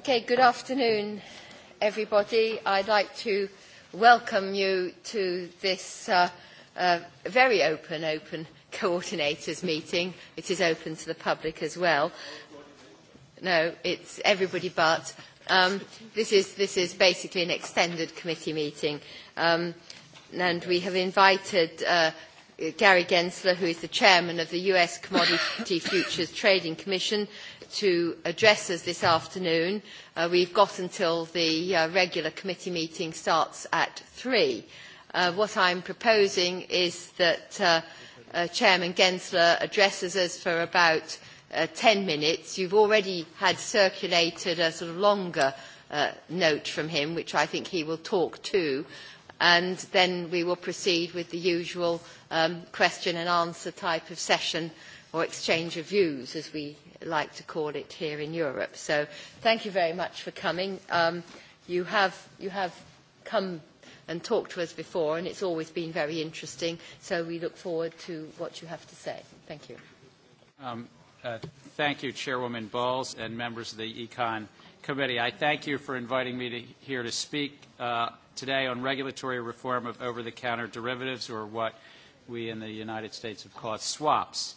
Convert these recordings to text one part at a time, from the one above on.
Okay, good afternoon, everybody. I'd like to welcome you to this uh, uh, very open, open coordinators meeting. It is open to the public as well. No, it's everybody but. Um, this, is, this is basically an extended committee meeting. Um, and we have invited uh, Gary Gensler, who is the chairman of the US Commodity Futures Trading Commission, to address us this afternoon. Uh, we've got until the uh, regular committee meeting starts at three. Uh, what I'm proposing is that uh, uh, Chairman Gensler addresses us for about uh, 10 minutes. You've already had circulated a sort of longer uh, note from him, which I think he will talk to, and then we will proceed with the usual um, question and answer type of session or exchange of views as we like to call it here in Europe. So thank you very much for coming. Um, you, have, you have come and talked to us before, and it's always been very interesting. So we look forward to what you have to say. Thank you. Um, uh, thank you, Chairwoman Bowles and members of the Econ Committee. I thank you for inviting me to, here to speak uh, today on regulatory reform of over-the-counter derivatives, or what we in the United States have called swaps.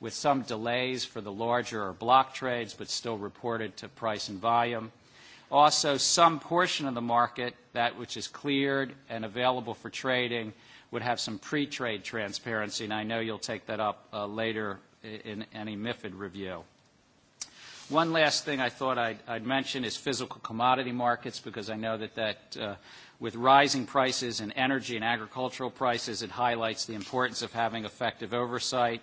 with some delays for the larger or block trades, but still reported to price and volume. Also, some portion of the market, that which is cleared and available for trading, would have some pre-trade transparency, and I know you'll take that up uh, later in any MiFID review. One last thing I thought I'd, mention is physical commodity markets, because I know that, uh, with rising prices in energy and agricultural prices, it highlights the importance of having effective oversight.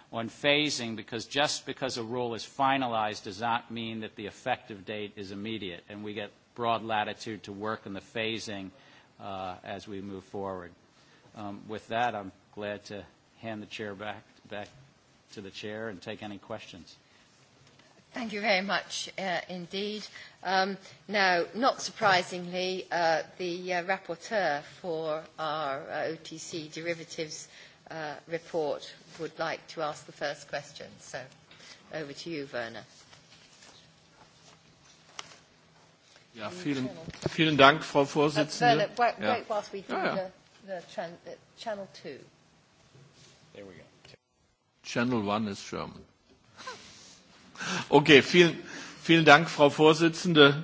on phasing because just because a rule is finalized does not mean that the effective date is immediate, and we get broad latitude to work in the phasing uh, as we move forward. Um, with that, I'm glad to hand the chair back, back to the chair and take any questions. Thank you very much uh, indeed. Um, now, not surprisingly, uh, the uh, rapporteur for our uh, OTC derivatives Uh, report would like to ask the first question. So over to you, Werner. Ja, vielen, vielen Dank, Frau Vorsitzende. Uh, Werner, wait, ja. wait whilst we do ja, ja. the, the tran uh, channel two. There we go. Channel one is German. Okay, vielen, vielen Dank, Frau Vorsitzende.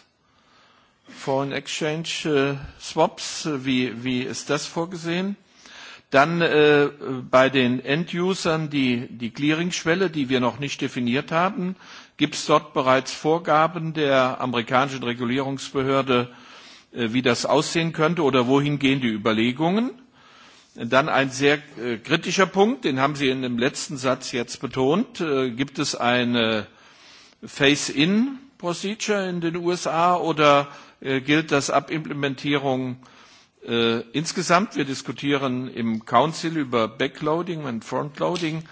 Foreign Exchange äh, Swaps, äh, wie, wie ist das vorgesehen? Dann äh, bei den Endusern, die, die Clearingschwelle, die wir noch nicht definiert haben. Gibt es dort bereits Vorgaben der amerikanischen Regulierungsbehörde, äh, wie das aussehen könnte oder wohin gehen die Überlegungen? Dann ein sehr äh, kritischer Punkt, den haben Sie in dem letzten Satz jetzt betont. Äh, gibt es eine Face-in-Procedure in den USA oder Äh, gilt das ab Implementierung äh, insgesamt. Wir diskutieren im Council über Backloading und Frontloading.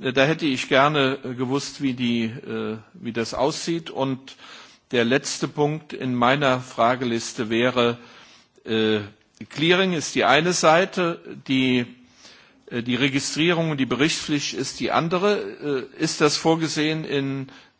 Äh, da hätte ich gerne äh, gewusst, wie, die, äh, wie das aussieht. Und der letzte Punkt in meiner Frageliste wäre, äh, Clearing ist die eine Seite, die, äh, die Registrierung und die Berichtspflicht ist die andere. Äh, ist das vorgesehen in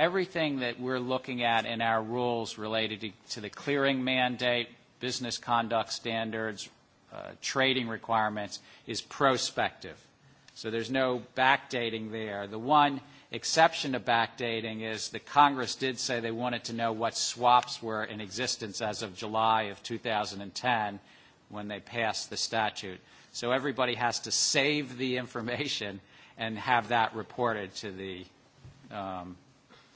everything that we're looking at in our rules related to, the clearing mandate, business conduct standards, uh, trading requirements is prospective. So there's no backdating there. The one exception to backdating is the Congress did say they wanted to know what swaps were in existence as of July of 2010 when they passed the statute. So everybody has to save the information and have that reported to the um,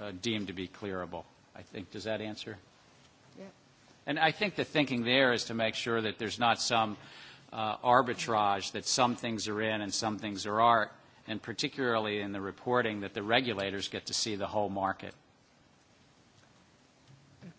Uh, deemed to be clearable. I think, does that answer? Yeah. And I think the thinking there is to make sure that there's not some uh, arbitrage that some things are in and some things are art, and particularly in the reporting that the regulators get to see the whole market.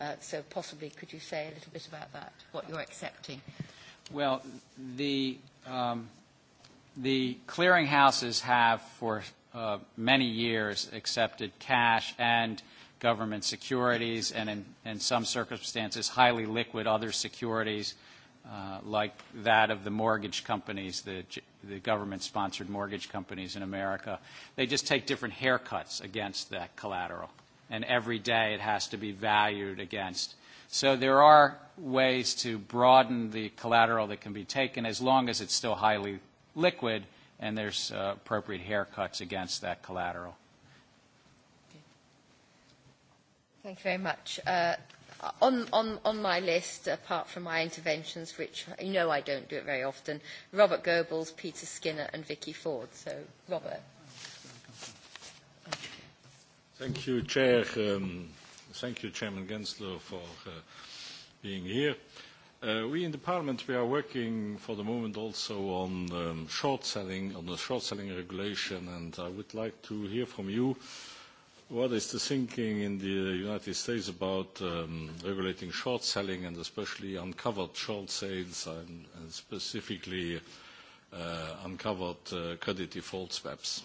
Uh, so possibly could you say a little bit about that, what you're accepting? Well, the, um, the clearinghouses have for uh, many years accepted cash and government securities and in, in some circumstances highly liquid other securities uh, like that of the mortgage companies, the, the government-sponsored mortgage companies in America. They just take different haircuts against that collateral and every day it has to be valued against. So there are ways to broaden the collateral that can be taken as long as it's still highly liquid and there's uh, appropriate haircuts against that collateral. Thank you very much. Uh, on, on, on my list, apart from my interventions, which you know I don't do it very often, Robert Goebbels, Peter Skinner and Vicky Ford. So, Robert. Thank you, Chair. Um, thank you, Chairman Gensler, for uh, being here. Uh, we in the Parliament, we are working for the moment also on um, short selling, on the short selling regulation, and I would like to hear from you what is the thinking in the United States about um, regulating short selling and especially uncovered short sales and, and specifically uh, uncovered uh, credit default swaps?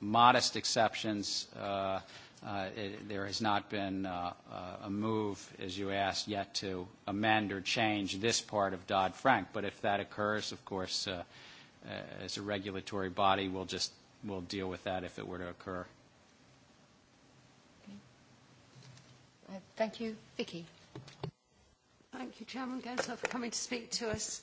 modest exceptions. Uh, uh, there has not been uh, a move, as you asked, yet to amend or change this part of Dodd-Frank. But if that occurs, of course, as a regulatory body, we'll just we'll deal with that if it were to occur. thank you, Vicky. Thank you, Chairman Gensler, for coming to speak to us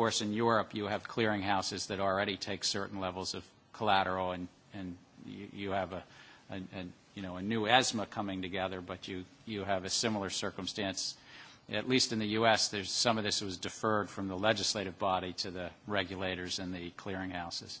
course, in Europe, you have clearinghouses that already take certain levels of collateral, and, you, have a, new ESMA coming together, but you, have a similar circumstance. At least in the U.S., some of this was deferred from the legislative body to the regulators and the clearinghouses.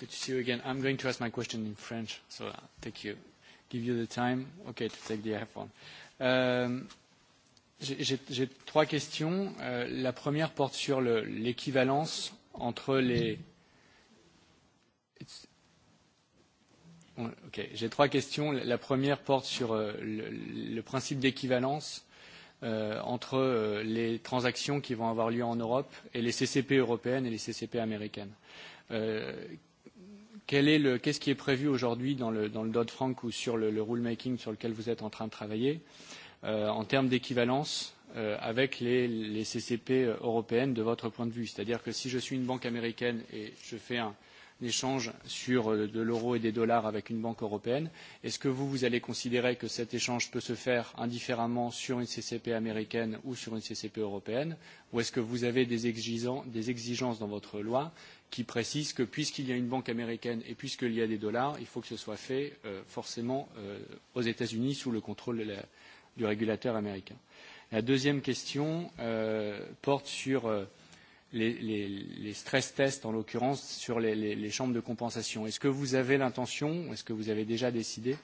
Good to see you again. I'm going to ask my question in French, so I'll take you, give you the time, okay, to take the iPhone. Um, J'ai trois questions. Euh, la première porte sur l'équivalence le, entre les. It's... Ok, j'ai trois questions. La première porte sur euh, le, le principe d'équivalence euh, entre euh, les transactions qui vont avoir lieu en Europe et les CCP européennes et les CCP américaines. Euh, Quel est le, qu'est-ce qui est prévu aujourd'hui dans le, dans le Dodd-Frank ou sur le, le rulemaking sur lequel vous êtes en train de travailler euh, en termes d'équivalence euh, avec les, les CCP euh, européennes de votre point de vue C'est-à-dire que si je suis une banque américaine et je fais un, l'échange sur euh, de l'euro et des dollars avec une banque européenne. Est-ce que vous, vous allez considérer que cet échange peut se faire indifféremment sur une CCP américaine ou sur une CCP européenne Ou est-ce que vous avez des, exigences, des exigences dans votre loi qui précisent que puisqu'il y a une banque américaine et puisqu'il y a des dollars, il faut que ce soit fait euh, forcément euh, aux États-Unis sous le contrôle de la, du régulateur américain La deuxième question euh, porte sur. Euh, les, les, les stress tests, en l'occurrence, sur les, les, les chambres de compensation. Est-ce que vous avez l'intention, est-ce que vous avez déjà décidé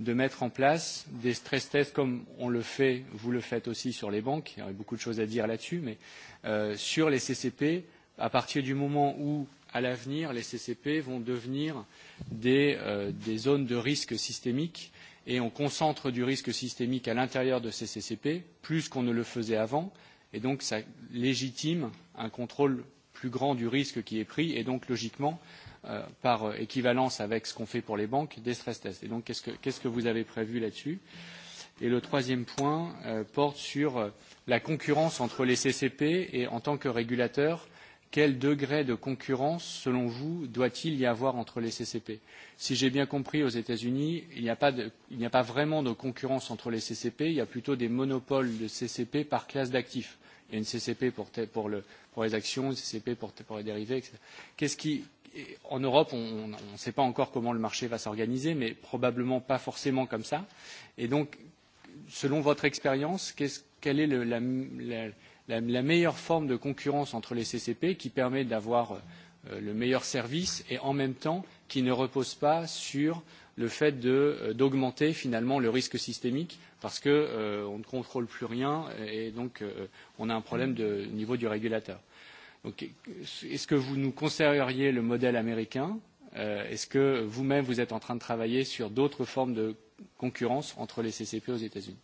de mettre en place des stress tests comme on le fait, vous le faites aussi sur les banques, il y aurait beaucoup de choses à dire là-dessus, mais euh, sur les CCP, à partir du moment où, à l'avenir, les CCP vont devenir des, euh, des zones de risque systémique et on concentre du risque systémique à l'intérieur de ces CCP, plus qu'on ne le faisait avant, et donc ça légitime un contrôle plus grand du risque qui est pris et donc logiquement euh, par euh, équivalence avec ce qu'on fait pour les banques des stress tests. Et donc qu qu'est-ce qu que vous avez prévu là-dessus Et le troisième point euh, porte sur euh, la concurrence entre les CCP et en tant que régulateur, quel degré de concurrence, selon vous, doit-il y avoir entre les CCP Si j'ai bien compris, aux États-Unis, il n'y a, a pas vraiment de concurrence entre les CCP, il y a plutôt des monopoles de CCP par classe d'actifs y a une CCP pour, pour, le, pour les actions, une CCP pour, pour les dérivés, etc. Qu'est-ce qui, en Europe, on ne sait pas encore comment le marché va s'organiser, mais probablement pas forcément comme ça. Et donc, selon votre expérience, qu quelle est le, la, la, la, la meilleure forme de concurrence entre les CCP qui permet d'avoir euh, le meilleur service et en même temps qui ne repose pas sur euh, le fait euh, d'augmenter finalement le risque systémique parce qu'on euh, ne contrôle plus rien et donc euh, on a un problème de niveau du régulateur. Donc, est-ce que vous nous conseilleriez le modèle américain euh, Est-ce que vous-même, vous êtes en train de travailler sur d'autres formes de concurrence entre les CCP aux États-Unis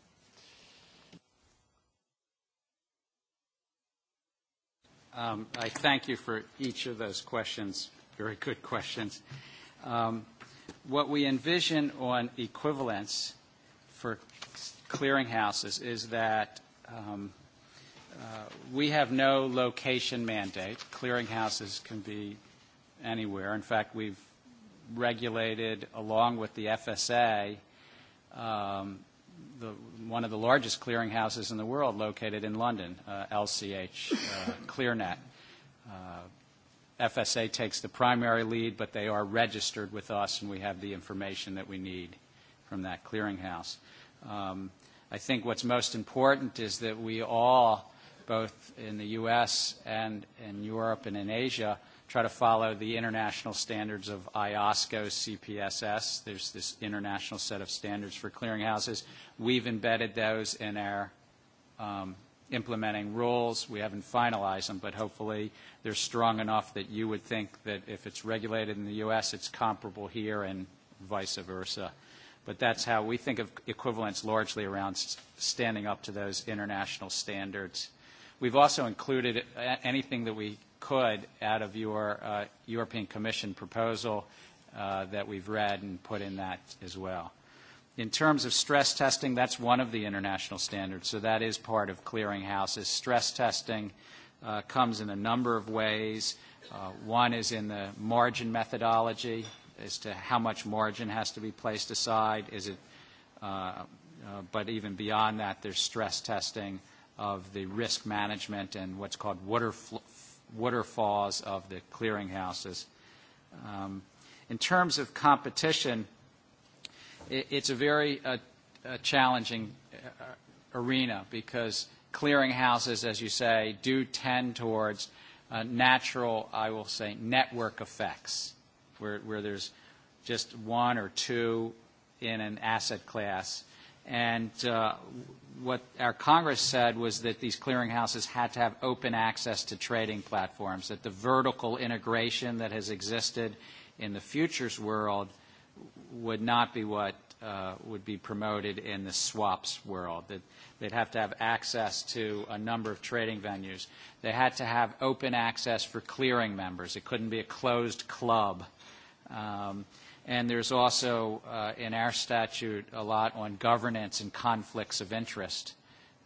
um, I thank you for each of those questions, very good questions. Um, what we envision on equivalence for clearinghouses is that um, uh, we have no location mandate. Clearinghouses can be anywhere. In fact, we've regulated, along with the FSA, um, the, one of the largest clearinghouses in the world located in London, uh, LCH uh, ClearNet. Uh, FSA takes the primary lead, but they are registered with us, and we have the information that we need from that clearinghouse. Um, I think what's most important is that we all, both in the U.S. and in Europe and in Asia, try to follow the international standards of IOSCO CPSS. There's this international set of standards for clearinghouses. We've embedded those in our um, implementing rules. We haven't finalized them, but hopefully they're strong enough that you would think that if it's regulated in the U.S., it's comparable here and vice versa. But that's how we think of equivalence largely around standing up to those international standards. We've also included anything that we could out of your uh, European Commission proposal uh, that we've read and put in that as well. In terms of stress testing, that's one of the international standards, so that is part of clearinghouses. Stress testing uh, comes in a number of ways. Uh, one is in the margin methodology as to how much margin has to be placed aside. Is it, uh, uh, but even beyond that, there's stress testing of the risk management and what's called waterfalls of the clearinghouses. Um, in terms of competition, it's a very uh, challenging uh, arena because clearinghouses, as you say, do tend towards uh, natural, I will say, network effects, where, where there's just one or two in an asset class. And uh, what our Congress said was that these clearinghouses had to have open access to trading platforms, that the vertical integration that has existed in the futures world – would not be what uh, would be promoted in the swaps world. That they'd have to have access to a number of trading venues. They had to have open access for clearing members. It couldn't be a closed club. Um, and there's also uh, in our statute a lot on governance and conflicts of interest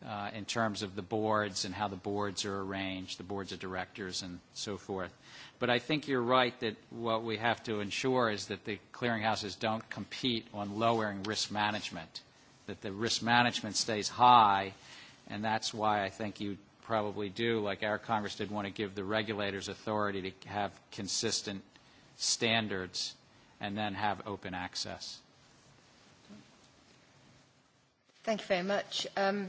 uh, in terms of the boards and how the boards are arranged, the boards of directors and so forth. But I think you're right that what we have to ensure is that the clearinghouses don't compete on lowering risk management, that the risk management stays high, and that's why I think you probably do, like our Congress did want to give the regulators authority to have consistent standards and then have open access. Thank you very much. Um,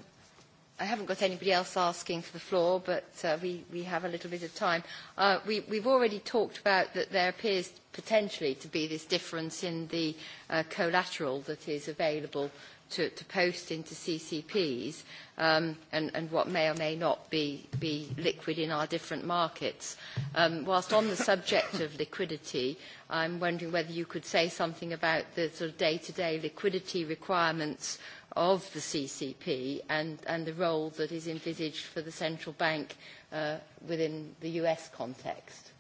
I haven't got anybody else asking for the floor, but uh, we, we have a little bit of time. Uh, we, we've already talked about that there appears potentially to be this difference in the uh, collateral that is available to, to post into CCPs um, and, and what may or may not be, be liquid in our different markets. Um, whilst on the subject of liquidity, I'm wondering whether you could say something about the sort of day-to-day -day liquidity requirements of the CCP and, and the role that is envisaged for the central bank uh, within the US context?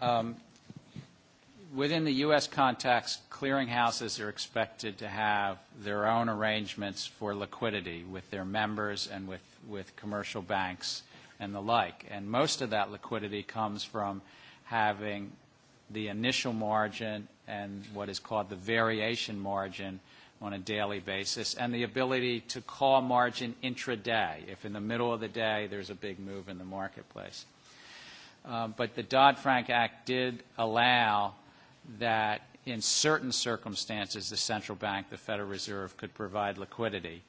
Um, within the U.S. context, clearinghouses are expected to have their own arrangements for liquidity with their members and with, with commercial banks and the like. And most of that liquidity comes from having the initial margin and what is called the variation margin on a daily basis, and the ability to call margin intraday if in the middle of the day there's a big move in the marketplace. Um, but the Dodd-Frank Act did allow that in certain circumstances, the central bank, the Federal Reserve, could provide liquidity.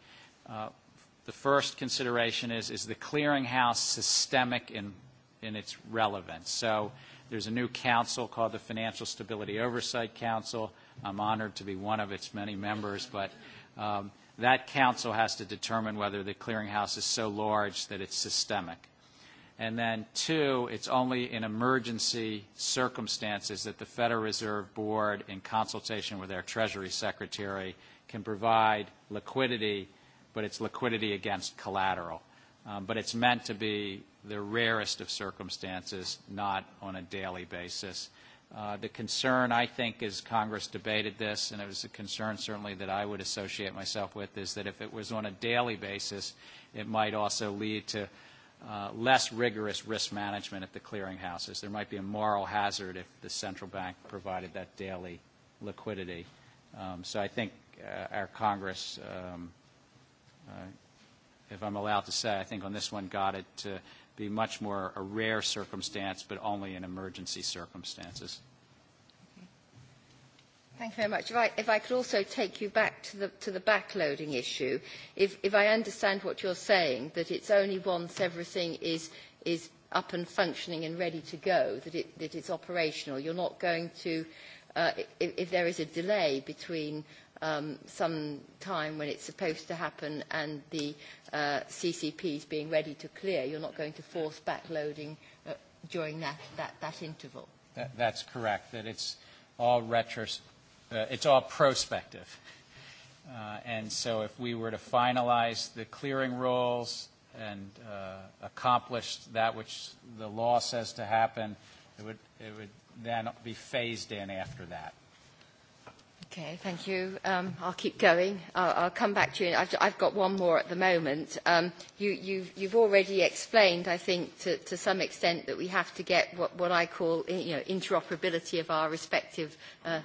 Uh, the first consideration is, is the clearinghouse systemic in, in its relevance? So there's a new council called the Financial Stability Oversight Council I'm honored to be one of its many members, but um, that council has to determine whether the clearinghouse is so large that it's systemic. And then two, it's only in emergency circumstances that the Federal Reserve Board, in consultation with their Treasury Secretary, can provide liquidity, but it's liquidity against collateral. Um, but it's meant to be the rarest of circumstances, not on a daily basis. Uh, the concern, I think, as Congress debated this, and it was a concern certainly that I would associate myself with, is that if it was on a daily basis, it might also lead to uh, less rigorous risk management at the clearinghouses. There might be a moral hazard if the central bank provided that daily liquidity. Um, so I think uh, our Congress, um, uh, if I'm allowed to say, I think on this one got it. Uh, be much more a rare circumstance, but only in emergency circumstances. Thank you very much. If I, if I could also take you back to the, to the backloading issue, if, if I understand what you're saying, that it's only once everything is, is up and functioning and ready to go, that, it, that it's operational. You're not going to, uh, if, if there is a delay between um, some time when it's supposed to happen and the uh, CCP is being ready to clear. You're not going to force backloading uh, during that, that, that interval. That, that's correct, that it's all retros- uh, it's all prospective. Uh, and so if we were to finalize the clearing rules and uh, accomplish that which the law says to happen, it would, it would then be phased in after that. Okay, thank you. Um, I'll keep going. I'll, I'll come back to you. I've, I've got one more at the moment. Um, you, you've, you've already explained, I think, to, to some extent that we have to get what, what I call eh, you know, interoperability of our respective uh,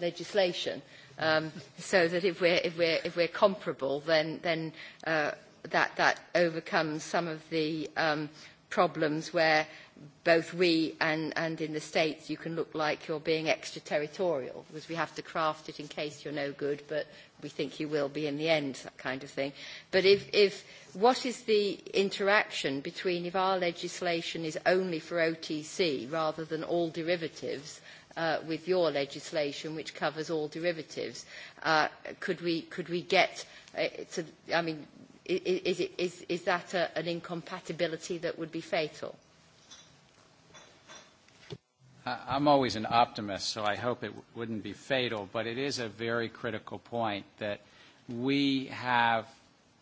legislation, um, so that if we're, if we're, if we're comparable, then, then uh, that, that overcomes some of the um, problems where – both we and, and in the States, you can look like you're being extraterritorial because we have to craft it in case you're no good, but we think you will be in the end, that kind of thing. But if, if what is the interaction between if our legislation is only for OTC rather than all derivatives uh, with your legislation, which covers all derivatives, uh, could, we, could we get uh, to, I mean, is, is, is that a, an incompatibility that would be fatal? I'm always an optimist, so I hope it wouldn't be fatal, but it is a very critical point that we have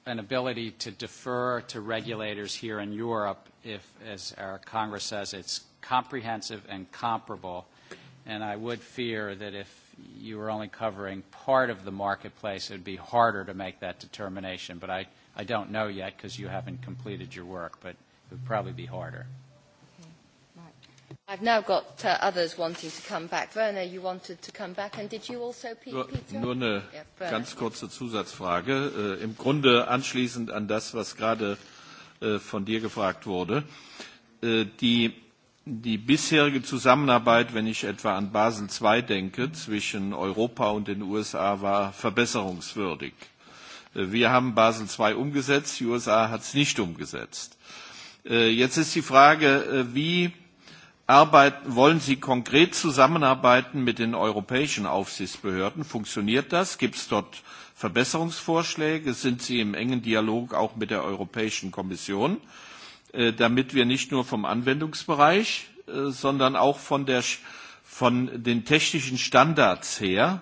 an ability to defer to regulators here in Europe if, as our Congress says, it's comprehensive and comparable. And I would fear that if you were only covering part of the marketplace, it would be harder to make that determination. But I, I don't know yet because you haven't completed your work, but it would probably be harder. I've now got uh, others wanting to come back. Werner, you wanted to come back, and did you also, Peter? Nur eine yeah, ganz kurze Zusatzfrage. Äh, Im Grunde anschließend an das, was gerade äh, von dir gefragt wurde. Äh, die, die bisherige Zusammenarbeit, wenn ich etwa an Basel II denke, zwischen Europa und den USA war verbesserungswürdig. Äh, wir haben Basel II umgesetzt, die USA hat es nicht umgesetzt. Äh, jetzt ist die Frage, äh, wie arbeiten, wollen Sie konkret zusammenarbeiten mit den europäischen Aufsichtsbehörden? Funktioniert das? Gibt es dort Verbesserungsvorschläge? Sind Sie im engen Dialog auch mit der Europäischen Kommission, äh, damit wir nicht nur vom Anwendungsbereich, äh, sondern auch von, der, von den technischen Standards her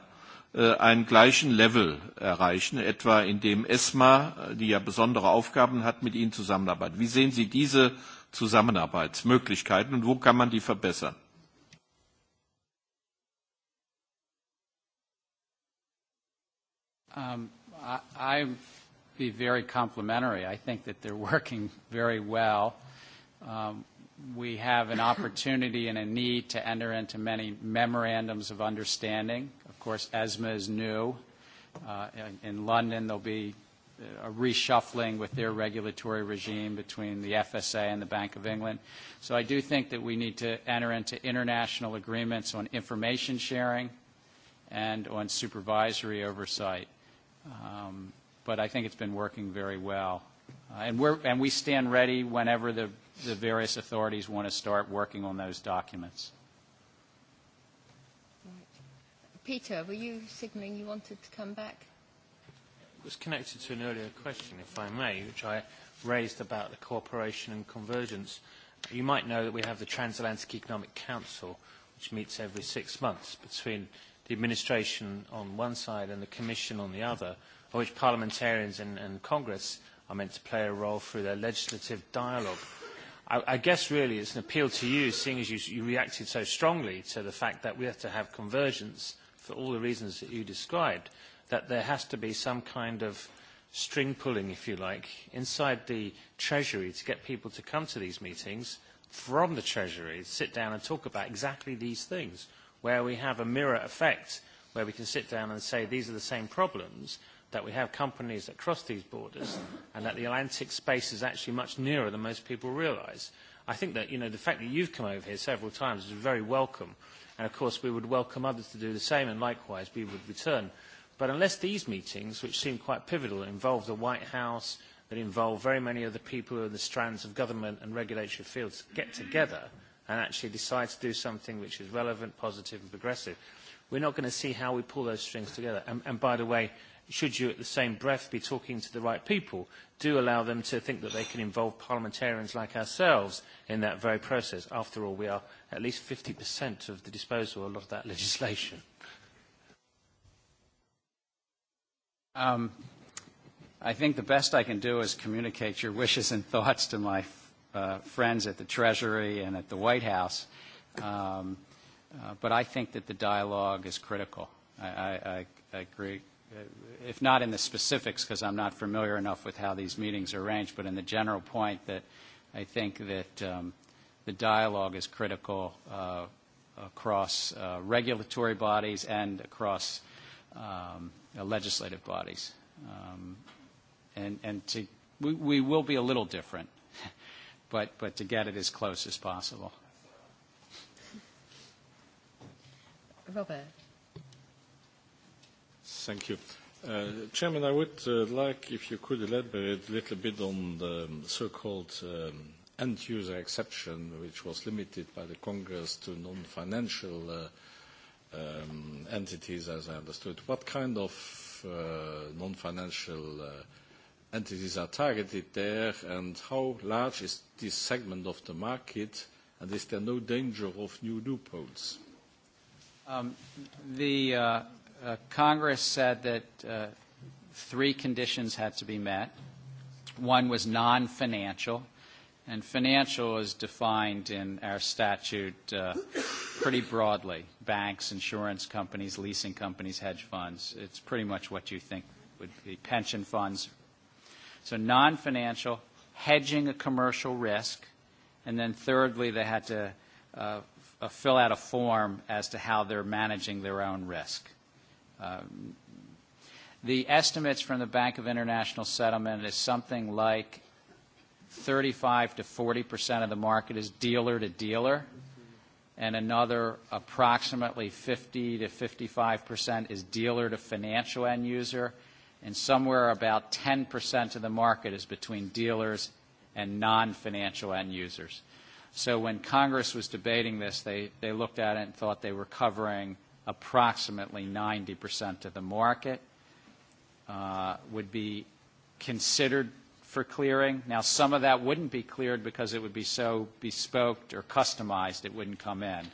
äh, einen gleichen Level erreichen, etwa indem ESMA, die ja besondere Aufgaben hat, mit Ihnen zusammenarbeitet. Wie sehen Sie diese Zusammenarbeitsmöglichkeiten und wo kann man die verbessern? Um, I, I be very complimentary. I think that they're working very well. Um, we have an opportunity and a need to enter into many memorandums of understanding. Of course, ESMA is new. Uh, in, in London, there'll be reshuffling with their regulatory regime between the FSA and the Bank of England. So I do think that we need to enter into international agreements on information sharing and on supervisory oversight. Um, but I think it's been working very well. Uh, and, we're, and we stand ready whenever the, the various authorities want to start working on those documents. Peter, were you signaling you wanted to come back? was connected to an earlier question, if I may, which I raised about the cooperation and convergence. You might know that we have the Transatlantic Economic Council, which meets every six months between the administration on one side and the Commission on the other, of which parliamentarians and, and Congress are meant to play a role through their legislative dialogue. I, I guess really it's an appeal to you, seeing as you, you reacted so strongly to the fact that we have to have convergence for all the reasons that you described that there has to be some kind of string pulling, if you like, inside the Treasury to get people to come to these meetings from the Treasury, sit down and talk about exactly these things, where we have a mirror effect, where we can sit down and say these are the same problems, that we have companies that cross these borders, and that the Atlantic space is actually much nearer than most people realise. I think that you know the fact that you've come over here several times is very welcome, and of course we would welcome others to do the same, and likewise we would return But unless these meetings, which seem quite pivotal, involve the White House, that involve very many of the people who are in the strands of government and regulatory fields, get together and actually decide to do something which is relevant, positive and progressive, we're not going to see how we pull those strings together. And, and by the way, should you at the same breath be talking to the right people, do allow them to think that they can involve parliamentarians like ourselves in that very process. After all, we are at least 50% of the disposal of a lot of that legislation. Um, I think the best I can do is communicate your wishes and thoughts to my uh, friends at the Treasury and at the White House. Um, uh, but I think that the dialogue is critical. I, I, I agree, if not in the specifics, because I'm not familiar enough with how these meetings are arranged, but in the general point that I think that um, the dialogue is critical uh, across uh, regulatory bodies and across um, uh, legislative bodies. Um, and and to, we, we will be a little different, but, but to get it as close as possible. Robert. Thank you. Uh, Chairman, I would uh, like if you could elaborate a little bit on the um, so-called um, end-user exception, which was limited by the Congress to non-financial uh, Um, entities, as I understood. What kind of uh, non-financial uh, entities are targeted there, and how large is this segment of the market, and is there no danger of new loopholes? Um, the uh, Congress said that three conditions had to be met. One was non-financial. And financial is defined in our statute uh, pretty broadly. Banks, insurance companies, leasing companies, hedge funds. It's pretty much what you think would be pension funds. So non-financial, hedging a commercial risk. And then thirdly, they had to uh, fill out a form as to how they're managing their own risk. Um, the estimates from the Bank of International Settlement is something like 35 40 of the market is dealer to dealer, and another approximately 50 55 is dealer to financial end user, and somewhere about 10 of the market is between dealers and non-financial end users. So when Congress was debating this, they, looked at it and thought they were covering approximately 90% of the market, uh, would be considered for clearing. Now, some of that wouldn't be cleared because it would be so bespoke or customized it wouldn't come in.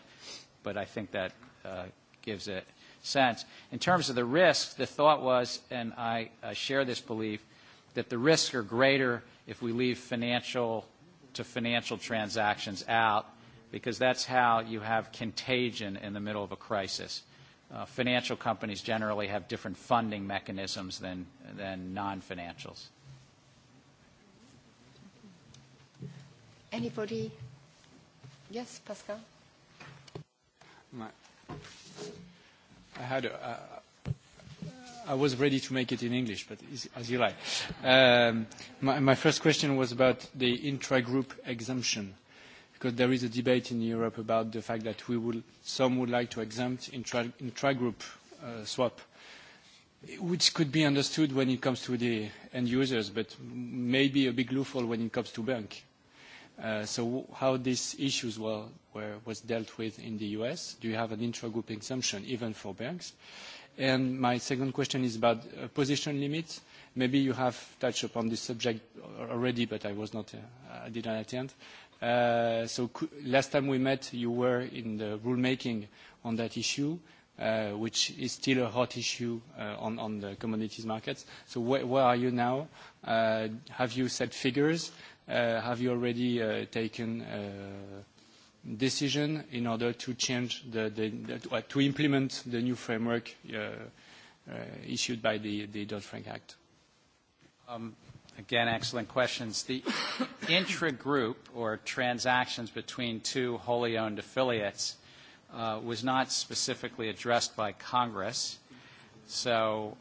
But I think that uh, gives it sense. In terms of the risk, the thought was, and I, share this belief, that the risks are greater if we leave financial to financial transactions out because that's how you have contagion in the middle of a crisis. Uh, financial companies generally have different funding mechanisms than, than non-financials. Anybody? Yes, Pascal? My, I had a, uh, I was ready to make it in English, but as you like. Um, my, my first question was about the intra-group exemption, because there is a debate in Europe about the fact that we will, some would like to exempt intra, intra-group uh, swap, which could be understood when it comes to the end users, but maybe a big loophole when it comes to banks. Uh, so how these issues were, was dealt with in the U.S. Do you have an intra-group exemption even for banks? And my second question is about uh, position limits. Maybe you have touched upon this subject already, but I was not, I uh, I didn't attend. So last time we met, you were in the rulemaking on that issue, which is still a hot issue on, on the commodities markets. So where are you now? Have you set figures? Uh, have you already uh, taken uh, decision in order to change the, to implement the new framework issued by the, Dodd-Frank Act? Um, again, excellent questions. The intra-group or transactions between two wholly owned affiliates was not specifically addressed by Congress. So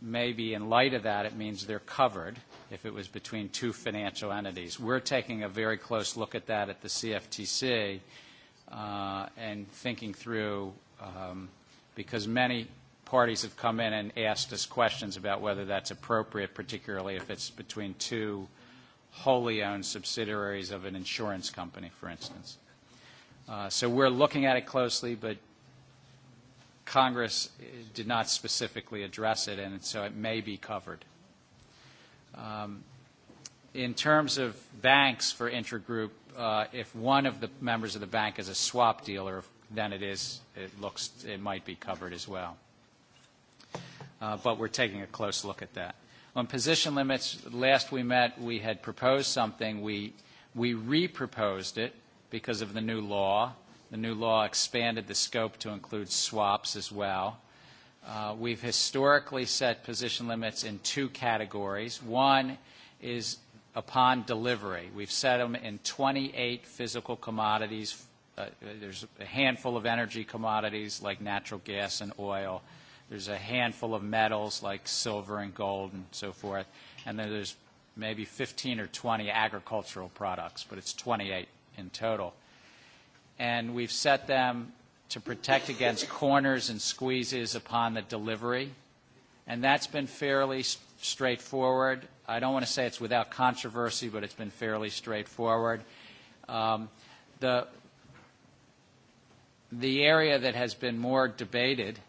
maybe in light of that, it means they're covered if it was between two financial entities. We're taking a very close look at that at the CFTC uh, and thinking through, um, because many parties have come in and asked us questions about whether that's appropriate, particularly if it's between two wholly owned subsidiaries of an insurance company, for instance. Uh, so we're looking at it closely, but Congress uh, did not specifically address it, and so it may be covered. Um, in terms of banks for intragroup, uh, if one of the members of the bank is a swap dealer, then it is, it looks, it might be covered as well. Uh, but we're taking a close look at that. On position limits, last we met, we had proposed something. We, we re-proposed it because of the new law. The new law expanded the scope to include swaps as well. Uh, we've historically set position limits in two categories. One is upon delivery. We've set them in 28 physical commodities. Uh, there's a handful of energy commodities like natural gas and oil. There's a handful of metals like silver and gold and so forth. And then there's maybe 15 or 20 agricultural products, but it's 28 in total. And we've set them to protect against corners and squeezes upon the delivery. And that's been fairly straightforward. I don't want to say it's without controversy, but it's been fairly straightforward. Um, the, the area that has been more debated –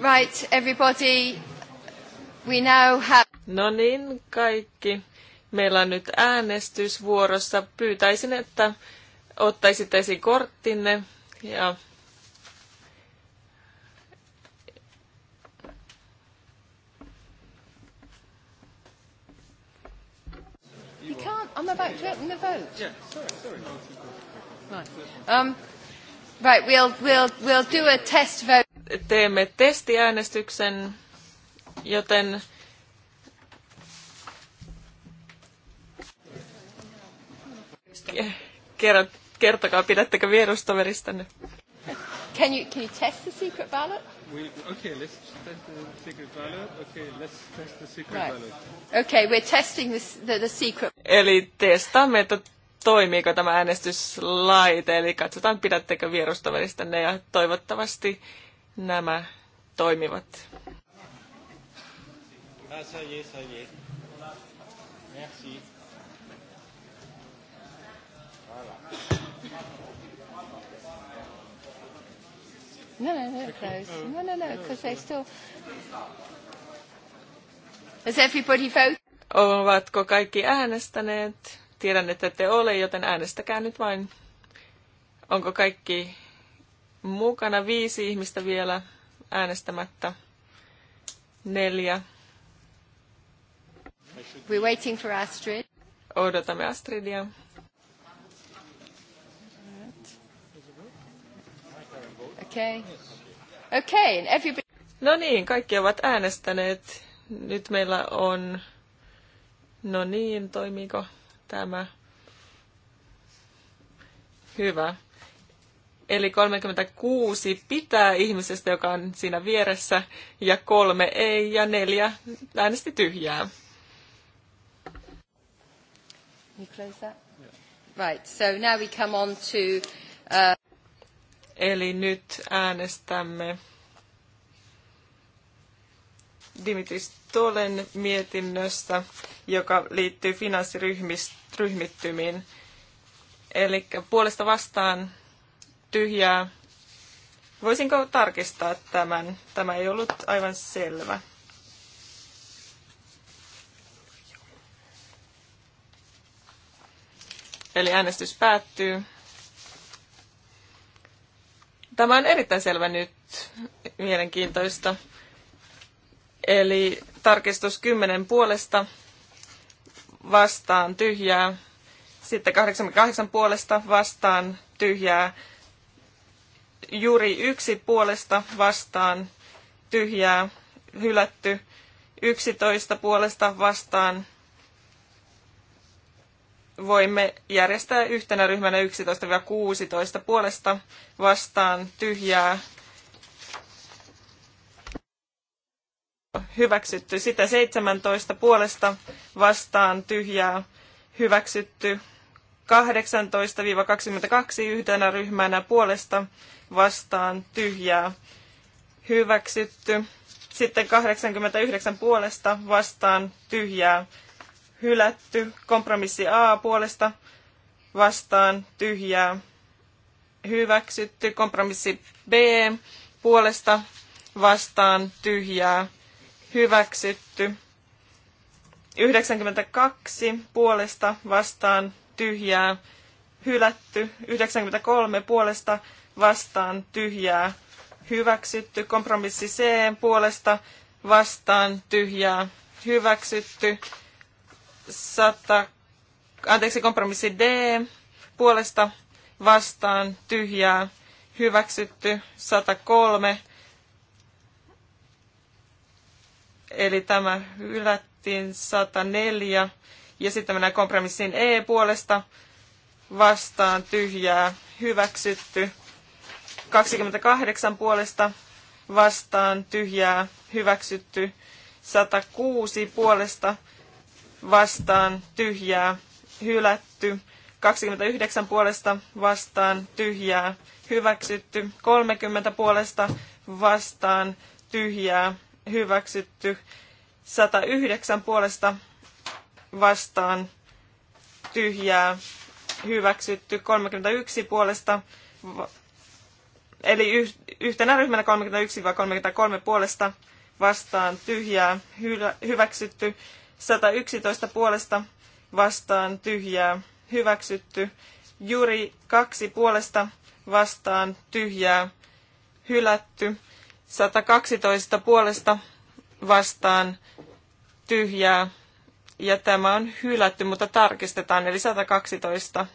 Right, everybody, we now have... No niin, kaikki. Meillä on nyt äänestys vuorossa. Pyytäisin, että ottaisitte esiin korttinne ja You can't. I'm about to open the vote. Yeah, sorry, sorry. Right. Um, right, we'll, we'll, we'll do a test vote teemme testiäänestyksen, joten kerro, kertokaa, pidättekö vierustoveristanne? Can you, can you test the secret ballot? We, okay, let's test the secret ballot. Okay, let's test the secret right. ballot. Okay, we're testing this, the, the secret. Eli testaamme, että toimiiko tämä äänestyslaite, eli katsotaan pidättekö vierustoveristanne ja toivottavasti nämä toimivat. Ah, ça y est, ça y est. Merci. Voilà. No, no, no, close. Oh. No, no, no, because oh. they still... Has everybody voted? Ovatko kaikki äänestäneet? Tiedän, että te ole, joten äänestäkää nyt vain. Onko kaikki mukana. Viisi ihmistä vielä äänestämättä. Neljä. We're waiting for Astrid. Odotamme Astridia. Okay. Okay, everybody... No niin, kaikki ovat äänestäneet. Nyt meillä on... No niin, toimiiko tämä? Hyvä. Eli 36 pitää ihmisestä, joka on siinä vieressä, ja kolme ei, ja neljä äänesti tyhjää. Right, so now we come on to, uh... Eli nyt äänestämme Dimitris Tolen mietinnöstä, joka liittyy finanssiryhmittymiin. Eli puolesta vastaan tyhjää. Voisinko tarkistaa tämän? Tämä ei ollut aivan selvä. Eli äänestys päättyy. Tämä on erittäin selvä nyt. Mielenkiintoista. Eli tarkistus 10 puolesta vastaan tyhjää. Sitten 88 puolesta vastaan tyhjää. Juuri yksi puolesta vastaan tyhjää hylätty. yksitoista puolesta vastaan voimme järjestää yhtenä ryhmänä 11-16 puolesta vastaan tyhjää hyväksytty. Sitä 17 puolesta vastaan tyhjää hyväksytty. 18-22 yhtenä ryhmänä puolesta vastaan tyhjää hyväksytty. Sitten 89 puolesta vastaan tyhjää hylätty. Kompromissi A puolesta vastaan tyhjää hyväksytty. Kompromissi B puolesta vastaan tyhjää hyväksytty. 92 puolesta vastaan tyhjää hylätty. 93 puolesta vastaan tyhjää hyväksytty. Kompromissi C puolesta vastaan tyhjää hyväksytty. sata anteeksi, kompromissi D puolesta vastaan tyhjää hyväksytty 103. Eli tämä hylättiin 104. Ja sitten mennään kompromissin E puolesta vastaan tyhjää hyväksytty 28 puolesta vastaan tyhjää hyväksytty. 106 puolesta vastaan tyhjää hylätty. 29 puolesta vastaan tyhjää hyväksytty. 30 puolesta vastaan tyhjää hyväksytty. 109 puolesta vastaan tyhjää hyväksytty. 31 puolesta Eli yhtenä ryhmänä 31-33 puolesta vastaan tyhjää hyväksytty, 111 puolesta vastaan tyhjää hyväksytty, juuri kaksi puolesta vastaan tyhjää hylätty, 112 puolesta vastaan tyhjää ja tämä on hylätty, mutta tarkistetaan, eli 112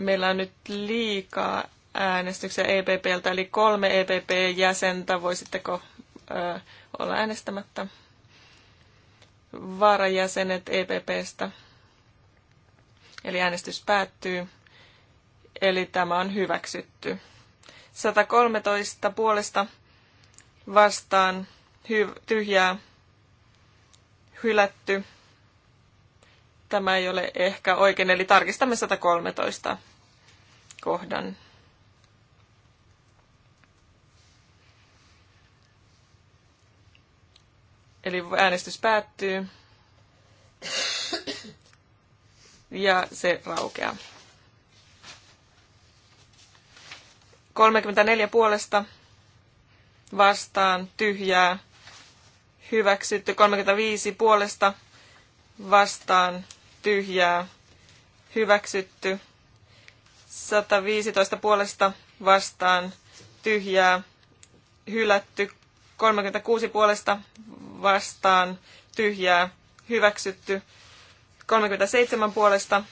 Meillä on nyt liikaa äänestyksiä EPPltä, eli kolme EPP-jäsentä. Voisitteko ö, olla äänestämättä? Vaarajäsenet EPPstä. Eli äänestys päättyy. Eli tämä on hyväksytty. 113 puolesta vastaan hy- tyhjää hylätty. Tämä ei ole ehkä oikein, eli tarkistamme 113 kohdan. Eli äänestys päättyy ja se raukeaa. 34 puolesta vastaan tyhjää hyväksytty. 35 puolesta vastaan tyhjää hyväksytty. 115 puolesta vastaan tyhjää, hylätty. 36 puolesta vastaan tyhjää, hyväksytty. 37 puolesta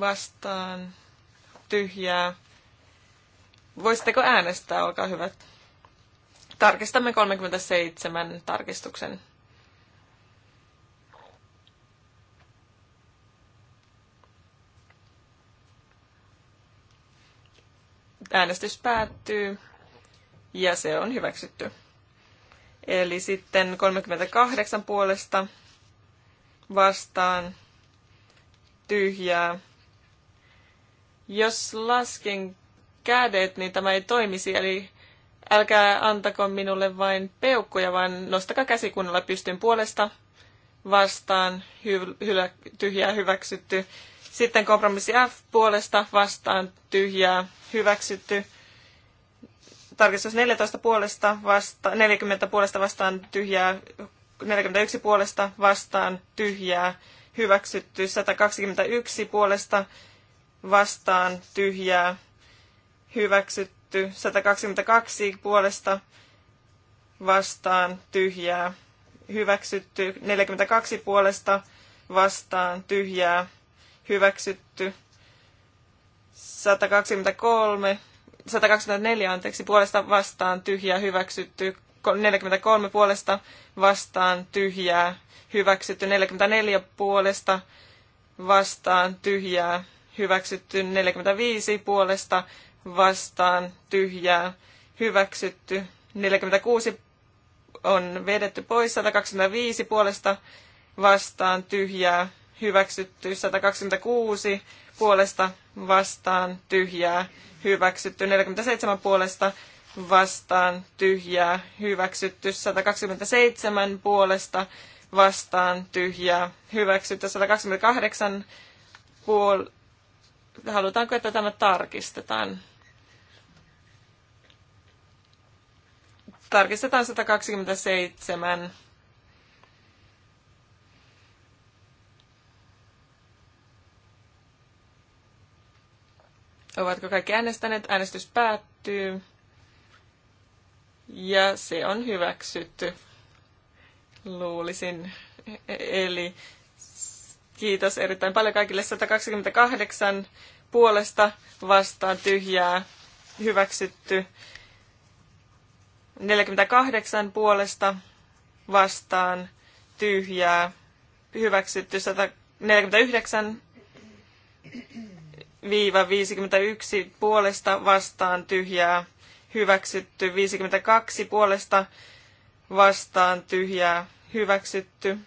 vastaan tyhjää. Voisitteko äänestää, olkaa hyvät. Tarkistamme 37 tarkistuksen. Äänestys päättyy ja se on hyväksytty. Eli sitten 38 puolesta vastaan tyhjää. Jos lasken kädet, niin tämä ei toimisi, eli älkää antako minulle vain peukkuja, vaan nostakaa käsi kunnolla pystyn puolesta vastaan, hy- tyhjää hyväksytty. Sitten kompromissi F puolesta vastaan tyhjää hyväksytty. Tarkistus 14 puolesta vasta, 40 puolesta vastaan tyhjää, 41 puolesta vastaan tyhjää hyväksytty, 121 puolesta vastaan tyhjää hyväksytty, 122 puolesta vastaan tyhjää hyväksytty, 42 puolesta vastaan tyhjää hyväksytty. 123, 124 anteeksi, puolesta vastaan tyhjää hyväksytty. 43 puolesta vastaan tyhjää hyväksytty. 44 puolesta vastaan tyhjää hyväksytty. 45 puolesta vastaan tyhjää hyväksytty. 46 on vedetty pois. 125 puolesta vastaan tyhjää hyväksytty 126 puolesta vastaan tyhjää, hyväksytty 47 puolesta vastaan tyhjää, hyväksytty 127 puolesta vastaan tyhjää, hyväksytty 128 puol... Halutaanko, että tämä tarkistetaan? Tarkistetaan 127. Ovatko kaikki äänestäneet? Äänestys päättyy. Ja se on hyväksytty, luulisin. E- e- eli kiitos erittäin paljon kaikille 128 puolesta vastaan tyhjää hyväksytty. 48 puolesta vastaan tyhjää hyväksytty 149 viiva 51 puolesta vastaan tyhjää hyväksytty, 52 puolesta vastaan tyhjää hyväksytty,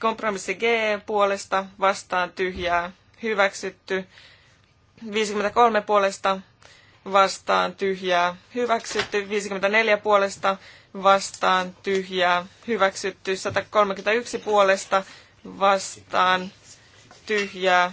kompromissi G puolesta vastaan tyhjää hyväksytty, 53 puolesta vastaan tyhjää hyväksytty, 54 puolesta vastaan tyhjää hyväksytty, 131 puolesta vastaan tyhjää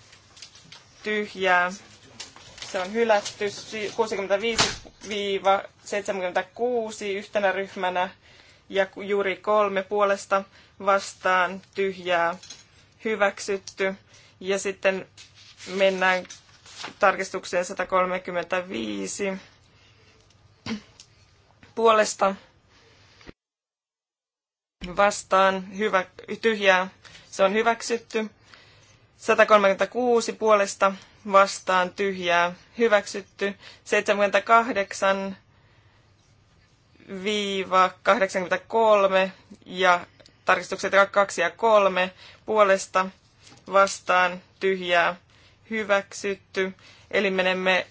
tyhjää. Se on hylätty 65-76 yhtenä ryhmänä ja juuri kolme puolesta vastaan tyhjää hyväksytty. Ja sitten mennään tarkistukseen 135 puolesta vastaan hyvä, tyhjää. Se on hyväksytty. 136 puolesta vastaan tyhjää hyväksytty. 78 viiva 83 ja tarkistukset 2 ja 3 puolesta vastaan tyhjää hyväksytty. Eli menemme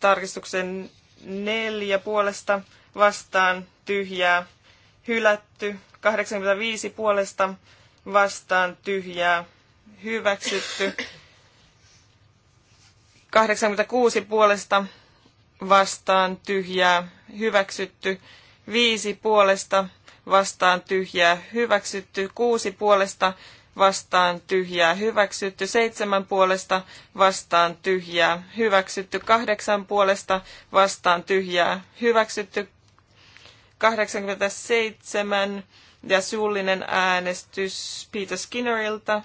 tarkistuksen 4 puolesta vastaan tyhjää hylätty. 85 puolesta vastaan tyhjää hyväksytty. 86 puolesta vastaan tyhjää hyväksytty. 5 puolesta vastaan tyhjää hyväksytty. 6 puolesta vastaan tyhjää hyväksytty, seitsemän puolesta vastaan tyhjää hyväksytty, kahdeksan puolesta vastaan tyhjää hyväksytty, 87 ja suullinen äänestys Peter Skinnerilta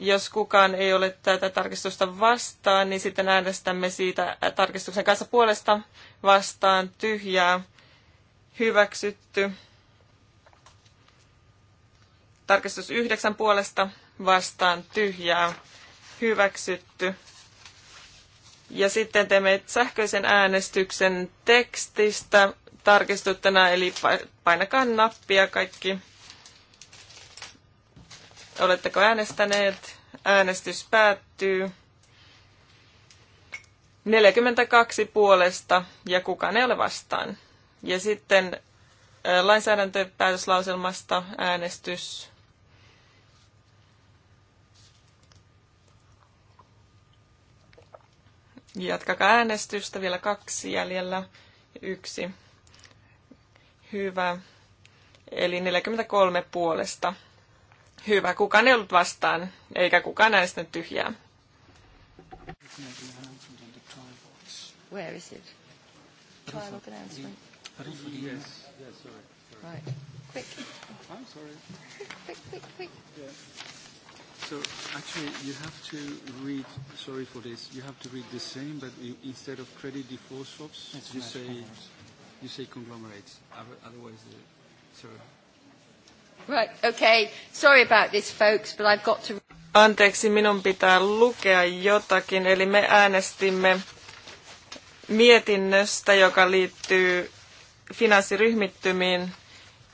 jos kukaan ei ole tätä tarkistusta vastaan, niin sitten äänestämme siitä tarkistuksen kanssa puolesta vastaan tyhjää hyväksytty. Tarkistus yhdeksän puolesta vastaan tyhjää hyväksytty. Ja sitten teemme sähköisen äänestyksen tekstistä tarkistuttena, eli painakaa nappia kaikki. Oletteko äänestäneet? Äänestys päättyy. 42 puolesta ja kukaan ei ole vastaan. Ja sitten lainsäädäntöpäätöslauselmasta äänestys. Jatkakaa äänestystä. Vielä kaksi jäljellä. Yksi. Hyvä. Eli 43 puolesta Hyvä, kukaan ei ollut vastaan, eikä kukaan äänestänyt tyhjää. Where is it? So actually, you have to read. Sorry for this. You have to read the same, but you, instead of credit default swaps, That's you say, you say conglomerates. Otherwise, uh, sorry. Right, okay. Sorry about this, folks, but I've got to... Anteeksi, minun pitää lukea jotakin. Eli me äänestimme mietinnöstä, joka liittyy finanssiryhmittymiin,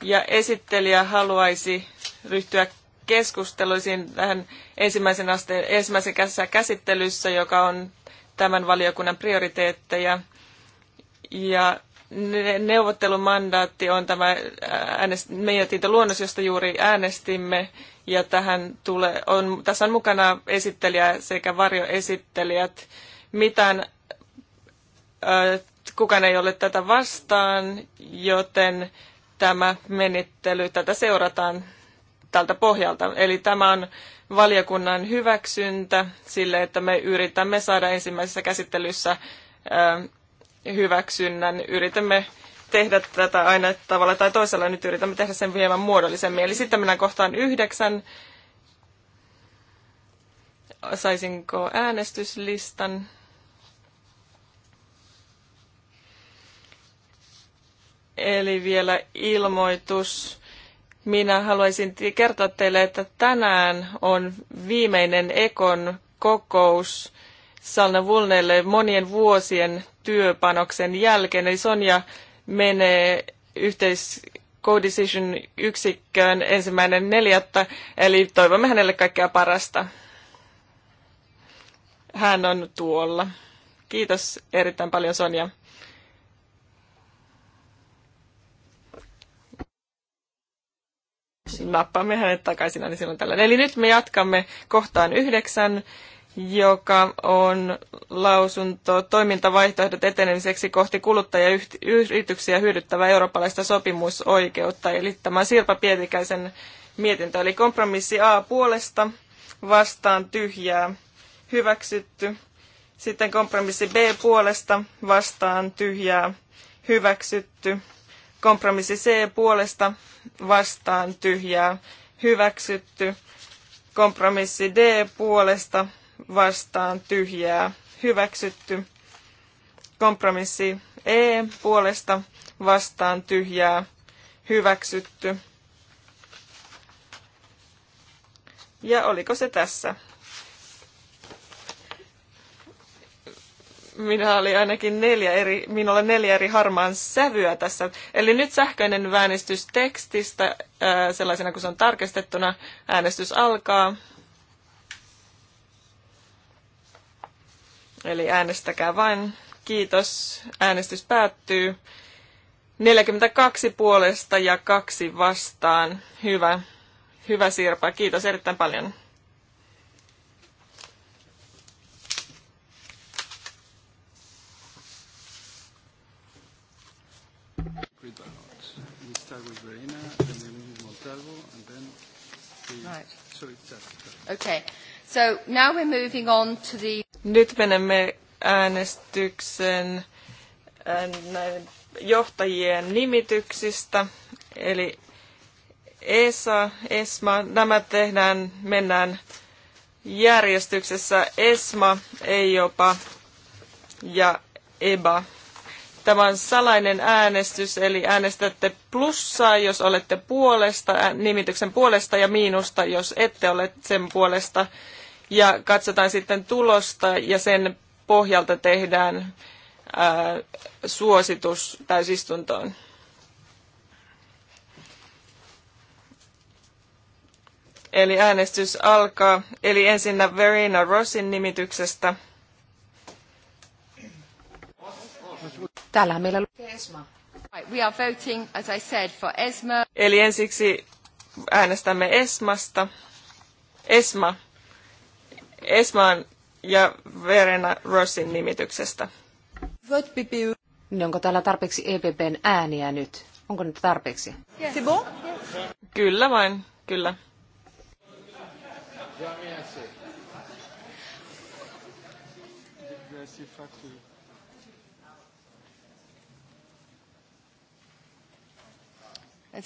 ja esittelijä haluaisi ryhtyä keskusteluisiin tähän ensimmäisen, asteen, ensimmäisen käsittelyssä, joka on tämän valiokunnan prioriteetteja. Ja neuvottelumandaatti on tämä äänest, luonnos, josta juuri äänestimme. Ja tähän tule, on, tässä on mukana esittelijä sekä varjoesittelijät. Mitään, äh, kukaan ei ole tätä vastaan, joten tämä menettely, tätä seurataan tältä pohjalta. Eli tämä on valiokunnan hyväksyntä sille, että me yritämme saada ensimmäisessä käsittelyssä äh, hyväksynnän. Yritämme tehdä tätä aina tavalla tai toisella. Nyt yritämme tehdä sen vielä muodollisemmin. Eli sitten mennään kohtaan yhdeksän. Saisinko äänestyslistan? Eli vielä ilmoitus. Minä haluaisin kertoa teille, että tänään on viimeinen Ekon kokous Salna Vulneelle monien vuosien työpanoksen jälkeen. Eli Sonja menee yhteis decision yksikköön ensimmäinen neljättä, eli toivomme hänelle kaikkea parasta. Hän on tuolla. Kiitos erittäin paljon Sonja. Nappaamme hänet takaisin aina niin silloin tällä. Eli nyt me jatkamme kohtaan yhdeksän joka on lausunto toimintavaihtoehdot etenemiseksi kohti kuluttajayrityksiä hyödyttävää eurooppalaista sopimusoikeutta. Eli tämä Sirpa Pietikäisen mietintö, eli kompromissi A puolesta vastaan tyhjää hyväksytty. Sitten kompromissi B puolesta vastaan tyhjää hyväksytty. Kompromissi C puolesta vastaan tyhjää hyväksytty. Kompromissi D puolesta vastaan tyhjää hyväksytty. Kompromissi E puolesta vastaan tyhjää hyväksytty. Ja oliko se tässä? Minä oli ainakin neljä eri, minulla neljä eri harmaan sävyä tässä. Eli nyt sähköinen äänestys tekstistä, äh, sellaisena kuin se on tarkistettuna, äänestys alkaa. Eli äänestäkää vain. Kiitos. Äänestys päättyy. 42 puolesta ja kaksi vastaan. Hyvä. Hyvä Sirpa. Kiitos erittäin paljon. Right. Okay. So now we're moving on to the nyt menemme äänestyksen äh, näiden johtajien nimityksistä, eli ESA, ESMA, nämä tehdään, mennään järjestyksessä ESMA, EIOPA ja EBA. Tämä on salainen äänestys, eli äänestätte plussaa, jos olette puolesta, nimityksen puolesta, ja miinusta, jos ette ole sen puolesta ja katsotaan sitten tulosta ja sen pohjalta tehdään ää, suositus täysistuntoon. Eli äänestys alkaa. Eli ensinnä Verena Rossin nimityksestä. Täällä meillä lukee Esma. We are voting, as I said, for Esma. Eli ensiksi äänestämme Esmasta. Esma. Esmaan ja Verena Rossin nimityksestä. Niin onko täällä tarpeeksi EPPn ääniä nyt? Onko nyt tarpeeksi? Yes. Kyllä vain, kyllä.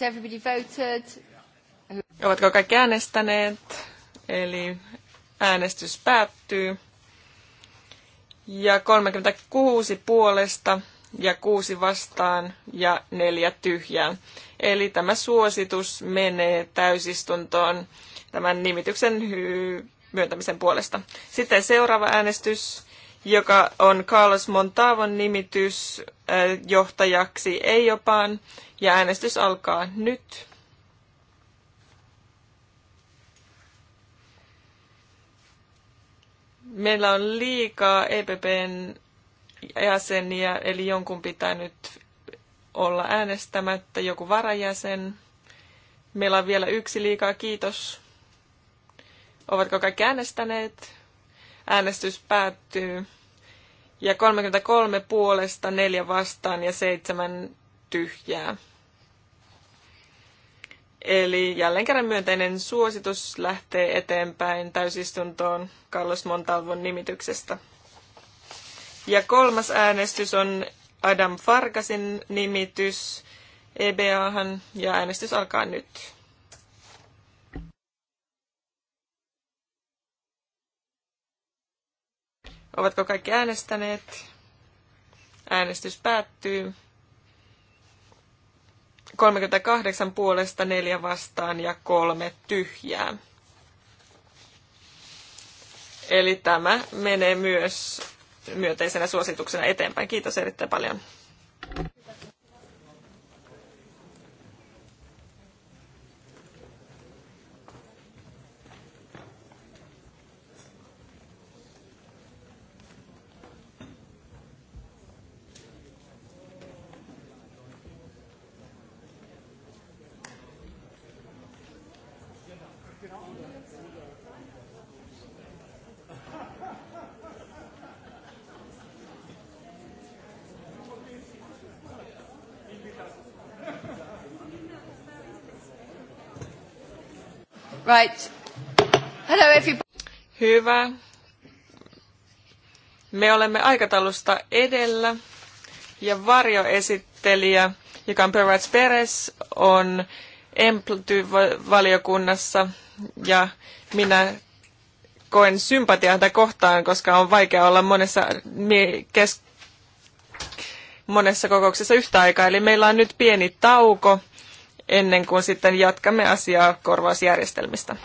everybody voted? Ovatko kaikki äänestäneet? Eli Äänestys päättyy. Ja 36 puolesta ja 6 vastaan ja 4 tyhjää. Eli tämä suositus menee täysistuntoon tämän nimityksen hy- myöntämisen puolesta. Sitten seuraava äänestys, joka on Carlos Montavon nimitys äh, johtajaksi Eijopaan. Ja äänestys alkaa nyt. meillä on liikaa EPPn jäseniä, eli jonkun pitää nyt olla äänestämättä, joku varajäsen. Meillä on vielä yksi liikaa, kiitos. Ovatko kaikki äänestäneet? Äänestys päättyy. Ja 33 puolesta, 4 vastaan ja 7 tyhjää. Eli jälleen kerran myönteinen suositus lähtee eteenpäin täysistuntoon Carlos Montalvon nimityksestä. Ja kolmas äänestys on Adam Farkasin nimitys EBAhan ja äänestys alkaa nyt. Ovatko kaikki äänestäneet? Äänestys päättyy. 38 puolesta, 4 vastaan ja 3 tyhjää. Eli tämä menee myös myönteisenä suosituksena eteenpäin. Kiitos erittäin paljon. Right. Hello everybody. Hyvä. Me olemme aikataulusta edellä ja varjoesittelijä, joka on Pervats Peres, on Empty-valiokunnassa ja minä koen sympatiaa häntä kohtaan, koska on vaikea olla monessa, kes, monessa kokouksessa yhtä aikaa. Eli meillä on nyt pieni tauko ennen kuin sitten jatkamme asiaa korvausjärjestelmistä.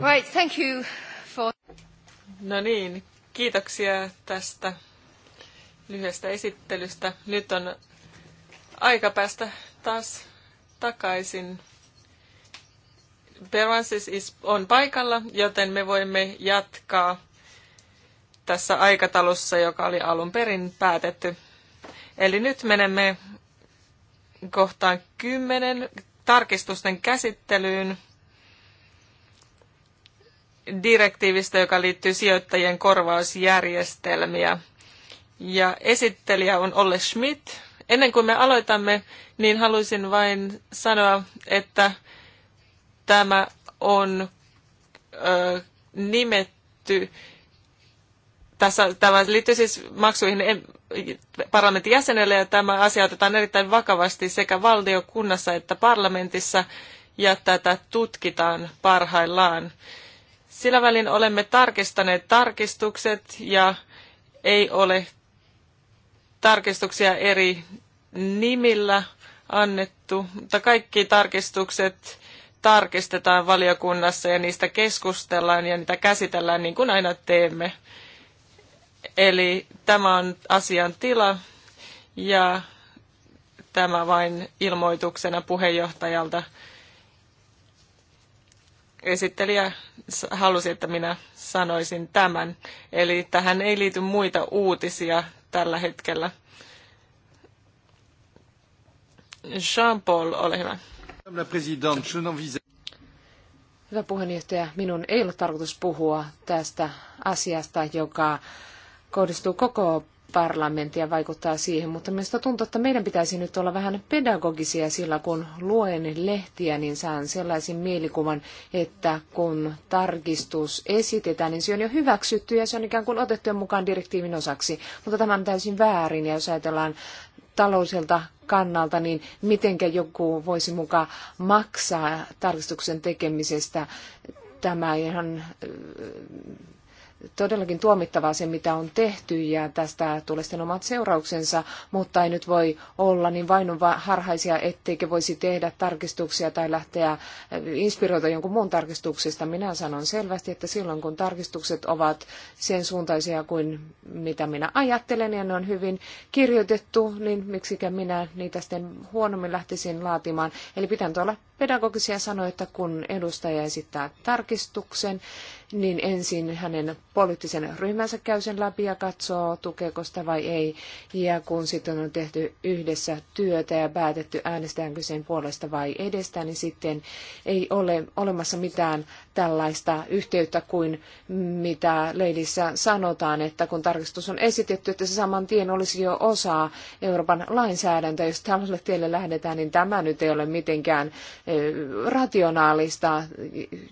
Right, thank you for... No niin, kiitoksia tästä lyhyestä esittelystä. Nyt on aika päästä taas takaisin. Peransis on paikalla, joten me voimme jatkaa tässä aikatalussa, joka oli alun perin päätetty. Eli nyt menemme kohtaan kymmenen tarkistusten käsittelyyn direktiivistä, joka liittyy sijoittajien korvausjärjestelmiä. Ja esittelijä on Olle Schmidt. Ennen kuin me aloitamme, niin haluaisin vain sanoa, että tämä on ö, nimetty, tässä, tämä liittyy siis maksuihin parlamentin jäsenelle ja tämä asia otetaan erittäin vakavasti sekä valtiokunnassa että parlamentissa ja tätä tutkitaan parhaillaan. Sillä välin olemme tarkistaneet tarkistukset ja ei ole tarkistuksia eri nimillä annettu, mutta kaikki tarkistukset tarkistetaan valiokunnassa ja niistä keskustellaan ja niitä käsitellään niin kuin aina teemme. Eli tämä on asian tila ja tämä vain ilmoituksena puheenjohtajalta esittelijä halusi, että minä sanoisin tämän. Eli tähän ei liity muita uutisia tällä hetkellä. Jean-Paul, ole hyvä. Hyvä puheenjohtaja, minun ei ole tarkoitus puhua tästä asiasta, joka kohdistuu koko parlamenttia vaikuttaa siihen, mutta minusta tuntuu, että meidän pitäisi nyt olla vähän pedagogisia sillä, kun luen lehtiä, niin saan sellaisen mielikuvan, että kun tarkistus esitetään, niin se on jo hyväksytty ja se on ikään kuin otettu mukaan direktiivin osaksi. Mutta tämä on täysin väärin ja jos ajatellaan talouselta kannalta, niin mitenkä joku voisi mukaan maksaa tarkistuksen tekemisestä. Tämä ihan todellakin tuomittavaa se, mitä on tehty ja tästä tulee sitten omat seurauksensa, mutta ei nyt voi olla niin vain harhaisia, etteikö voisi tehdä tarkistuksia tai lähteä äh, inspiroita jonkun muun tarkistuksista. Minä sanon selvästi, että silloin kun tarkistukset ovat sen suuntaisia kuin mitä minä ajattelen ja ne on hyvin kirjoitettu, niin miksikä minä niitä sitten huonommin lähtisin laatimaan. Eli pitää olla pedagogisia sanoja, että kun edustaja esittää tarkistuksen, niin ensin hänen poliittisen ryhmänsä käy sen läpi ja katsoo, tukeeko sitä vai ei. Ja kun sitten on tehty yhdessä työtä ja päätetty äänestäänkö sen puolesta vai edestä, niin sitten ei ole olemassa mitään tällaista yhteyttä kuin mitä leidissä sanotaan, että kun tarkistus on esitetty, että se saman tien olisi jo osa Euroopan lainsäädäntöä. Jos tällaiselle tielle lähdetään, niin tämä nyt ei ole mitenkään rationaalista.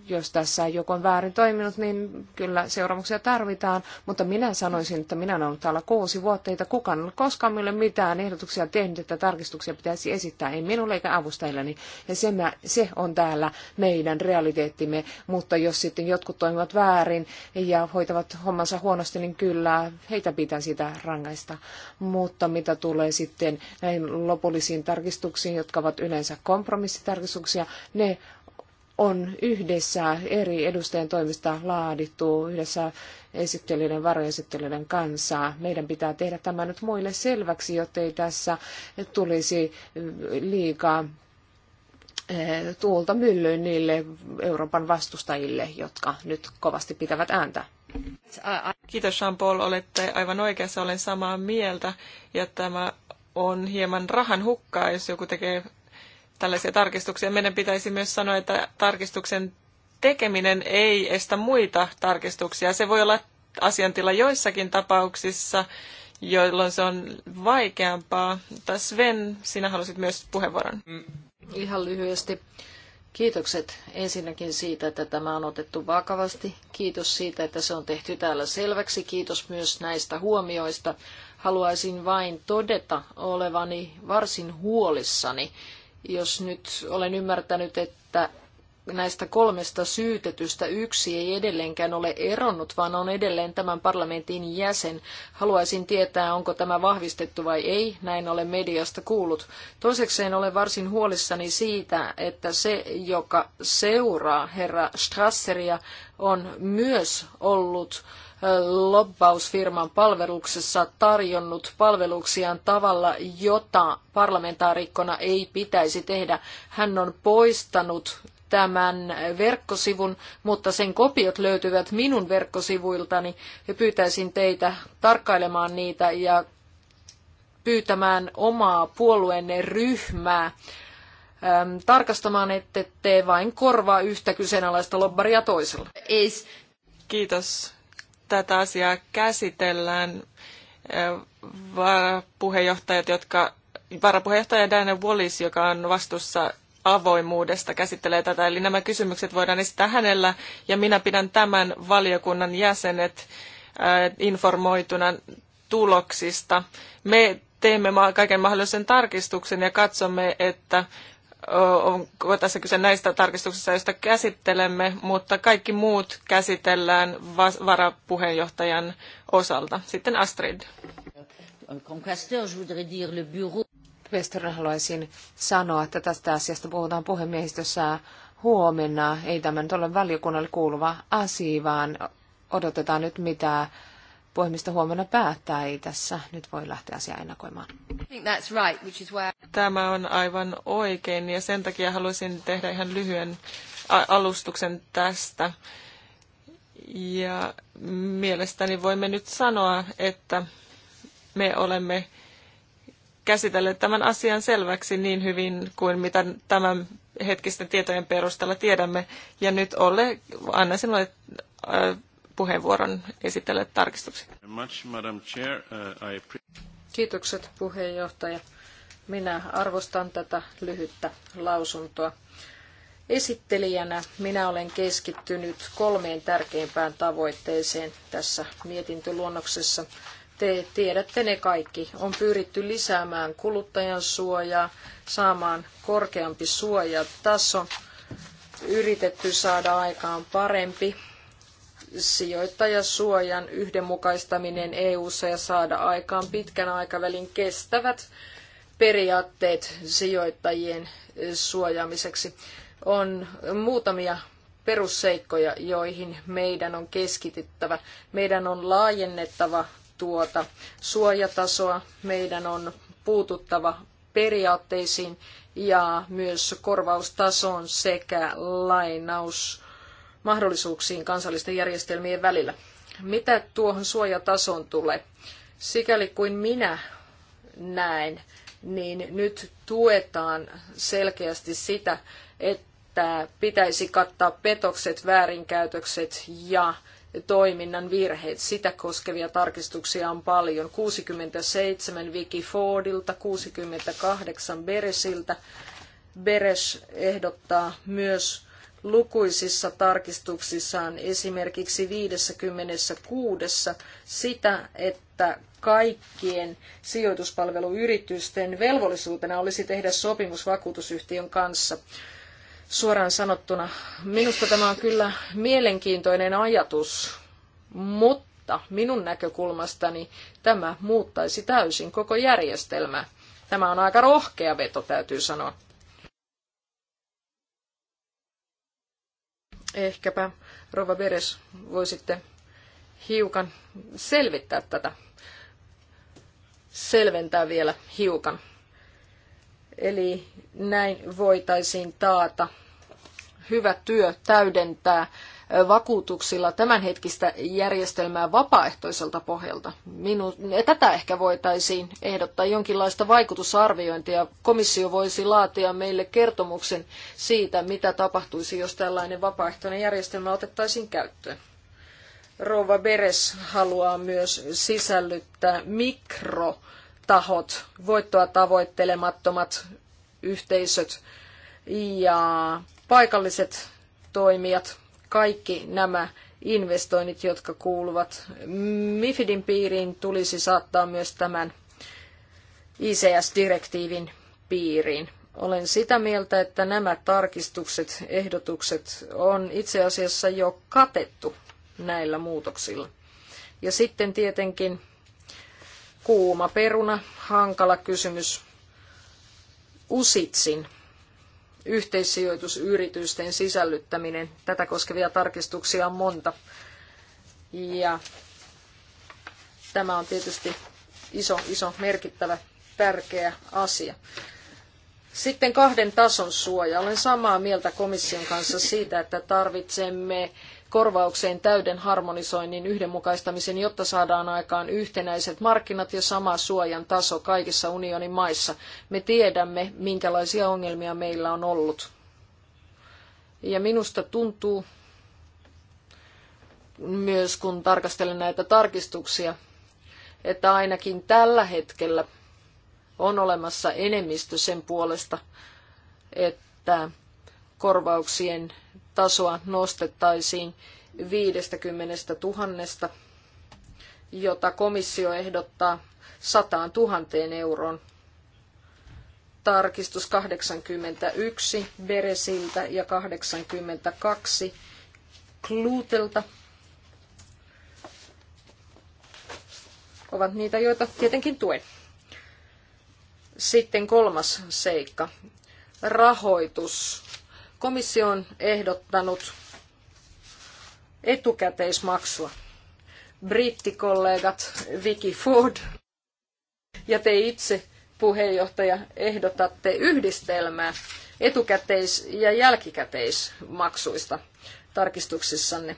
Jos tässä joku on väärin toiminut, niin kyllä seuraamuksia tarvitaan, mutta minä sanoisin, että minä olen ollut täällä kuusi vuotta, eikä kukaan ole koskaan minulle mitään ehdotuksia tehnyt, että tarkistuksia pitäisi esittää, ei minulle eikä avustajilleni. Ja se, se on täällä meidän realiteettimme mutta jos sitten jotkut toimivat väärin ja hoitavat hommansa huonosti, niin kyllä heitä pitää siitä rangaista. Mutta mitä tulee sitten näihin lopullisiin tarkistuksiin, jotka ovat yleensä kompromissitarkistuksia, ne on yhdessä eri edustajien toimista laadittu yhdessä esittelijöiden, varjoesittelijöiden kanssa. Meidän pitää tehdä tämä nyt muille selväksi, jottei tässä tulisi liikaa Eh, tuulta myllyyn niille Euroopan vastustajille, jotka nyt kovasti pitävät ääntä. Kiitos Jean-Paul, olette aivan oikeassa, olen samaa mieltä. Ja tämä on hieman rahan hukkaa, jos joku tekee tällaisia tarkistuksia. Meidän pitäisi myös sanoa, että tarkistuksen tekeminen ei estä muita tarkistuksia. Se voi olla asiantila joissakin tapauksissa, jolloin se on vaikeampaa. Tai Sven, sinä halusit myös puheenvuoron. Mm. Ihan lyhyesti. Kiitokset ensinnäkin siitä, että tämä on otettu vakavasti. Kiitos siitä, että se on tehty täällä selväksi. Kiitos myös näistä huomioista. Haluaisin vain todeta olevani varsin huolissani, jos nyt olen ymmärtänyt, että näistä kolmesta syytetystä yksi ei edelleenkään ole eronnut, vaan on edelleen tämän parlamentin jäsen. Haluaisin tietää, onko tämä vahvistettu vai ei, näin olen mediasta kuullut. Toisekseen olen varsin huolissani siitä, että se, joka seuraa herra Strasseria, on myös ollut lobbausfirman palveluksessa tarjonnut palveluksiaan tavalla, jota parlamentaarikkona ei pitäisi tehdä. Hän on poistanut tämän verkkosivun, mutta sen kopiot löytyvät minun verkkosivuiltani ja pyytäisin teitä tarkkailemaan niitä ja pyytämään omaa puolueenne ryhmää äm, tarkastamaan, että te vain korvaa yhtä kyseenalaista lobbaria toisella. Kiitos. Tätä asiaa käsitellään varapuheenjohtajat, jotka varapuheenjohtaja Diana Wallis, joka on vastuussa avoimuudesta käsittelee tätä. Eli nämä kysymykset voidaan esittää hänellä ja minä pidän tämän valiokunnan jäsenet äh, informoituna tuloksista. Me teemme kaiken mahdollisen tarkistuksen ja katsomme, että onko tässä kyse näistä tarkistuksista, joista käsittelemme, mutta kaikki muut käsitellään varapuheenjohtajan osalta. Sitten Astrid. Western haluaisin sanoa, että tästä asiasta puhutaan puhemiehistössä huomenna. Ei tämä nyt ole valiokunnalle kuuluva asia, vaan odotetaan nyt mitä puhemista huomenna päättää. Ei tässä nyt voi lähteä asiaa ennakoimaan. Tämä on aivan oikein ja sen takia haluaisin tehdä ihan lyhyen alustuksen tästä. Ja mielestäni voimme nyt sanoa, että me olemme käsitelleet tämän asian selväksi niin hyvin kuin mitä tämän hetkisten tietojen perusteella tiedämme. Ja nyt Olle, anna sinulle äh, puheenvuoron esitellä tarkistuksen. Uh, Kiitokset puheenjohtaja. Minä arvostan tätä lyhyttä lausuntoa. Esittelijänä minä olen keskittynyt kolmeen tärkeimpään tavoitteeseen tässä mietintöluonnoksessa te tiedätte ne kaikki. On pyritty lisäämään kuluttajan suojaa, saamaan korkeampi suojataso, yritetty saada aikaan parempi sijoittajasuojan yhdenmukaistaminen EU:ssa ja saada aikaan pitkän aikavälin kestävät periaatteet sijoittajien suojaamiseksi. On muutamia perusseikkoja, joihin meidän on keskityttävä. Meidän on laajennettava tuota suojatasoa. Meidän on puututtava periaatteisiin ja myös korvaustasoon sekä lainausmahdollisuuksiin kansallisten järjestelmien välillä. Mitä tuohon suojatasoon tulee? Sikäli kuin minä näen, niin nyt tuetaan selkeästi sitä, että pitäisi kattaa petokset, väärinkäytökset ja toiminnan virheet. Sitä koskevia tarkistuksia on paljon. 67 Vicky Fordilta, 68 Beresiltä. Beres ehdottaa myös lukuisissa tarkistuksissaan, esimerkiksi 56, sitä, että kaikkien sijoituspalveluyritysten velvollisuutena olisi tehdä sopimus vakuutusyhtiön kanssa. Suoraan sanottuna, minusta tämä on kyllä mielenkiintoinen ajatus, mutta minun näkökulmastani tämä muuttaisi täysin koko järjestelmää. Tämä on aika rohkea veto, täytyy sanoa. Ehkäpä Rova Beres voisitte hiukan selvittää tätä, selventää vielä hiukan. Eli näin voitaisiin taata hyvä työ täydentää vakuutuksilla tämänhetkistä järjestelmää vapaaehtoiselta pohjalta. Minu, tätä ehkä voitaisiin ehdottaa jonkinlaista vaikutusarviointia. Komissio voisi laatia meille kertomuksen siitä, mitä tapahtuisi, jos tällainen vapaaehtoinen järjestelmä otettaisiin käyttöön. Rova Beres haluaa myös sisällyttää mikro tahot, voittoa tavoittelemattomat yhteisöt ja paikalliset toimijat, kaikki nämä investoinnit, jotka kuuluvat MIFIDin piiriin, tulisi saattaa myös tämän ICS-direktiivin piiriin. Olen sitä mieltä, että nämä tarkistukset, ehdotukset on itse asiassa jo katettu näillä muutoksilla. Ja sitten tietenkin kuuma peruna, hankala kysymys. Usitsin yhteissijoitusyritysten sisällyttäminen. Tätä koskevia tarkistuksia on monta. Ja tämä on tietysti iso, iso, merkittävä, tärkeä asia. Sitten kahden tason suoja. Olen samaa mieltä komission kanssa siitä, että tarvitsemme korvaukseen täyden harmonisoinnin yhdenmukaistamisen, jotta saadaan aikaan yhtenäiset markkinat ja sama suojan taso kaikissa unionin maissa. Me tiedämme, minkälaisia ongelmia meillä on ollut. Ja minusta tuntuu, myös kun tarkastelen näitä tarkistuksia, että ainakin tällä hetkellä on olemassa enemmistö sen puolesta, että korvauksien tasoa nostettaisiin 50 000, jota komissio ehdottaa 100 000 euroon. Tarkistus 81 Beresiltä ja 82 Klutelta ovat niitä, joita tietenkin tuen. Sitten kolmas seikka. Rahoitus Komissio on ehdottanut etukäteismaksua. Brittikollegat Vicky Ford ja te itse puheenjohtaja ehdotatte yhdistelmää etukäteis- ja jälkikäteismaksuista tarkistuksissanne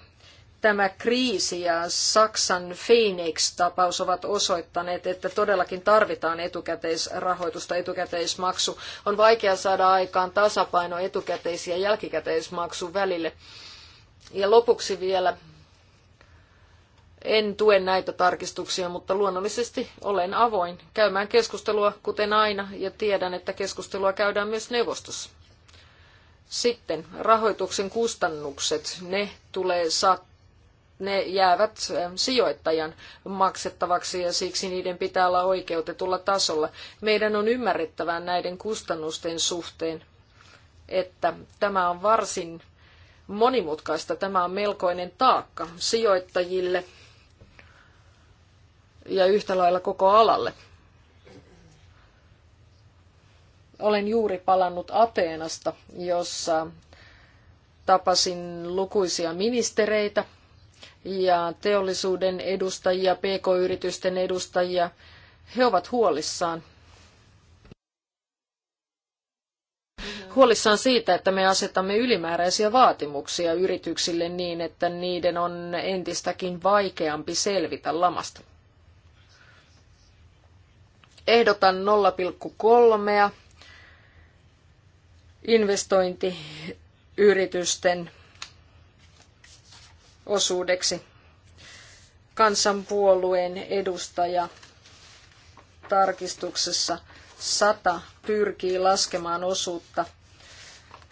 tämä kriisi ja Saksan Phoenix-tapaus ovat osoittaneet, että todellakin tarvitaan etukäteisrahoitusta, etukäteismaksu. On vaikea saada aikaan tasapaino etukäteis- ja jälkikäteismaksun välille. Ja lopuksi vielä, en tue näitä tarkistuksia, mutta luonnollisesti olen avoin käymään keskustelua, kuten aina, ja tiedän, että keskustelua käydään myös neuvostossa. Sitten rahoituksen kustannukset, ne tulee saattaa ne jäävät ähm, sijoittajan maksettavaksi ja siksi niiden pitää olla oikeutetulla tasolla. Meidän on ymmärrettävä näiden kustannusten suhteen, että tämä on varsin monimutkaista, tämä on melkoinen taakka sijoittajille ja yhtä lailla koko alalle. Olen juuri palannut Ateenasta, jossa tapasin lukuisia ministereitä, ja teollisuuden edustajia, pk-yritysten edustajia. He ovat huolissaan. Huolissaan siitä, että me asetamme ylimääräisiä vaatimuksia yrityksille niin, että niiden on entistäkin vaikeampi selvitä lamasta. Ehdotan 0,3 investointiyritysten osuudeksi. Kansanpuolueen edustaja tarkistuksessa 100 pyrkii laskemaan osuutta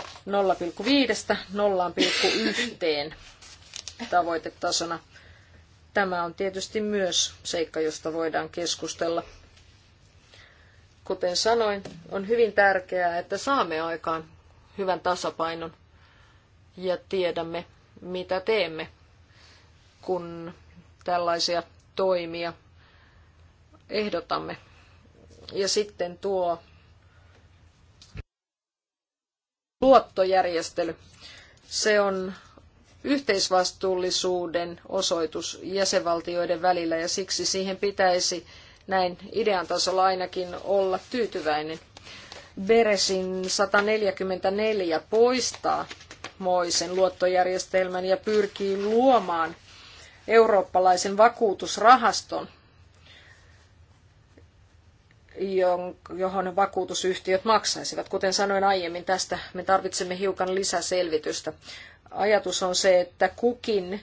0,5-0,1 tavoitetasona. Tämä on tietysti myös seikka, josta voidaan keskustella. Kuten sanoin, on hyvin tärkeää, että saamme aikaan hyvän tasapainon ja tiedämme, mitä teemme kun tällaisia toimia ehdotamme. Ja sitten tuo luottojärjestely. Se on yhteisvastuullisuuden osoitus jäsenvaltioiden välillä ja siksi siihen pitäisi näin idean tasolla ainakin olla tyytyväinen. Beresin 144 poistaa moisen luottojärjestelmän ja pyrkii luomaan eurooppalaisen vakuutusrahaston, johon vakuutusyhtiöt maksaisivat. Kuten sanoin aiemmin, tästä me tarvitsemme hiukan lisäselvitystä. Ajatus on se, että kukin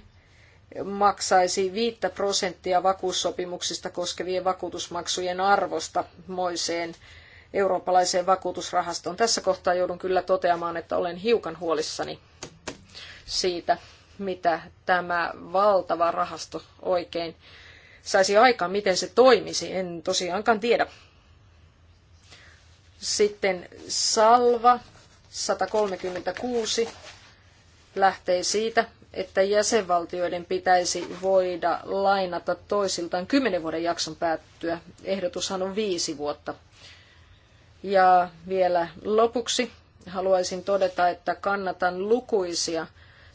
maksaisi 5 prosenttia vakuussopimuksista koskevien vakuutusmaksujen arvosta moiseen eurooppalaiseen vakuutusrahastoon. Tässä kohtaa joudun kyllä toteamaan, että olen hiukan huolissani siitä, mitä tämä valtava rahasto oikein saisi aikaan, miten se toimisi. En tosiaankaan tiedä. Sitten Salva 136 lähtee siitä, että jäsenvaltioiden pitäisi voida lainata toisiltaan kymmenen vuoden jakson päättyä. Ehdotushan on viisi vuotta. Ja vielä lopuksi haluaisin todeta, että kannatan lukuisia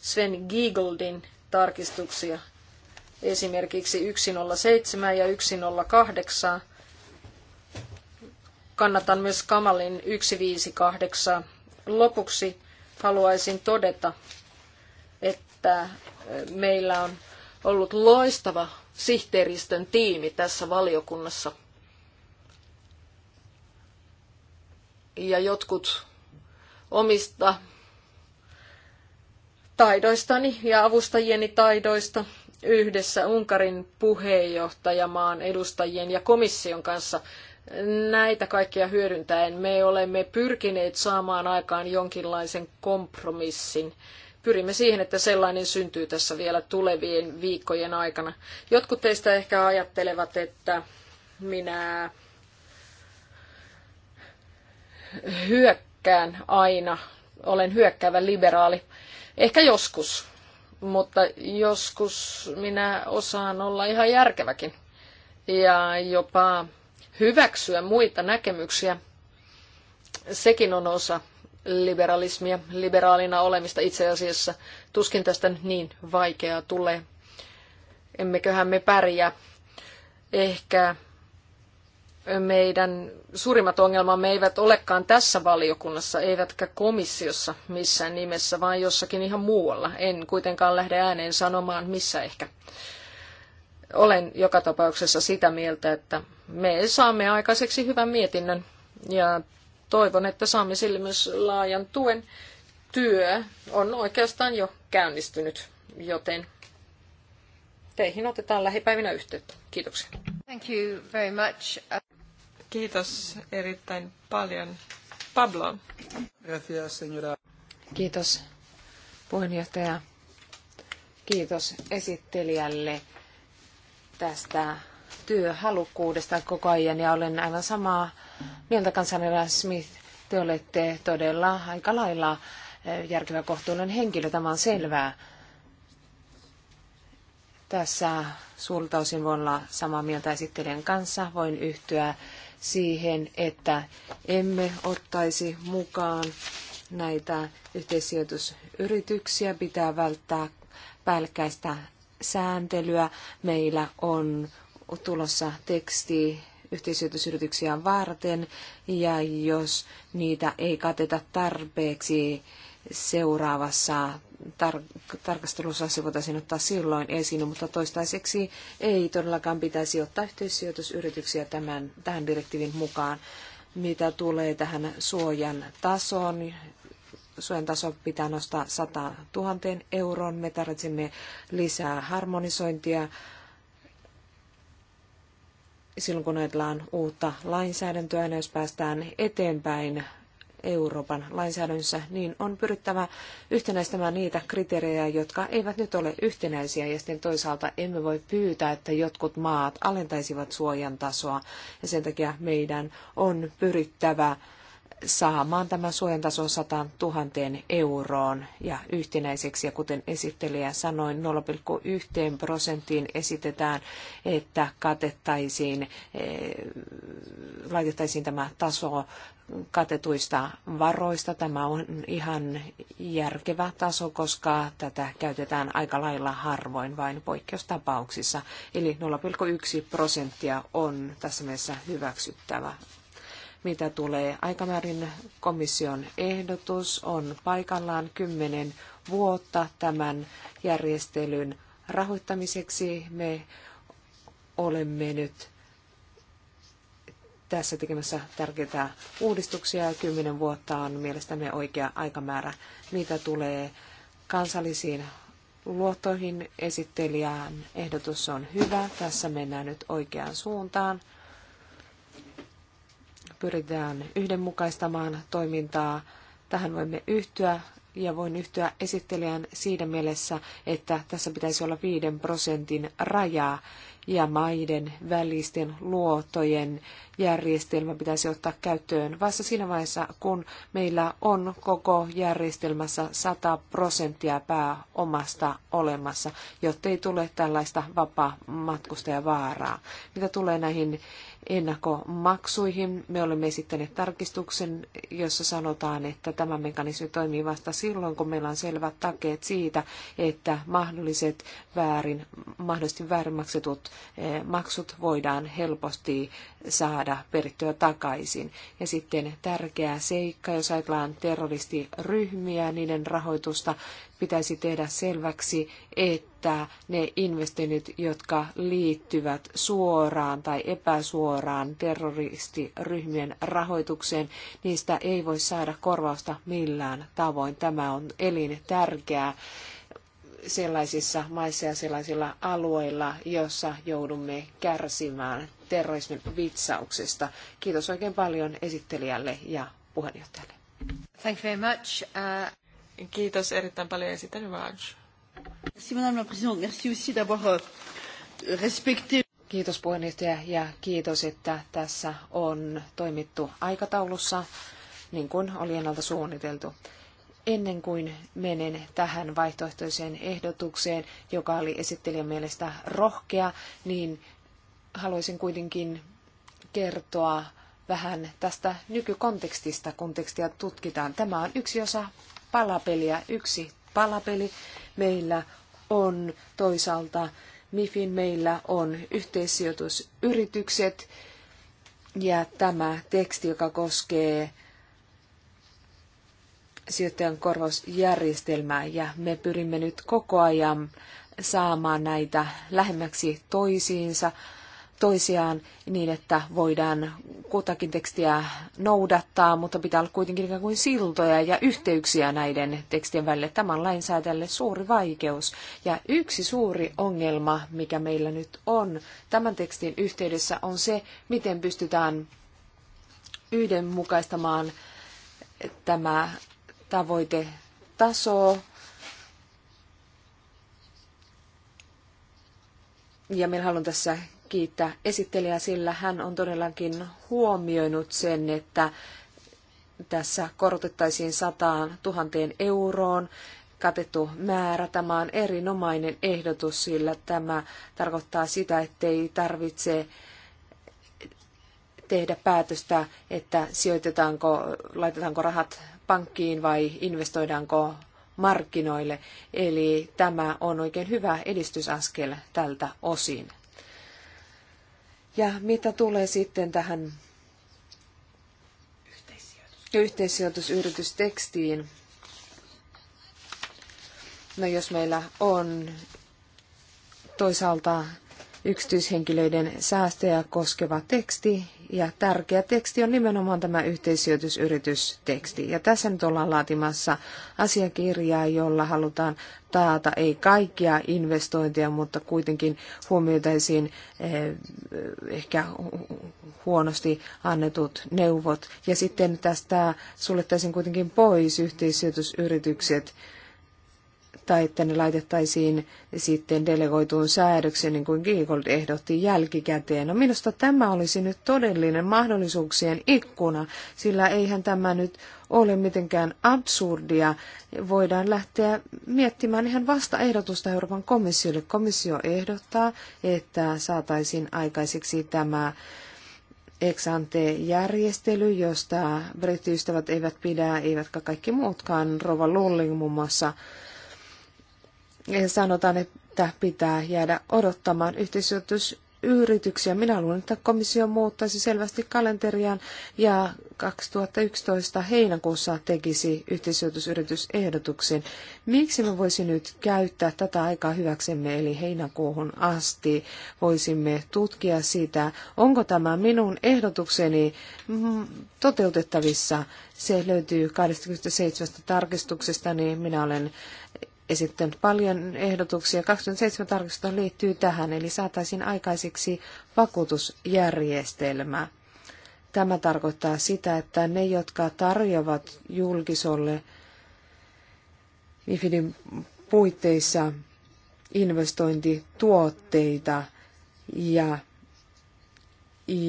Sven Giegoldin tarkistuksia, esimerkiksi 107 ja 108. Kannatan myös Kamalin 158. Lopuksi haluaisin todeta, että meillä on ollut loistava sihteeristön tiimi tässä valiokunnassa. Ja jotkut omista taidoistani ja avustajieni taidoista yhdessä Unkarin puheenjohtajamaan edustajien ja komission kanssa näitä kaikkia hyödyntäen me olemme pyrkineet saamaan aikaan jonkinlaisen kompromissin. Pyrimme siihen, että sellainen syntyy tässä vielä tulevien viikkojen aikana. Jotkut teistä ehkä ajattelevat, että minä hyökkään aina, olen hyökkäävä liberaali. Ehkä joskus, mutta joskus minä osaan olla ihan järkeväkin ja jopa hyväksyä muita näkemyksiä. Sekin on osa liberalismia, liberaalina olemista itse asiassa. Tuskin tästä niin vaikeaa tulee. Emmeköhän me pärjää. Ehkä meidän suurimmat ongelmamme eivät olekaan tässä valiokunnassa, eivätkä komissiossa missään nimessä, vaan jossakin ihan muualla. En kuitenkaan lähde ääneen sanomaan missä ehkä. Olen joka tapauksessa sitä mieltä, että me saamme aikaiseksi hyvän mietinnön ja toivon, että saamme sille myös laajan tuen. Työ on oikeastaan jo käynnistynyt, joten teihin otetaan lähipäivinä yhteyttä. Kiitoksia. Thank you very much. Kiitos erittäin paljon. Pablo. Gracias, señora. Kiitos puheenjohtaja. Kiitos esittelijälle tästä työhalukkuudesta koko ajan ja olen aivan samaa mieltä kansanedustaja Smith. Te olette todella aika lailla eh, järkevä kohtuullinen henkilö, tämä on selvää. Tässä suurta osin voin olla samaa mieltä esittelijän kanssa. Voin yhtyä siihen, että emme ottaisi mukaan näitä yhteissijoitusyrityksiä. Pitää välttää päällekkäistä sääntelyä. Meillä on tulossa teksti yhteissijoitusyrityksiä varten, ja jos niitä ei kateta tarpeeksi seuraavassa tar- tarkastelussa se voitaisiin ottaa silloin esiin, mutta toistaiseksi ei todellakaan pitäisi ottaa yhteissijoitusyrityksiä tämän, tähän direktiivin mukaan. Mitä tulee tähän suojan tasoon, suojan taso pitää nostaa 100 000 euroon. Me tarvitsemme lisää harmonisointia silloin, kun ajatellaan uutta lainsäädäntöä, ja jos päästään eteenpäin Euroopan lainsäädännössä, niin on pyrittävä yhtenäistämään niitä kriteerejä, jotka eivät nyt ole yhtenäisiä, ja sitten toisaalta emme voi pyytää, että jotkut maat alentaisivat suojan tasoa, ja sen takia meidän on pyrittävä saamaan tämä suojan taso 100 000 euroon ja yhtenäiseksi. Ja kuten esittelijä sanoi, 0,1 prosenttiin esitetään, että katettaisiin, eh, laitettaisiin tämä taso katetuista varoista. Tämä on ihan järkevä taso, koska tätä käytetään aika lailla harvoin vain poikkeustapauksissa. Eli 0,1 prosenttia on tässä mielessä hyväksyttävä. Mitä tulee aikamäärin komission ehdotus on paikallaan 10 vuotta tämän järjestelyn rahoittamiseksi. Me olemme nyt tässä tekemässä tärkeitä uudistuksia. Kymmenen vuotta on mielestämme oikea aikamäärä, mitä tulee kansallisiin luottoihin. Esittelijän ehdotus on hyvä. Tässä mennään nyt oikeaan suuntaan. Pyritään yhdenmukaistamaan toimintaa. Tähän voimme yhtyä ja voin yhtyä esittelijän siinä mielessä, että tässä pitäisi olla viiden prosentin rajaa ja maiden välisten luotojen järjestelmä pitäisi ottaa käyttöön vasta siinä vaiheessa, kun meillä on koko järjestelmässä 100 prosenttia pääomasta olemassa, jottei tule tällaista vapaa matkustajavaaraa. Mitä tulee näihin ennakkomaksuihin. Me olemme esittäneet tarkistuksen, jossa sanotaan, että tämä mekanismi toimii vasta silloin, kun meillä on selvät takeet siitä, että mahdolliset väärin, mahdollisesti väärin maksetut eh, maksut voidaan helposti saada perittyä takaisin. Ja sitten tärkeä seikka, jos ajatellaan terroristiryhmiä, niiden rahoitusta, pitäisi tehdä selväksi, että ne investoinnit, jotka liittyvät suoraan tai epäsuoraan terroristiryhmien rahoitukseen, niistä ei voi saada korvausta millään tavoin. Tämä on elintärkeää sellaisissa maissa ja sellaisilla alueilla, jossa joudumme kärsimään terrorismin vitsauksesta. Kiitos oikein paljon esittelijälle ja puheenjohtajalle. Thank you very much. Uh... Kiitos erittäin paljon ja sitten Raj. Merci madame la présidente. Merci aussi d'avoir euh, respecté Kiitos puheenjohtaja ja kiitos, että tässä on toimittu aikataulussa niin kuin oli ennalta suunniteltu. Ennen kuin menen tähän vaihtoehtoiseen ehdotukseen, joka oli esittelijän mielestä rohkea, niin haluaisin kuitenkin kertoa vähän tästä nykykontekstista, kun tekstiä tutkitaan. Tämä on yksi osa palapeliä. Yksi palapeli meillä on toisaalta MIFIN, meillä on yhteissijoitusyritykset ja tämä teksti, joka koskee sijoittajan korvausjärjestelmää ja me pyrimme nyt koko ajan saamaan näitä lähemmäksi toisiinsa toisiaan niin, että voidaan kutakin tekstiä noudattaa, mutta pitää olla kuitenkin ikään kuin siltoja ja yhteyksiä näiden tekstien välille. Tämä on lainsäädälle suuri vaikeus. Ja yksi suuri ongelma, mikä meillä nyt on tämän tekstin yhteydessä, on se, miten pystytään yhdenmukaistamaan tämä tavoitetaso ja minä haluan tässä kiittää esittelijää, sillä hän on todellakin huomioinut sen, että tässä korotettaisiin 100 000 euroon katettu määrä. Tämä on erinomainen ehdotus, sillä tämä tarkoittaa sitä, ettei tarvitse tehdä päätöstä, että sijoitetaanko, laitetaanko rahat pankkiin vai investoidaanko markkinoille. Eli tämä on oikein hyvä edistysaskel tältä osin. Ja mitä tulee sitten tähän yhteissijoitusyritystekstiin, no jos meillä on toisaalta yksityishenkilöiden säästöjä koskeva teksti, ja tärkeä teksti on nimenomaan tämä yhteissijoitusyritysteksti. Ja tässä nyt ollaan laatimassa asiakirjaa, jolla halutaan taata ei kaikkia investointeja, mutta kuitenkin huomioitaisiin eh, ehkä huonosti annetut neuvot. Ja sitten tästä suljettaisiin kuitenkin pois yhteissijoitusyritykset, tai että ne laitettaisiin sitten delegoituun säädökseen, niin kuin Giegold ehdotti jälkikäteen. No minusta tämä olisi nyt todellinen mahdollisuuksien ikkuna, sillä eihän tämä nyt ole mitenkään absurdia. Voidaan lähteä miettimään ihan vasta ehdotusta Euroopan komissiolle. Komissio ehdottaa, että saataisiin aikaiseksi tämä ex-ante-järjestely, josta brittiystävät eivät pidä, eivätkä kaikki muutkaan, Rova Lulling muun muassa, sanotaan, että pitää jäädä odottamaan yhteisijoitusyrityksiä. Minä luulen, että komissio muuttaisi selvästi kalenteriaan ja 2011 heinäkuussa tekisi yhteisijoitusyritysehdotuksen. Miksi me voisi nyt käyttää tätä aikaa hyväksemme, eli heinäkuuhun asti voisimme tutkia sitä, onko tämä minun ehdotukseni mm, toteutettavissa. Se löytyy 27 tarkistuksesta, niin minä olen esittänyt paljon ehdotuksia. 27 tarkistusta liittyy tähän, eli saataisiin aikaiseksi vakuutusjärjestelmä. Tämä tarkoittaa sitä, että ne, jotka tarjoavat julkisolle IFIDin puitteissa investointituotteita ja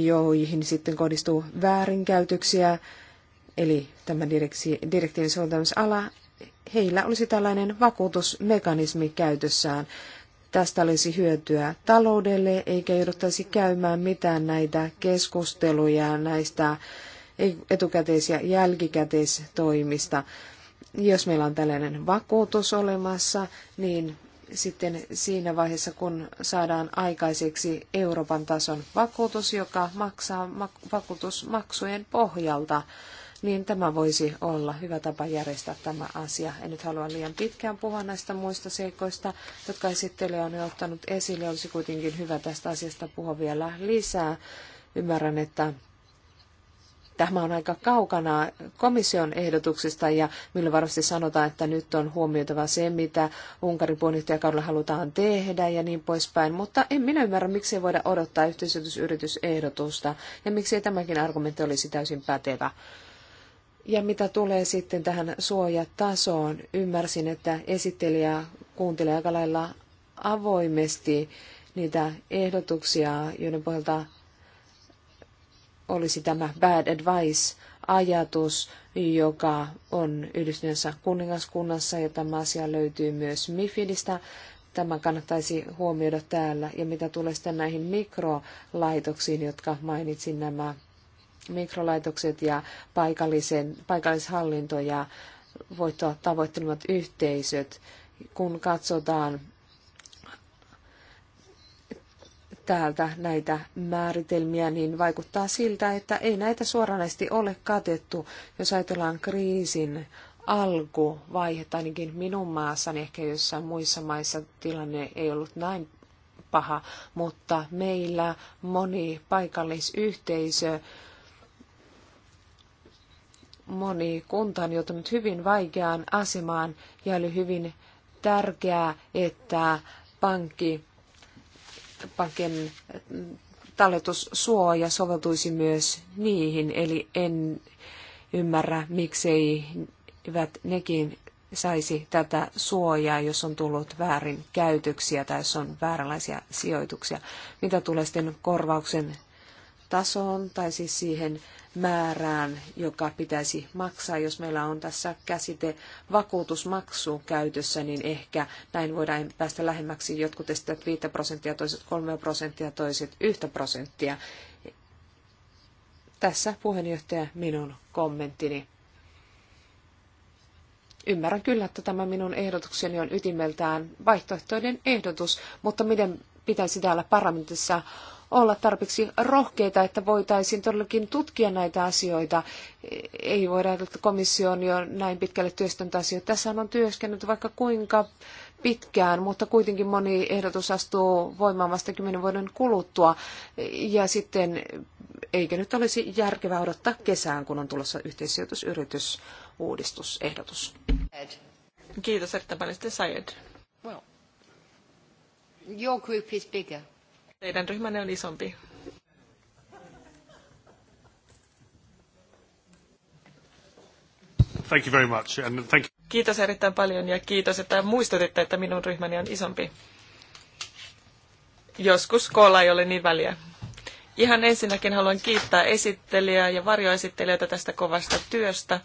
joihin sitten kohdistuu väärinkäytöksiä, eli tämä direktiivin soveltamisala heillä olisi tällainen vakuutusmekanismi käytössään. Tästä olisi hyötyä taloudelle, eikä jouduttaisi käymään mitään näitä keskusteluja näistä etukäteis- ja jälkikäteistoimista. Jos meillä on tällainen vakuutus olemassa, niin sitten siinä vaiheessa, kun saadaan aikaiseksi Euroopan tason vakuutus, joka maksaa vakuutusmaksujen pohjalta, niin tämä voisi olla hyvä tapa järjestää tämä asia. En nyt halua liian pitkään puhua näistä muista seikoista, jotka esittelijä on jo ottanut esille. Olisi kuitenkin hyvä tästä asiasta puhua vielä lisää. Ymmärrän, että tämä on aika kaukana komission ehdotuksista ja millä varmasti sanotaan, että nyt on huomioitava se, mitä Unkarin puheenjohtajakaudella halutaan tehdä ja niin poispäin. Mutta en minä ymmärrä, miksi ei voida odottaa yhteisötysyritysehdotusta ja miksi tämäkin argumentti olisi täysin pätevä. Ja mitä tulee sitten tähän suojatasoon, ymmärsin, että esittelijä kuuntelee aika lailla avoimesti niitä ehdotuksia, joiden pohjalta olisi tämä bad advice-ajatus, joka on yhdistyneessä kuningaskunnassa, ja tämä asia löytyy myös Mifidistä. Tämä kannattaisi huomioida täällä. Ja mitä tulee sitten näihin mikrolaitoksiin, jotka mainitsin nämä mikrolaitokset ja paikallisen, paikallishallinto ja voittoa tavoittelemat yhteisöt, kun katsotaan täältä näitä määritelmiä, niin vaikuttaa siltä, että ei näitä suoranaisesti ole katettu, jos ajatellaan kriisin alkuvaihetta, ainakin minun maassani, ehkä jossain muissa maissa tilanne ei ollut näin paha, mutta meillä moni paikallisyhteisö moni kunta on joutunut hyvin vaikeaan asemaan ja oli hyvin tärkeää, että pankki, pankin mm, talletussuoja soveltuisi myös niihin, eli en ymmärrä, miksei nekin saisi tätä suojaa, jos on tullut väärin käytöksiä tai jos on vääränlaisia sijoituksia. Mitä tulee sitten korvauksen tasoon tai siis siihen määrään, joka pitäisi maksaa. Jos meillä on tässä käsite vakuutusmaksu käytössä, niin ehkä näin voidaan päästä lähemmäksi. Jotkut esittävät 5 prosenttia, toiset 3 prosenttia, toiset 1 prosenttia. Tässä puheenjohtaja minun kommenttini. Ymmärrän kyllä, että tämä minun ehdotukseni on ytimeltään vaihtoehtoinen ehdotus, mutta miten pitäisi täällä parlamentissa olla tarpeeksi rohkeita, että voitaisiin todellakin tutkia näitä asioita. Ei voida että komissio on jo näin pitkälle työstänyt asioita. Tässä on työskennellyt vaikka kuinka pitkään, mutta kuitenkin moni ehdotus astuu voimaan vasta kymmenen vuoden kuluttua. Ja sitten eikö nyt olisi järkevää odottaa kesään, kun on tulossa yhteissijoitusyritysuudistusehdotus? Kiitos erittäin paljon, Sayed. Well, your group is bigger. Teidän ryhmänne on isompi. Thank you very much. And thank you. Kiitos erittäin paljon ja kiitos, että muistutitte, että minun ryhmäni on isompi. Joskus koolla ei ole niin väliä. Ihan ensinnäkin haluan kiittää esittelijää ja varjoesittelijöitä tästä kovasta työstä.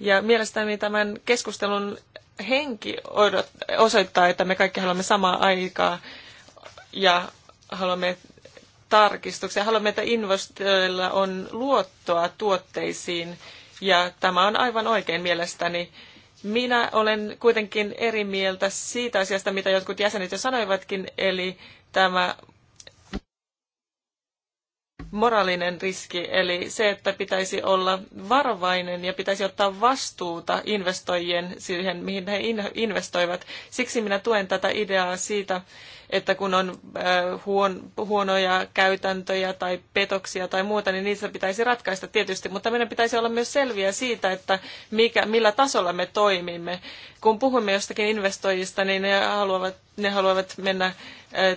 Ja mielestäni tämän keskustelun henki osoittaa, että me kaikki haluamme samaa aikaa ja haluamme tarkistuksia. Haluamme, että investoilla on luottoa tuotteisiin ja tämä on aivan oikein mielestäni. Minä olen kuitenkin eri mieltä siitä asiasta, mitä jotkut jäsenet jo sanoivatkin, eli tämä moraalinen riski, eli se, että pitäisi olla varovainen ja pitäisi ottaa vastuuta investoijien siihen, mihin he investoivat. Siksi minä tuen tätä ideaa siitä, että kun on äh, huonoja käytäntöjä tai petoksia tai muuta, niin niitä pitäisi ratkaista tietysti, mutta meidän pitäisi olla myös selviä siitä, että mikä, millä tasolla me toimimme. Kun puhumme jostakin investoijista, niin ne haluavat, ne haluavat mennä äh,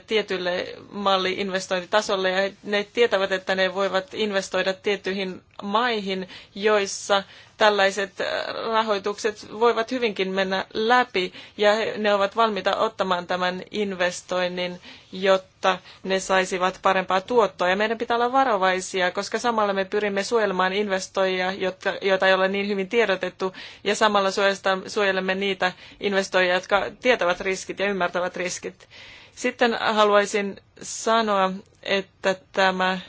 tietylle malli-investointitasolle ja ne tietävät, että ne voivat investoida tiettyihin maihin, joissa tällaiset äh, rahoitukset voivat hyvinkin mennä läpi ja ne ovat valmiita ottamaan tämän investoinnin, jotta ne saisivat parempaa tuottoa. Ja meidän pitää olla varovaisia, koska samalla me pyrimme suojelemaan investoijia, jotka, joita ei ole niin hyvin tiedotettu, ja samalla suojelemme niitä investoijia, jotka tietävät riskit ja ymmärtävät riskit. Sitten haluaisin sanoa, että tämä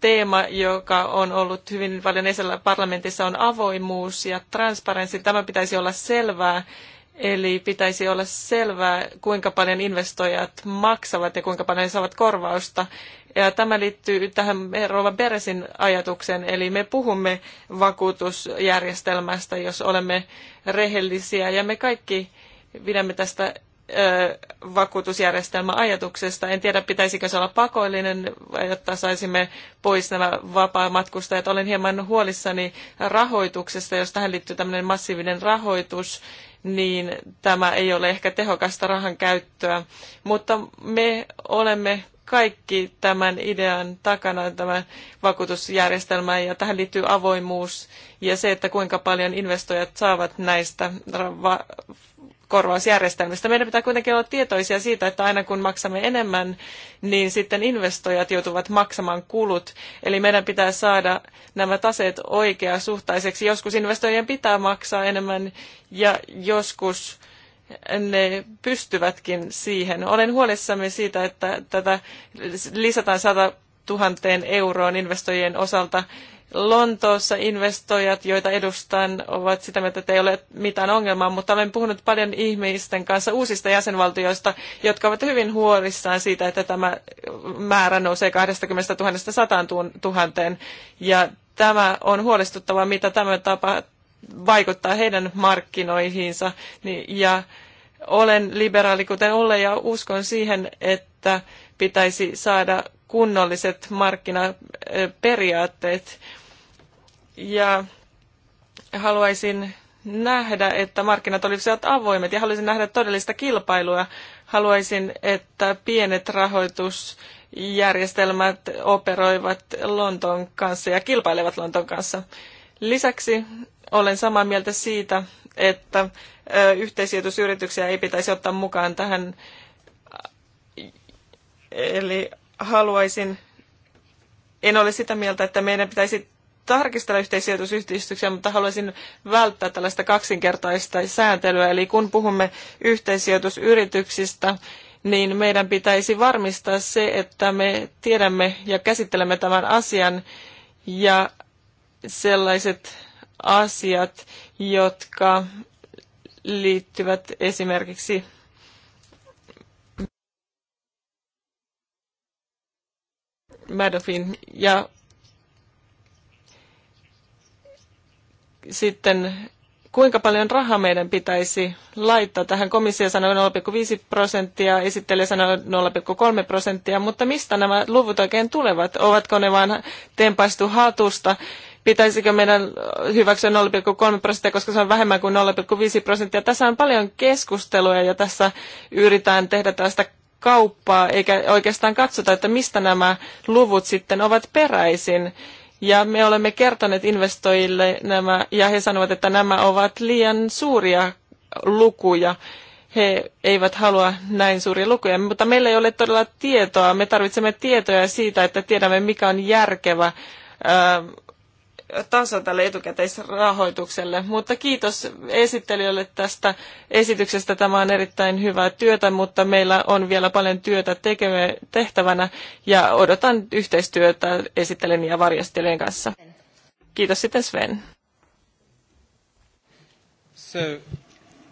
teema, joka on ollut hyvin paljon esillä parlamentissa, on avoimuus ja transparenssi. Tämä pitäisi olla selvää, eli pitäisi olla selvää, kuinka paljon investoijat maksavat ja kuinka paljon he saavat korvausta. Ja tämä liittyy tähän Rova Beresin ajatukseen, eli me puhumme vakuutusjärjestelmästä, jos olemme rehellisiä, ja me kaikki pidämme tästä Vakuutusjärjestelmä ajatuksesta En tiedä, pitäisikö se olla pakollinen, jotta saisimme pois nämä vapaamatkustajat. Olen hieman huolissani rahoituksesta, jos tähän liittyy tämmöinen massiivinen rahoitus, niin tämä ei ole ehkä tehokasta rahan käyttöä. Mutta me olemme kaikki tämän idean takana, tämä vakuutusjärjestelmä, ja tähän liittyy avoimuus ja se, että kuinka paljon investoijat saavat näistä korvausjärjestelmistä. Meidän pitää kuitenkin olla tietoisia siitä, että aina kun maksamme enemmän, niin sitten investoijat joutuvat maksamaan kulut. Eli meidän pitää saada nämä taseet oikeasuhtaiseksi. Joskus investoijien pitää maksaa enemmän ja joskus ne pystyvätkin siihen. Olen huolissani siitä, että tätä lisätään 100 000 euroon investoijien osalta Lontoossa investoijat, joita edustan, ovat sitä mieltä, että ei ole mitään ongelmaa, mutta olen puhunut paljon ihmisten kanssa uusista jäsenvaltioista, jotka ovat hyvin huolissaan siitä, että tämä määrä nousee 20 000 100 000. Ja tämä on huolestuttavaa, mitä tämä tapa vaikuttaa heidän markkinoihinsa. Niin, ja olen liberaali kuten olen, ja uskon siihen, että pitäisi saada kunnolliset markkinaperiaatteet. Ja haluaisin nähdä, että markkinat olisivat avoimet ja haluaisin nähdä todellista kilpailua. Haluaisin, että pienet rahoitusjärjestelmät operoivat Lontoon kanssa ja kilpailevat Lontoon kanssa. Lisäksi olen samaa mieltä siitä, että yhteisijoitusyrityksiä ei pitäisi ottaa mukaan tähän. Eli haluaisin, en ole sitä mieltä, että meidän pitäisi tarkistella yhteisijoitusyhdistyksiä, mutta haluaisin välttää tällaista kaksinkertaista sääntelyä. Eli kun puhumme yhteisijoitusyrityksistä, niin meidän pitäisi varmistaa se, että me tiedämme ja käsittelemme tämän asian ja sellaiset asiat, jotka liittyvät esimerkiksi Madoffin ja sitten kuinka paljon rahaa meidän pitäisi laittaa tähän. Komissio sanoi 0,5 prosenttia, esittelijä sanoi 0,3 prosenttia, mutta mistä nämä luvut oikein tulevat? Ovatko ne vain tempaistu hatusta? Pitäisikö meidän hyväksyä 0,3 prosenttia, koska se on vähemmän kuin 0,5 prosenttia? Tässä on paljon keskustelua ja tässä yritetään tehdä tästä kauppaa, eikä oikeastaan katsota, että mistä nämä luvut sitten ovat peräisin. Ja me olemme kertoneet investoijille nämä, ja he sanovat, että nämä ovat liian suuria lukuja. He eivät halua näin suuria lukuja, mutta meillä ei ole todella tietoa. Me tarvitsemme tietoja siitä, että tiedämme, mikä on järkevä taso tälle etukäteisrahoitukselle. Mutta kiitos esittelijöille tästä esityksestä. Tämä on erittäin hyvää työtä, mutta meillä on vielä paljon työtä tehtävänä ja odotan yhteistyötä esittelijän ja varjastelijan kanssa. Kiitos sitten Sven. So,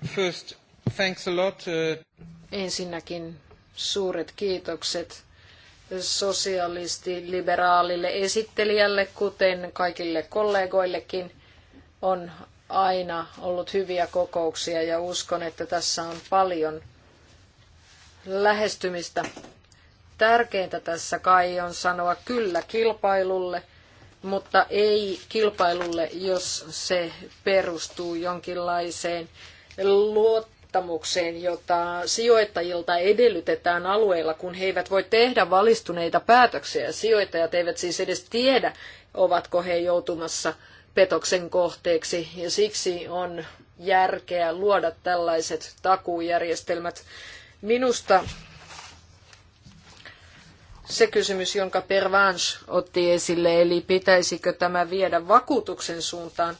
first, thanks a lot. Uh, Ensinnäkin suuret kiitokset sosialisti-liberaalille esittelijälle, kuten kaikille kollegoillekin, on aina ollut hyviä kokouksia ja uskon, että tässä on paljon lähestymistä. Tärkeintä tässä kai on sanoa kyllä kilpailulle, mutta ei kilpailulle, jos se perustuu jonkinlaiseen luottamukseen luottamukseen, jota sijoittajilta edellytetään alueilla, kun he eivät voi tehdä valistuneita päätöksiä. Sijoittajat eivät siis edes tiedä, ovatko he joutumassa petoksen kohteeksi, ja siksi on järkeä luoda tällaiset takuujärjestelmät. Minusta se kysymys, jonka Pervans otti esille, eli pitäisikö tämä viedä vakuutuksen suuntaan,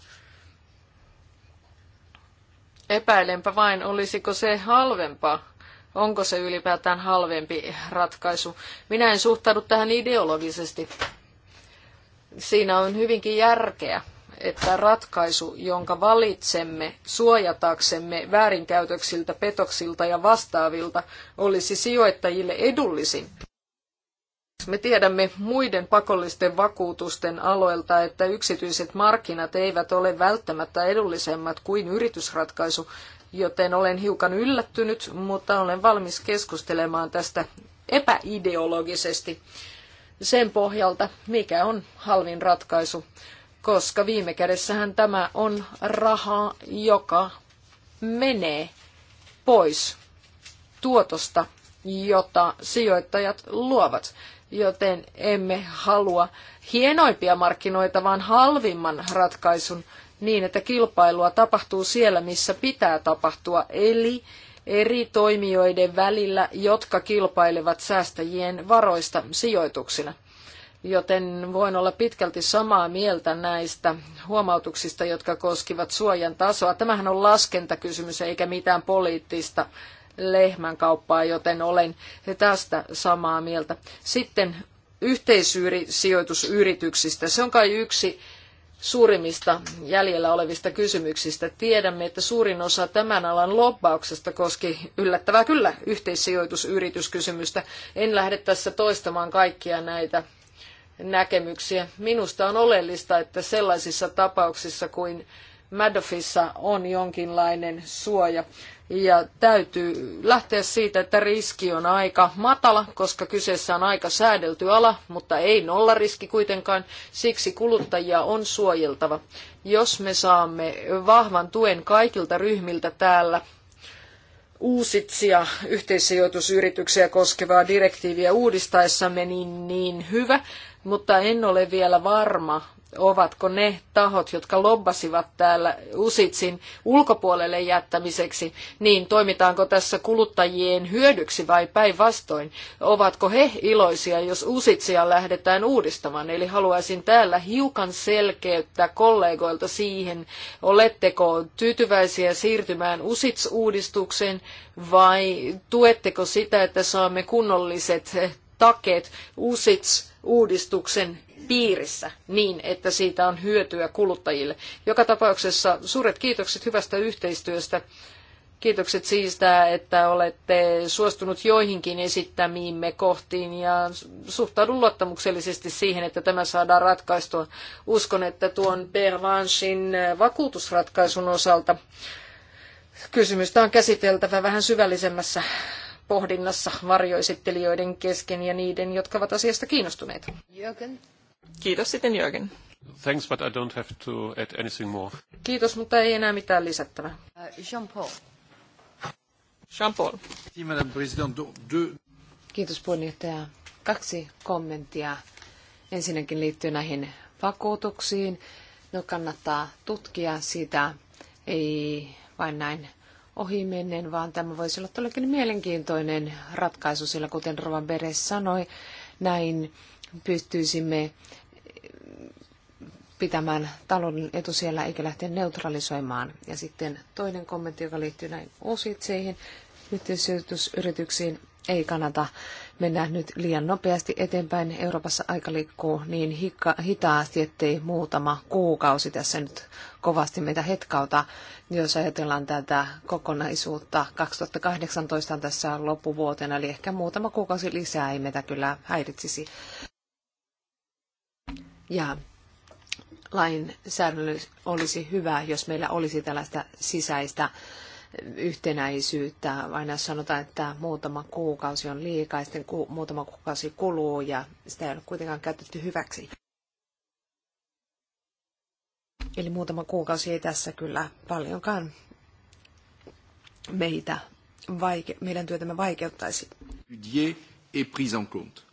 Epäilenpä vain, olisiko se halvempaa. Onko se ylipäätään halvempi ratkaisu? Minä en suhtaudu tähän ideologisesti. Siinä on hyvinkin järkeä, että ratkaisu, jonka valitsemme suojataksemme väärinkäytöksiltä, petoksilta ja vastaavilta, olisi sijoittajille edullisin. Me tiedämme muiden pakollisten vakuutusten aloilta, että yksityiset markkinat eivät ole välttämättä edullisemmat kuin yritysratkaisu, joten olen hiukan yllättynyt, mutta olen valmis keskustelemaan tästä epäideologisesti sen pohjalta, mikä on halvin ratkaisu, koska viime kädessähän tämä on raha, joka menee pois tuotosta, jota sijoittajat luovat joten emme halua hienoimpia markkinoita, vaan halvimman ratkaisun niin, että kilpailua tapahtuu siellä, missä pitää tapahtua, eli eri toimijoiden välillä, jotka kilpailevat säästäjien varoista sijoituksina. Joten voin olla pitkälti samaa mieltä näistä huomautuksista, jotka koskivat suojan tasoa. Tämähän on laskentakysymys eikä mitään poliittista kauppaa, joten olen tästä samaa mieltä. Sitten yhteissijoitusyrityksistä. Se on kai yksi suurimmista jäljellä olevista kysymyksistä. Tiedämme, että suurin osa tämän alan lobbauksesta koski yllättävää kyllä yhteissijoitusyrityskysymystä. En lähde tässä toistamaan kaikkia näitä näkemyksiä. Minusta on oleellista, että sellaisissa tapauksissa kuin Madoffissa on jonkinlainen suoja. Ja täytyy lähteä siitä, että riski on aika matala, koska kyseessä on aika säädelty ala, mutta ei nolla riski kuitenkaan. Siksi kuluttajia on suojeltava. Jos me saamme vahvan tuen kaikilta ryhmiltä täällä, uusitsia yhteissijoitusyrityksiä koskevaa direktiiviä uudistaessamme, niin, niin hyvä, mutta en ole vielä varma, ovatko ne tahot, jotka lobbasivat täällä Usitsin ulkopuolelle jättämiseksi, niin toimitaanko tässä kuluttajien hyödyksi vai päinvastoin? Ovatko he iloisia, jos Usitsia lähdetään uudistamaan? Eli haluaisin täällä hiukan selkeyttä kollegoilta siihen, oletteko tyytyväisiä siirtymään Usits-uudistukseen vai tuetteko sitä, että saamme kunnolliset takeet Usits-uudistuksen piirissä niin, että siitä on hyötyä kuluttajille. Joka tapauksessa suuret kiitokset hyvästä yhteistyöstä. Kiitokset siitä, että olette suostunut joihinkin esittämiimme kohtiin ja suhtaudun luottamuksellisesti siihen, että tämä saadaan ratkaistua. Uskon, että tuon Pervansin vakuutusratkaisun osalta kysymystä on käsiteltävä vähän syvällisemmässä pohdinnassa varjoesittelijöiden kesken ja niiden, jotka ovat asiasta kiinnostuneita. Jürgen. Kiitos sitten Jörgen. Thanks, but I don't have to add anything more. Kiitos, mutta ei enää mitään lisättävää. Uh, Jean-Paul. Jean-Paul. Kiitos puheenjohtaja. Kaksi kommenttia. Ensinnäkin liittyy näihin vakuutuksiin. No kannattaa tutkia sitä, ei vain näin ohi menneen, vaan tämä voisi olla todellakin mielenkiintoinen ratkaisu, sillä kuten Rovan Beres sanoi, näin pystyisimme pitämään talouden etusijalla eikä lähteä neutralisoimaan. Ja sitten toinen kommentti, joka liittyy näin ositseihin, yhteissijoitusyrityksiin ei kannata mennä nyt liian nopeasti eteenpäin. Euroopassa aika liikkuu niin hikka, hitaasti, ettei muutama kuukausi tässä nyt kovasti meitä hetkauta. Jos ajatellaan tätä kokonaisuutta, 2018 tässä loppuvuotena, eli ehkä muutama kuukausi lisää ei meitä kyllä häiritsisi. Ja lainsäädännöllä olisi hyvä, jos meillä olisi tällaista sisäistä yhtenäisyyttä. Aina sanotaan, että muutama kuukausi on liikaa, sitten ku, muutama kuukausi kuluu ja sitä ei ole kuitenkaan käytetty hyväksi. Eli muutama kuukausi ei tässä kyllä paljonkaan meitä, vaike, meidän työtämme vaikeuttaisi. Et prise en compte.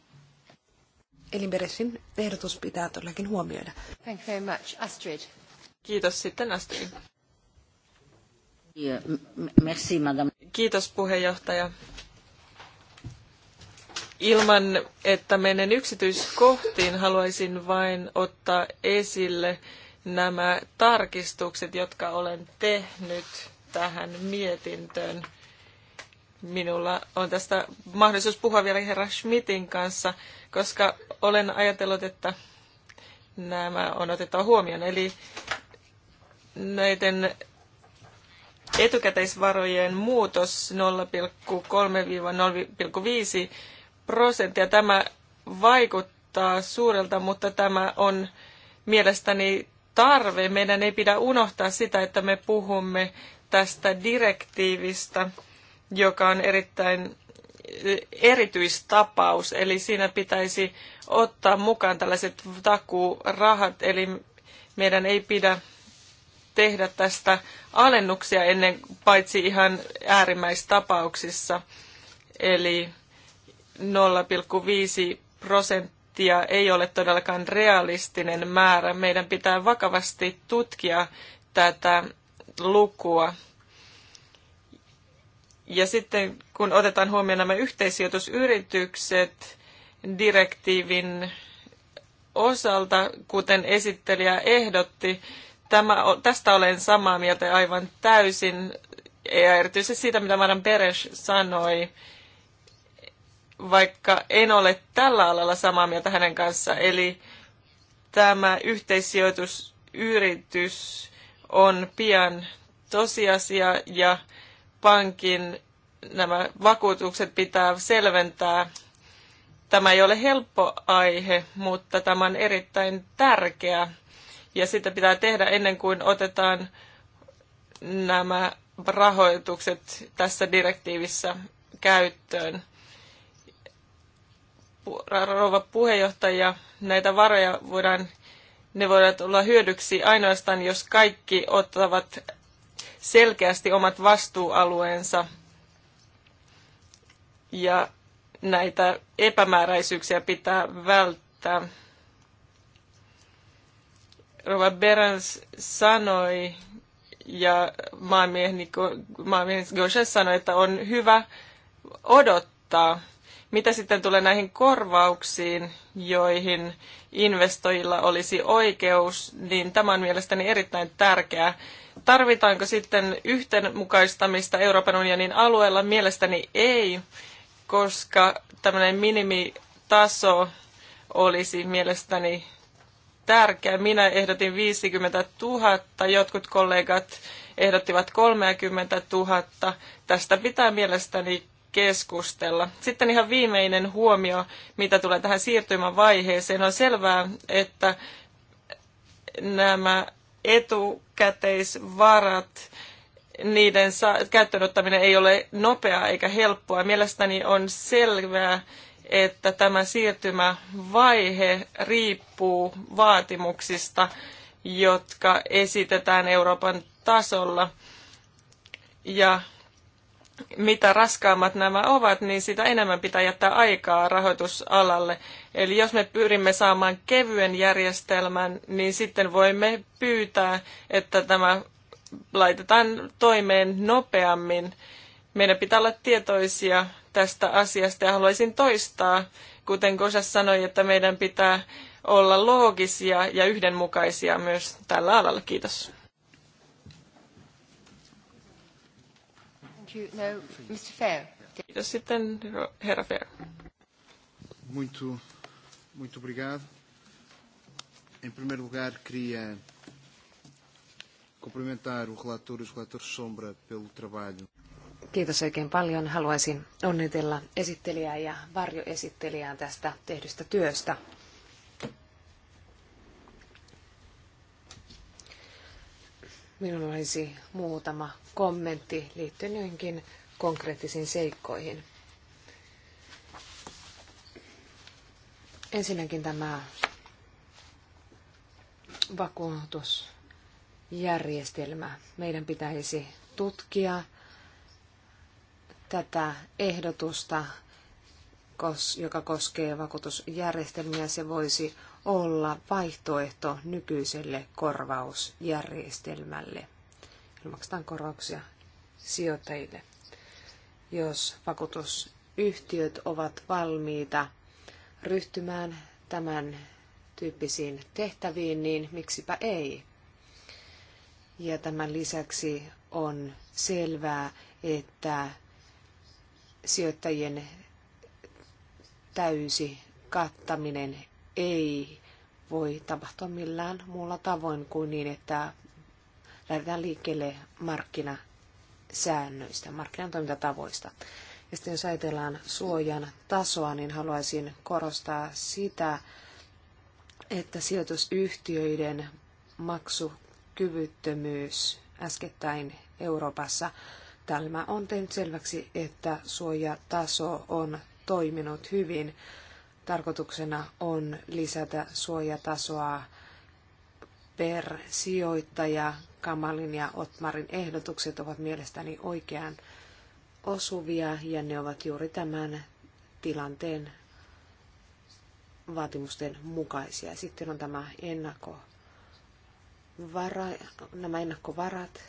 Elinperäisin ehdotus pitää todellakin huomioida. Thank you very much. Astrid. Kiitos sitten Astrid. Merci, madame. Kiitos puheenjohtaja. Ilman, että menen yksityiskohtiin, haluaisin vain ottaa esille nämä tarkistukset, jotka olen tehnyt tähän mietintöön. Minulla on tästä mahdollisuus puhua vielä herra Schmidtin kanssa, koska olen ajatellut, että nämä on otettava huomioon. Eli näiden etukäteisvarojen muutos 0,3-0,5 prosenttia. Tämä vaikuttaa suurelta, mutta tämä on mielestäni tarve. Meidän ei pidä unohtaa sitä, että me puhumme tästä direktiivistä – joka on erittäin erityistapaus, eli siinä pitäisi ottaa mukaan tällaiset takuurahat, eli meidän ei pidä tehdä tästä alennuksia ennen paitsi ihan äärimmäistapauksissa, eli 0,5 prosenttia ei ole todellakaan realistinen määrä. Meidän pitää vakavasti tutkia tätä lukua ja sitten kun otetaan huomioon nämä yhteisijoitusyritykset direktiivin osalta, kuten esittelijä ehdotti, tämä, tästä olen samaa mieltä aivan täysin, ja erityisesti siitä, mitä Maran Peres sanoi, vaikka en ole tällä alalla samaa mieltä hänen kanssaan. Eli tämä yhteissijoitusyritys on pian tosiasia ja pankin nämä vakuutukset pitää selventää. Tämä ei ole helppo aihe, mutta tämä on erittäin tärkeä ja sitä pitää tehdä ennen kuin otetaan nämä rahoitukset tässä direktiivissä käyttöön. Rouva puheenjohtaja, näitä varoja voidaan, ne voivat olla hyödyksi ainoastaan, jos kaikki ottavat selkeästi omat vastuualueensa ja näitä epämääräisyyksiä pitää välttää. Rova Berens sanoi ja maamieheni, maamieheni sanoi, että on hyvä odottaa – mitä sitten tulee näihin korvauksiin, joihin investoijilla olisi oikeus, niin tämä on mielestäni erittäin tärkeää. Tarvitaanko sitten yhtenmukaistamista Euroopan unionin alueella? Mielestäni ei, koska tämmöinen minimitaso olisi mielestäni tärkeä. Minä ehdotin 50 000, jotkut kollegat ehdottivat 30 000. Tästä pitää mielestäni keskustella. Sitten ihan viimeinen huomio, mitä tulee tähän siirtymävaiheeseen. On selvää, että nämä etukäteisvarat, niiden käyttöönottaminen ei ole nopeaa eikä helppoa. Mielestäni on selvää, että tämä siirtymävaihe riippuu vaatimuksista, jotka esitetään Euroopan tasolla. Ja mitä raskaammat nämä ovat, niin sitä enemmän pitää jättää aikaa rahoitusalalle. Eli jos me pyrimme saamaan kevyen järjestelmän, niin sitten voimme pyytää, että tämä laitetaan toimeen nopeammin. Meidän pitää olla tietoisia tästä asiasta ja haluaisin toistaa, kuten Kosa sanoi, että meidän pitää olla loogisia ja yhdenmukaisia myös tällä alalla. Kiitos. you. No, Mr. Fair. Kiitos sitten, herra Fair. Muito, muito obrigado. Em primeiro lugar, queria cumprimentar o relator e os relatores sombra pelo trabalho. Kiitos oikein paljon. Haluaisin onnitella esittelijää ja varjoesittelijää tästä tehdystä työstä. Minulla olisi muutama kommentti liittyen joihinkin konkreettisiin seikkoihin. Ensinnäkin tämä vakuutusjärjestelmä. Meidän pitäisi tutkia tätä ehdotusta, joka koskee vakuutusjärjestelmiä. Se voisi olla vaihtoehto nykyiselle korvausjärjestelmälle. Eli maksetaan korvauksia sijoittajille, jos vakuutusyhtiöt ovat valmiita ryhtymään tämän tyyppisiin tehtäviin, niin miksipä ei. Ja tämän lisäksi on selvää, että sijoittajien täysi kattaminen ei voi tapahtua millään muulla tavoin kuin niin, että lähdetään liikkeelle markkinasäännöistä, markkinan toimintatavoista. Ja sitten jos ajatellaan suojan tasoa, niin haluaisin korostaa sitä, että sijoitusyhtiöiden maksukyvyttömyys äskettäin Euroopassa, tämä on tehnyt selväksi, että suojataso on toiminut hyvin tarkoituksena on lisätä suojatasoa per sijoittaja. Kamalin ja Otmarin ehdotukset ovat mielestäni oikeaan osuvia ja ne ovat juuri tämän tilanteen vaatimusten mukaisia. Sitten on tämä ennakko vara, nämä ennakkovarat,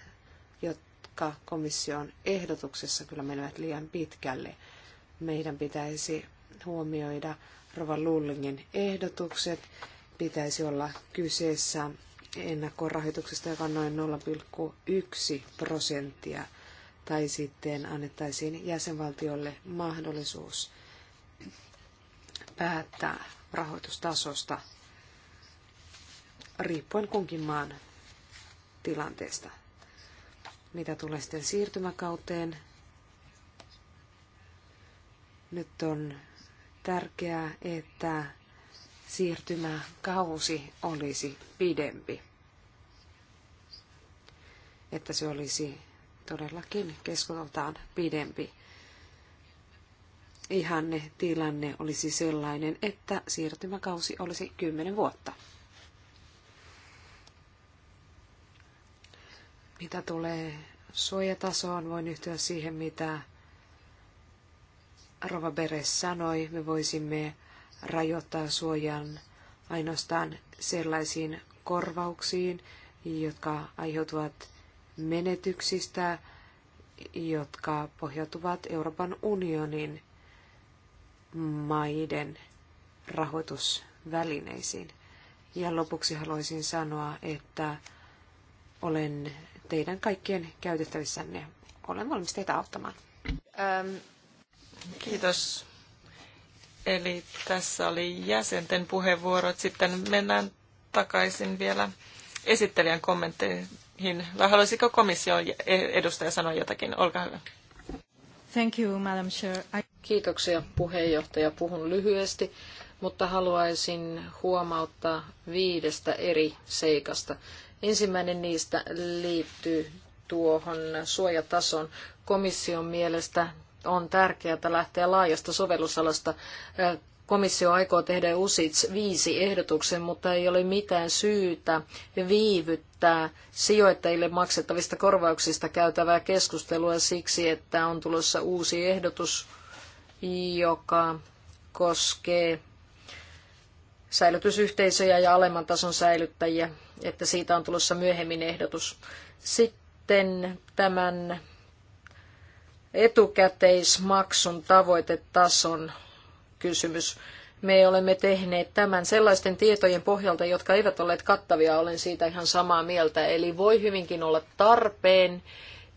jotka komission ehdotuksessa kyllä menevät liian pitkälle. Meidän pitäisi huomioida Rova Lullingin ehdotukset pitäisi olla kyseessä ennakkorahoituksesta, joka on noin 0,1 prosenttia, tai sitten annettaisiin jäsenvaltiolle mahdollisuus päättää rahoitustasosta riippuen kunkin maan tilanteesta. Mitä tulee sitten siirtymäkauteen, nyt on tärkeää, että siirtymäkausi olisi pidempi. Että se olisi todellakin keskoltaan pidempi. Ihanne tilanne olisi sellainen, että siirtymäkausi olisi 10 vuotta. Mitä tulee suojatasoon, voin yhtyä siihen, mitä Rova Beres sanoi, me voisimme rajoittaa suojan ainoastaan sellaisiin korvauksiin, jotka aiheutuvat menetyksistä, jotka pohjautuvat Euroopan unionin maiden rahoitusvälineisiin. Ja lopuksi haluaisin sanoa, että olen teidän kaikkien käytettävissänne. Olen valmis teitä auttamaan. Ähm. Kiitos. Eli tässä oli jäsenten puheenvuorot. Sitten mennään takaisin vielä esittelijän kommentteihin. haluaisiko komission edustaja sanoa jotakin? Olkaa hyvä. Thank you, Madam Chair. I... Kiitoksia puheenjohtaja. Puhun lyhyesti, mutta haluaisin huomauttaa viidestä eri seikasta. Ensimmäinen niistä liittyy tuohon suojatason komission mielestä on tärkeää lähteä laajasta sovellusalasta. Komissio aikoo tehdä USITS 5 ehdotuksen, mutta ei ole mitään syytä viivyttää sijoittajille maksettavista korvauksista käytävää keskustelua siksi, että on tulossa uusi ehdotus, joka koskee säilytysyhteisöjä ja alemman tason säilyttäjiä, että siitä on tulossa myöhemmin ehdotus. Sitten tämän etukäteismaksun tavoitetason kysymys. Me olemme tehneet tämän sellaisten tietojen pohjalta, jotka eivät olleet kattavia, olen siitä ihan samaa mieltä. Eli voi hyvinkin olla tarpeen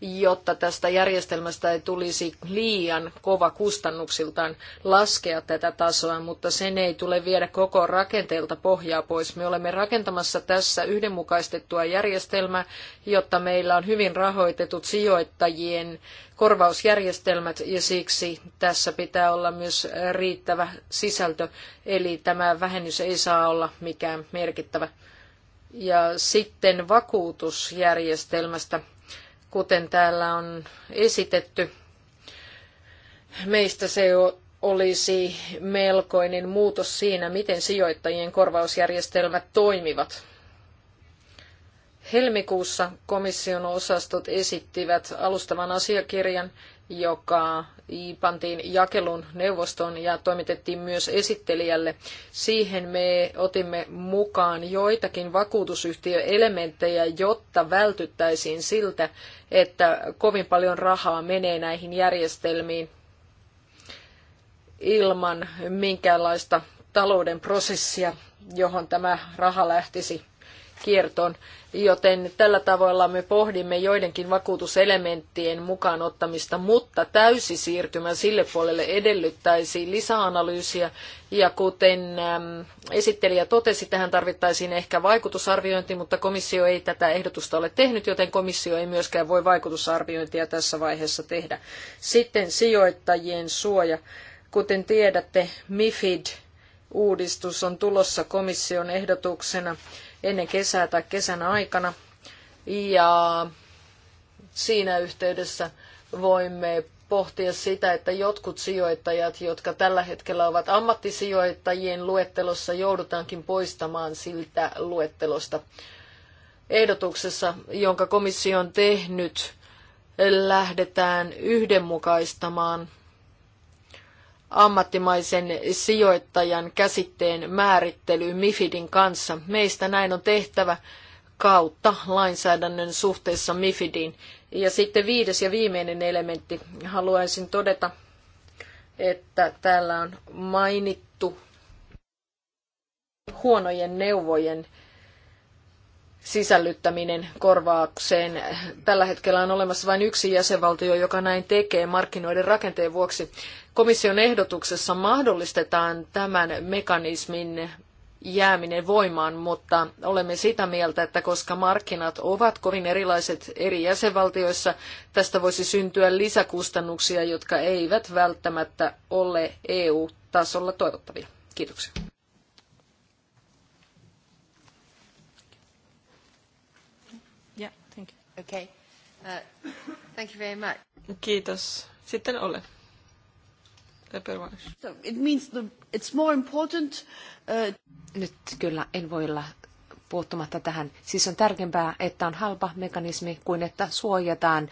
jotta tästä järjestelmästä ei tulisi liian kova kustannuksiltaan laskea tätä tasoa, mutta sen ei tule viedä koko rakenteelta pohjaa pois. Me olemme rakentamassa tässä yhdenmukaistettua järjestelmää, jotta meillä on hyvin rahoitetut sijoittajien korvausjärjestelmät ja siksi tässä pitää olla myös riittävä sisältö, eli tämä vähennys ei saa olla mikään merkittävä. Ja sitten vakuutusjärjestelmästä kuten täällä on esitetty. Meistä se olisi melkoinen muutos siinä, miten sijoittajien korvausjärjestelmät toimivat. Helmikuussa komission osastot esittivät alustavan asiakirjan, joka pantiin jakelun neuvostoon ja toimitettiin myös esittelijälle. Siihen me otimme mukaan joitakin vakuutusyhtiöelementtejä, jotta vältyttäisiin siltä, että kovin paljon rahaa menee näihin järjestelmiin ilman minkäänlaista talouden prosessia, johon tämä raha lähtisi kiertoon, joten tällä tavalla me pohdimme joidenkin vakuutuselementtien mukaan ottamista, mutta täysi siirtymä sille puolelle edellyttäisi lisäanalyysiä, ja kuten esittelijä totesi, tähän tarvittaisiin ehkä vaikutusarviointi, mutta komissio ei tätä ehdotusta ole tehnyt, joten komissio ei myöskään voi vaikutusarviointia tässä vaiheessa tehdä. Sitten sijoittajien suoja. Kuten tiedätte, MIFID uudistus on tulossa komission ehdotuksena ennen kesää tai kesän aikana. Ja siinä yhteydessä voimme pohtia sitä, että jotkut sijoittajat, jotka tällä hetkellä ovat ammattisijoittajien luettelossa, joudutaankin poistamaan siltä luettelosta. Ehdotuksessa, jonka komissio on tehnyt, lähdetään yhdenmukaistamaan ammattimaisen sijoittajan käsitteen määrittely MIFIDin kanssa. Meistä näin on tehtävä kautta lainsäädännön suhteessa MIFIDin. Ja sitten viides ja viimeinen elementti. Haluaisin todeta, että täällä on mainittu huonojen neuvojen sisällyttäminen korvaukseen. Tällä hetkellä on olemassa vain yksi jäsenvaltio, joka näin tekee markkinoiden rakenteen vuoksi. Komission ehdotuksessa mahdollistetaan tämän mekanismin jääminen voimaan, mutta olemme sitä mieltä, että koska markkinat ovat kovin erilaiset eri jäsenvaltioissa, tästä voisi syntyä lisäkustannuksia, jotka eivät välttämättä ole EU-tasolla toivottavia. Kiitoksia. Okay. Uh, thank you very much. Kiitos. Sitten ole. So it means the, it's more important, uh... Nyt kyllä en voi olla puuttumatta tähän. Siis on tärkeämpää, että on halpa mekanismi kuin että suojataan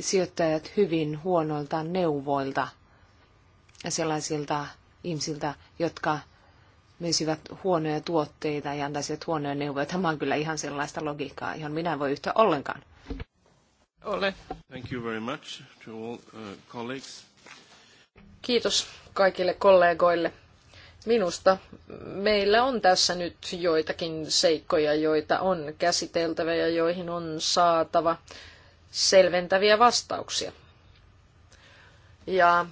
sijoittajat hyvin huonoilta neuvoilta ja sellaisilta ihmisiltä, jotka myisivät huonoja tuotteita ja antaisivat huonoja neuvoja. Tämä on kyllä ihan sellaista logiikkaa, johon minä en voi yhtä ollenkaan. Ole. Thank you very much to all, uh, colleagues. Kiitos kaikille kollegoille. Minusta meillä on tässä nyt joitakin seikkoja, joita on käsiteltävä ja joihin on saatava selventäviä vastauksia. Ja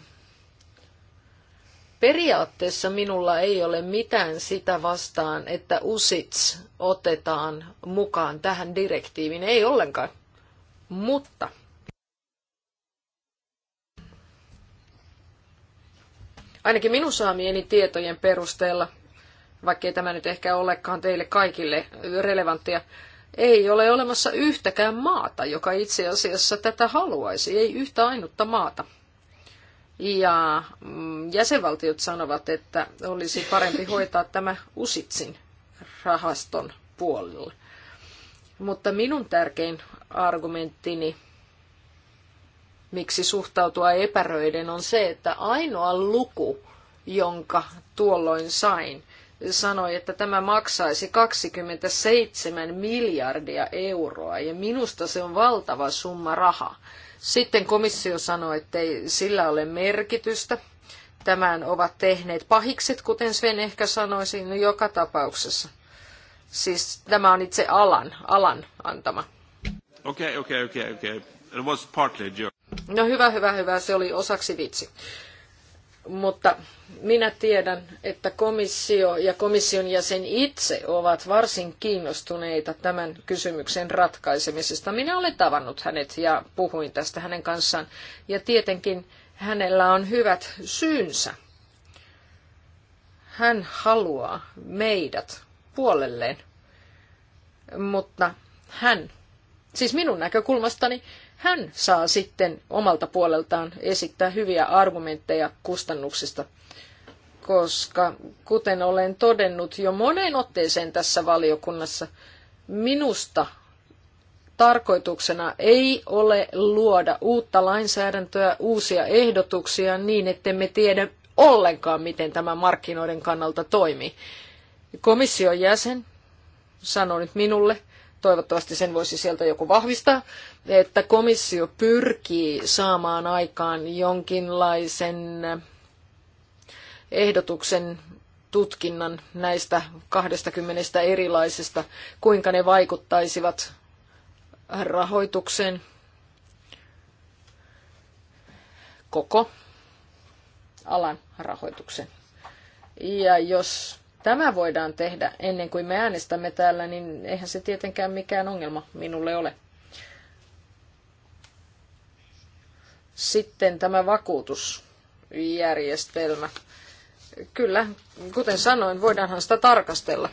periaatteessa minulla ei ole mitään sitä vastaan, että usits otetaan mukaan tähän direktiiviin. Ei ollenkaan. Mutta ainakin minun saamieni tietojen perusteella, vaikkei tämä nyt ehkä olekaan teille kaikille relevanttia, ei ole olemassa yhtäkään maata, joka itse asiassa tätä haluaisi, ei yhtä ainutta maata. Ja mm, jäsenvaltiot sanovat, että olisi parempi hoitaa tämä usitsin rahaston puolella. Mutta minun tärkein argumenttini, miksi suhtautua epäröiden, on se, että ainoa luku, jonka tuolloin sain, sanoi, että tämä maksaisi 27 miljardia euroa, ja minusta se on valtava summa rahaa. Sitten komissio sanoi, että ei sillä ole merkitystä. Tämän ovat tehneet pahikset, kuten Sven ehkä sanoisin, no joka tapauksessa – Siis tämä on itse alan, alan antama. Okei, okay, okei, okay, okei, okay, okei. Okay. It was partly joke. No hyvä, hyvä, hyvä. Se oli osaksi vitsi. Mutta minä tiedän, että komissio ja komission jäsen itse ovat varsin kiinnostuneita tämän kysymyksen ratkaisemisesta. Minä olen tavannut hänet ja puhuin tästä hänen kanssaan. Ja tietenkin hänellä on hyvät syynsä. Hän haluaa meidät puolelleen. Mutta hän, siis minun näkökulmastani, hän saa sitten omalta puoleltaan esittää hyviä argumentteja kustannuksista, koska kuten olen todennut jo moneen otteeseen tässä valiokunnassa, minusta tarkoituksena ei ole luoda uutta lainsäädäntöä, uusia ehdotuksia niin, ettemme tiedä ollenkaan, miten tämä markkinoiden kannalta toimii. Komission jäsen sanoi nyt minulle, toivottavasti sen voisi sieltä joku vahvistaa, että komissio pyrkii saamaan aikaan jonkinlaisen ehdotuksen tutkinnan näistä 20 erilaisesta, kuinka ne vaikuttaisivat rahoitukseen, koko alan rahoituksen. Ja jos tämä voidaan tehdä ennen kuin me äänestämme täällä, niin eihän se tietenkään mikään ongelma minulle ole. Sitten tämä vakuutusjärjestelmä. Kyllä, kuten sanoin, voidaanhan sitä tarkastella.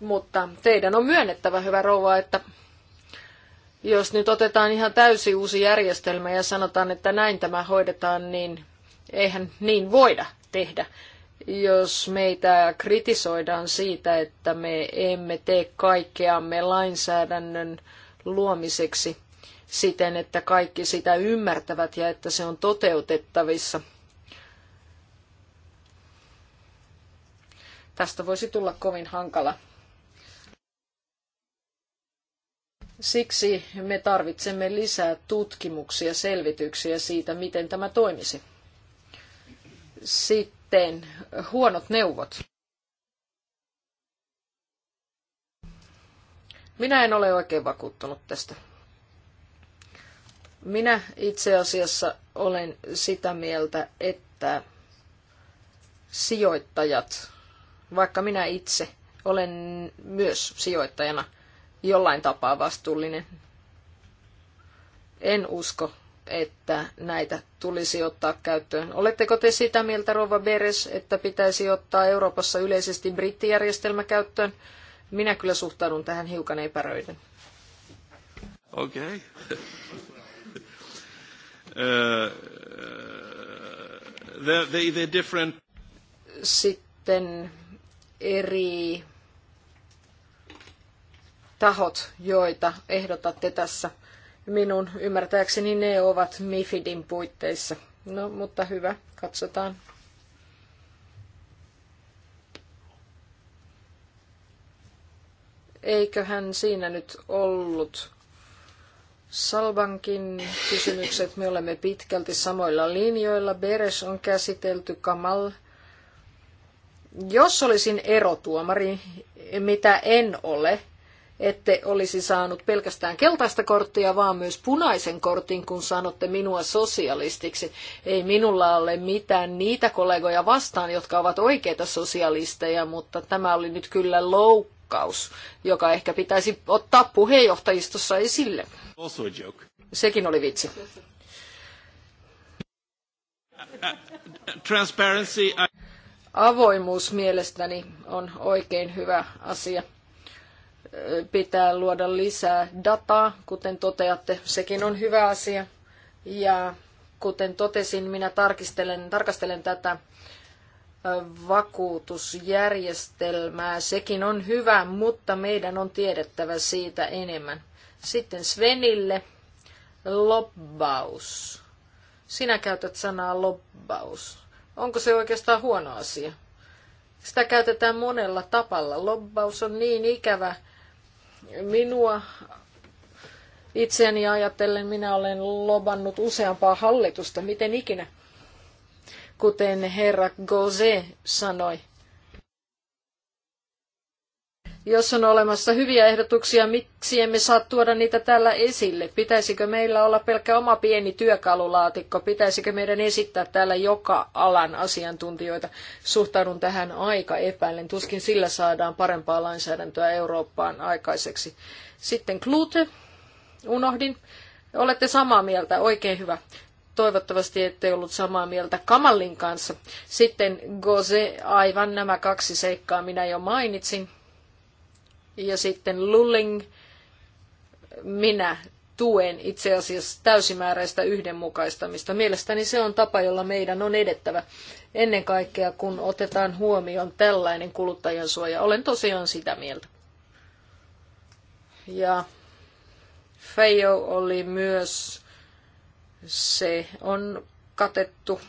Mutta teidän on myönnettävä, hyvä rouva, että jos nyt otetaan ihan täysi uusi järjestelmä ja sanotaan, että näin tämä hoidetaan, niin Eihän niin voida tehdä jos meitä kritisoidaan siitä, että me emme tee kaikkeamme lainsäädännön luomiseksi siten, että kaikki sitä ymmärtävät ja että se on toteutettavissa. Tästä voisi tulla kovin hankala. Siksi me tarvitsemme lisää tutkimuksia, selvityksiä siitä, miten tämä toimisi. Sitten huonot neuvot. Minä en ole oikein vakuuttunut tästä. Minä itse asiassa olen sitä mieltä, että sijoittajat, vaikka minä itse olen myös sijoittajana jollain tapaa vastuullinen, en usko, että näitä tulisi ottaa käyttöön. Oletteko te sitä mieltä, Rova Beres, että pitäisi ottaa Euroopassa yleisesti brittijärjestelmä käyttöön? Minä kyllä suhtaudun tähän hiukan epäröiden. Okei. Okay. Eh, eh, uh, different... Sitten eri tahot, joita ehdotatte tässä minun ymmärtääkseni ne ovat MIFIDin puitteissa. No, mutta hyvä, katsotaan. Eiköhän siinä nyt ollut Salbankin kysymykset. Me olemme pitkälti samoilla linjoilla. Beres on käsitelty Kamal. Jos olisin erotuomari, mitä en ole, ette olisi saanut pelkästään keltaista korttia, vaan myös punaisen kortin, kun sanotte minua sosialistiksi. Ei minulla ole mitään niitä kollegoja vastaan, jotka ovat oikeita sosialisteja, mutta tämä oli nyt kyllä loukkaus, joka ehkä pitäisi ottaa puheenjohtajistossa esille. Also a joke. Sekin oli vitsi. Transparency. Avoimuus mielestäni on oikein hyvä asia pitää luoda lisää dataa, kuten toteatte, sekin on hyvä asia. Ja kuten totesin, minä tarkistelen, tarkastelen tätä vakuutusjärjestelmää. Sekin on hyvä, mutta meidän on tiedettävä siitä enemmän. Sitten Svenille lobbaus. Sinä käytät sanaa lobbaus. Onko se oikeastaan huono asia? Sitä käytetään monella tapalla. Lobbaus on niin ikävä minua itseäni ajatellen minä olen lobannut useampaa hallitusta, miten ikinä. Kuten herra Gose sanoi, jos on olemassa hyviä ehdotuksia, miksi emme saa tuoda niitä täällä esille? Pitäisikö meillä olla pelkkä oma pieni työkalulaatikko? Pitäisikö meidän esittää täällä joka alan asiantuntijoita? Suhtaudun tähän aika epäillen. Tuskin sillä saadaan parempaa lainsäädäntöä Eurooppaan aikaiseksi. Sitten Klute. Unohdin. Olette samaa mieltä. Oikein hyvä toivottavasti ette ollut samaa mieltä Kamallin kanssa. Sitten Goze, aivan nämä kaksi seikkaa minä jo mainitsin. Ja sitten Lulling, minä tuen itse asiassa täysimääräistä yhdenmukaistamista. Mielestäni se on tapa, jolla meidän on edettävä. Ennen kaikkea, kun otetaan huomioon tällainen kuluttajan suoja. Olen tosiaan sitä mieltä. Ja Feijo oli myös, se on katettu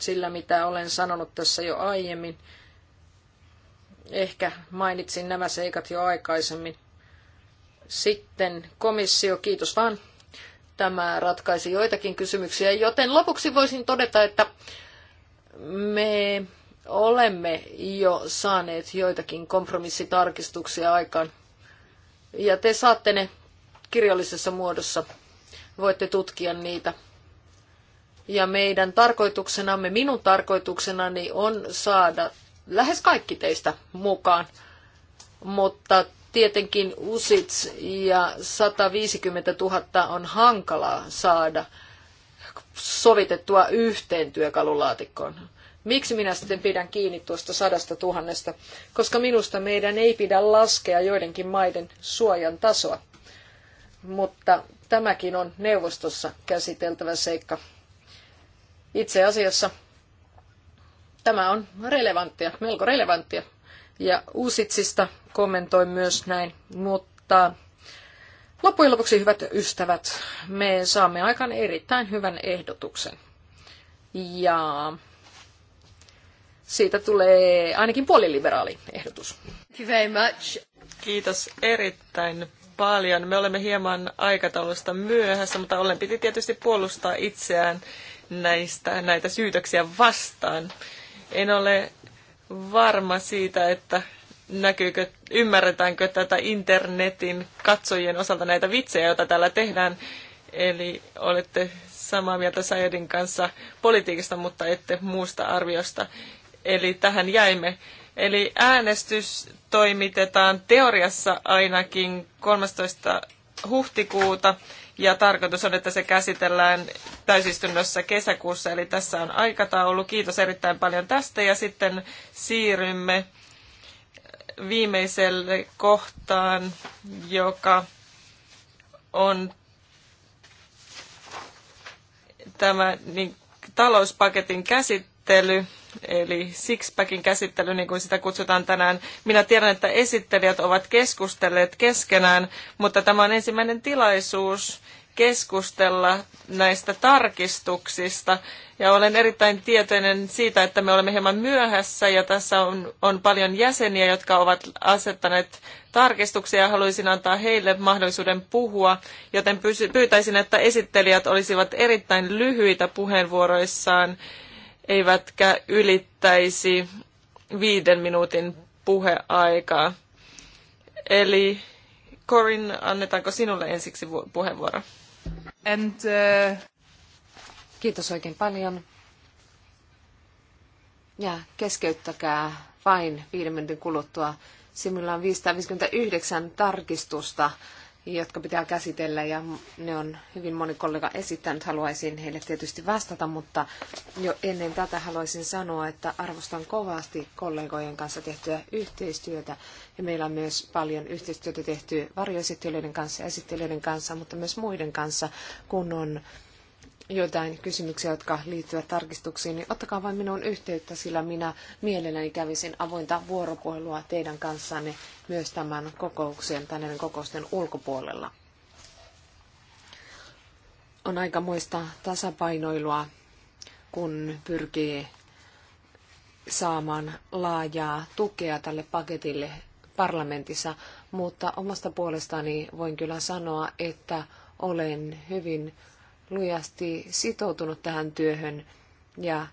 sillä, mitä olen sanonut tässä jo aiemmin. Ehkä mainitsin nämä seikat jo aikaisemmin. Sitten komissio, kiitos vaan. Tämä ratkaisi joitakin kysymyksiä, joten lopuksi voisin todeta, että me olemme jo saaneet joitakin kompromissitarkistuksia aikaan. Ja te saatte ne kirjallisessa muodossa. Voitte tutkia niitä. Ja meidän tarkoituksenamme, minun tarkoituksenani on saada lähes kaikki teistä mukaan. Mutta tietenkin usits ja 150 000 on hankalaa saada sovitettua yhteen työkalulaatikkoon. Miksi minä sitten pidän kiinni tuosta sadasta tuhannesta? Koska minusta meidän ei pidä laskea joidenkin maiden suojan tasoa. Mutta tämäkin on neuvostossa käsiteltävä seikka. Itse asiassa Tämä on relevanttia, melko relevanttia. Ja Uusitsista kommentoin myös näin, mutta loppujen lopuksi, hyvät ystävät, me saamme aikaan erittäin hyvän ehdotuksen. Ja siitä tulee ainakin puoliliberaali ehdotus. Thank you very much. Kiitos erittäin paljon. Me olemme hieman aikataulusta myöhässä, mutta olen piti tietysti puolustaa itseään näistä, näitä syytöksiä vastaan. En ole varma siitä, että näkyykö, ymmärretäänkö tätä internetin katsojien osalta näitä vitsejä, joita täällä tehdään. Eli olette samaa mieltä Sayedin kanssa politiikasta, mutta ette muusta arviosta. Eli tähän jäimme. Eli äänestys toimitetaan teoriassa ainakin 13. huhtikuuta ja tarkoitus on, että se käsitellään täysistunnossa kesäkuussa, eli tässä on aikataulu. Kiitos erittäin paljon tästä ja sitten siirrymme viimeiselle kohtaan, joka on tämä niin, talouspaketin käsittely käsittely, eli sixpackin käsittely, niin kuin sitä kutsutaan tänään. Minä tiedän, että esittelijät ovat keskustelleet keskenään, mutta tämä on ensimmäinen tilaisuus keskustella näistä tarkistuksista. Ja olen erittäin tietoinen siitä, että me olemme hieman myöhässä ja tässä on, on paljon jäseniä, jotka ovat asettaneet tarkistuksia ja haluaisin antaa heille mahdollisuuden puhua, joten pyytäisin, että esittelijät olisivat erittäin lyhyitä puheenvuoroissaan eivätkä ylittäisi viiden minuutin puheaikaa. Eli Corin, annetaanko sinulle ensiksi puheenvuoro? And, uh... Kiitos oikein paljon. Ja keskeyttäkää vain viiden minuutin kuluttua. Simulla on 559 tarkistusta jotka pitää käsitellä ja ne on hyvin moni kollega esittänyt. Haluaisin heille tietysti vastata, mutta jo ennen tätä haluaisin sanoa, että arvostan kovasti kollegojen kanssa tehtyä yhteistyötä. Ja meillä on myös paljon yhteistyötä tehty varjoesittelijöiden kanssa, esittelijöiden kanssa, mutta myös muiden kanssa, kun on joitain kysymyksiä, jotka liittyvät tarkistuksiin, niin ottakaa vain minuun yhteyttä, sillä minä mielelläni kävisin avointa vuoropuhelua teidän kanssanne myös tämän kokouksen tai näiden kokousten ulkopuolella. On aika muista tasapainoilua, kun pyrkii saamaan laajaa tukea tälle paketille parlamentissa, mutta omasta puolestani voin kyllä sanoa, että olen hyvin lujasti sitoutunut tähän työhön ja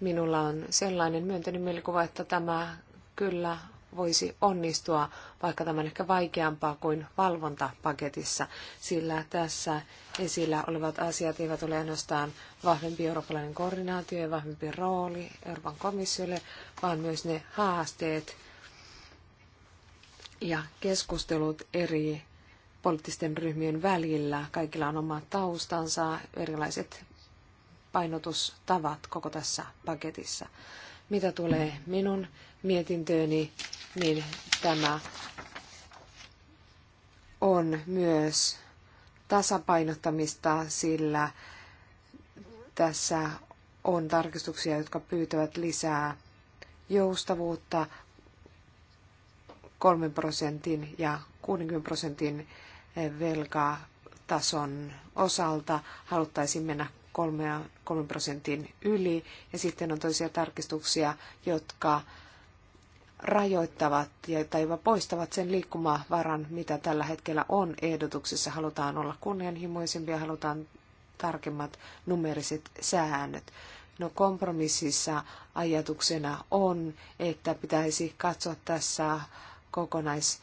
minulla on sellainen myönteinen mielikuva, että tämä kyllä voisi onnistua, vaikka tämä on ehkä vaikeampaa kuin valvontapaketissa, sillä tässä esillä olevat asiat eivät ole ainoastaan vahvempi eurooppalainen koordinaatio ja vahvempi rooli Euroopan komissiolle, vaan myös ne haasteet ja keskustelut eri poliittisten ryhmien välillä. Kaikilla on oma taustansa, erilaiset painotustavat koko tässä paketissa. Mitä tulee minun mietintööni, niin tämä on myös tasapainottamista, sillä tässä on tarkistuksia, jotka pyytävät lisää joustavuutta 3 prosentin ja 60 prosentin velkatason osalta haluttaisiin mennä 3, 3 prosentin yli. Ja sitten on toisia tarkistuksia, jotka rajoittavat ja, tai jopa poistavat sen liikkumavaran, mitä tällä hetkellä on ehdotuksessa. Halutaan olla kunnianhimoisempia, halutaan tarkemmat numeriset säännöt. No kompromississa ajatuksena on, että pitäisi katsoa tässä kokonais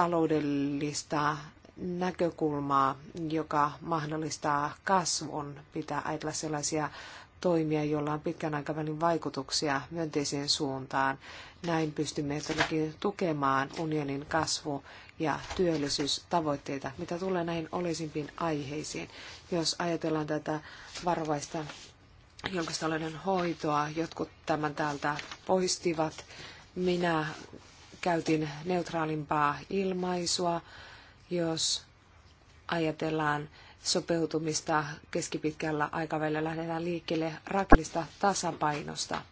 taloudellista näkökulmaa, joka mahdollistaa kasvun. Pitää ajatella sellaisia toimia, joilla on pitkän aikavälin vaikutuksia myönteiseen suuntaan. Näin pystymme todellakin tukemaan unionin kasvu- ja työllisyystavoitteita, mitä tulee näihin olisimpiin aiheisiin. Jos ajatellaan tätä varovaista julkistalouden hoitoa, jotkut tämän täältä poistivat. Minä käytin neutraalimpaa ilmaisua, jos ajatellaan sopeutumista keskipitkällä aikavälillä lähdetään liikkeelle rakellista tasapainosta.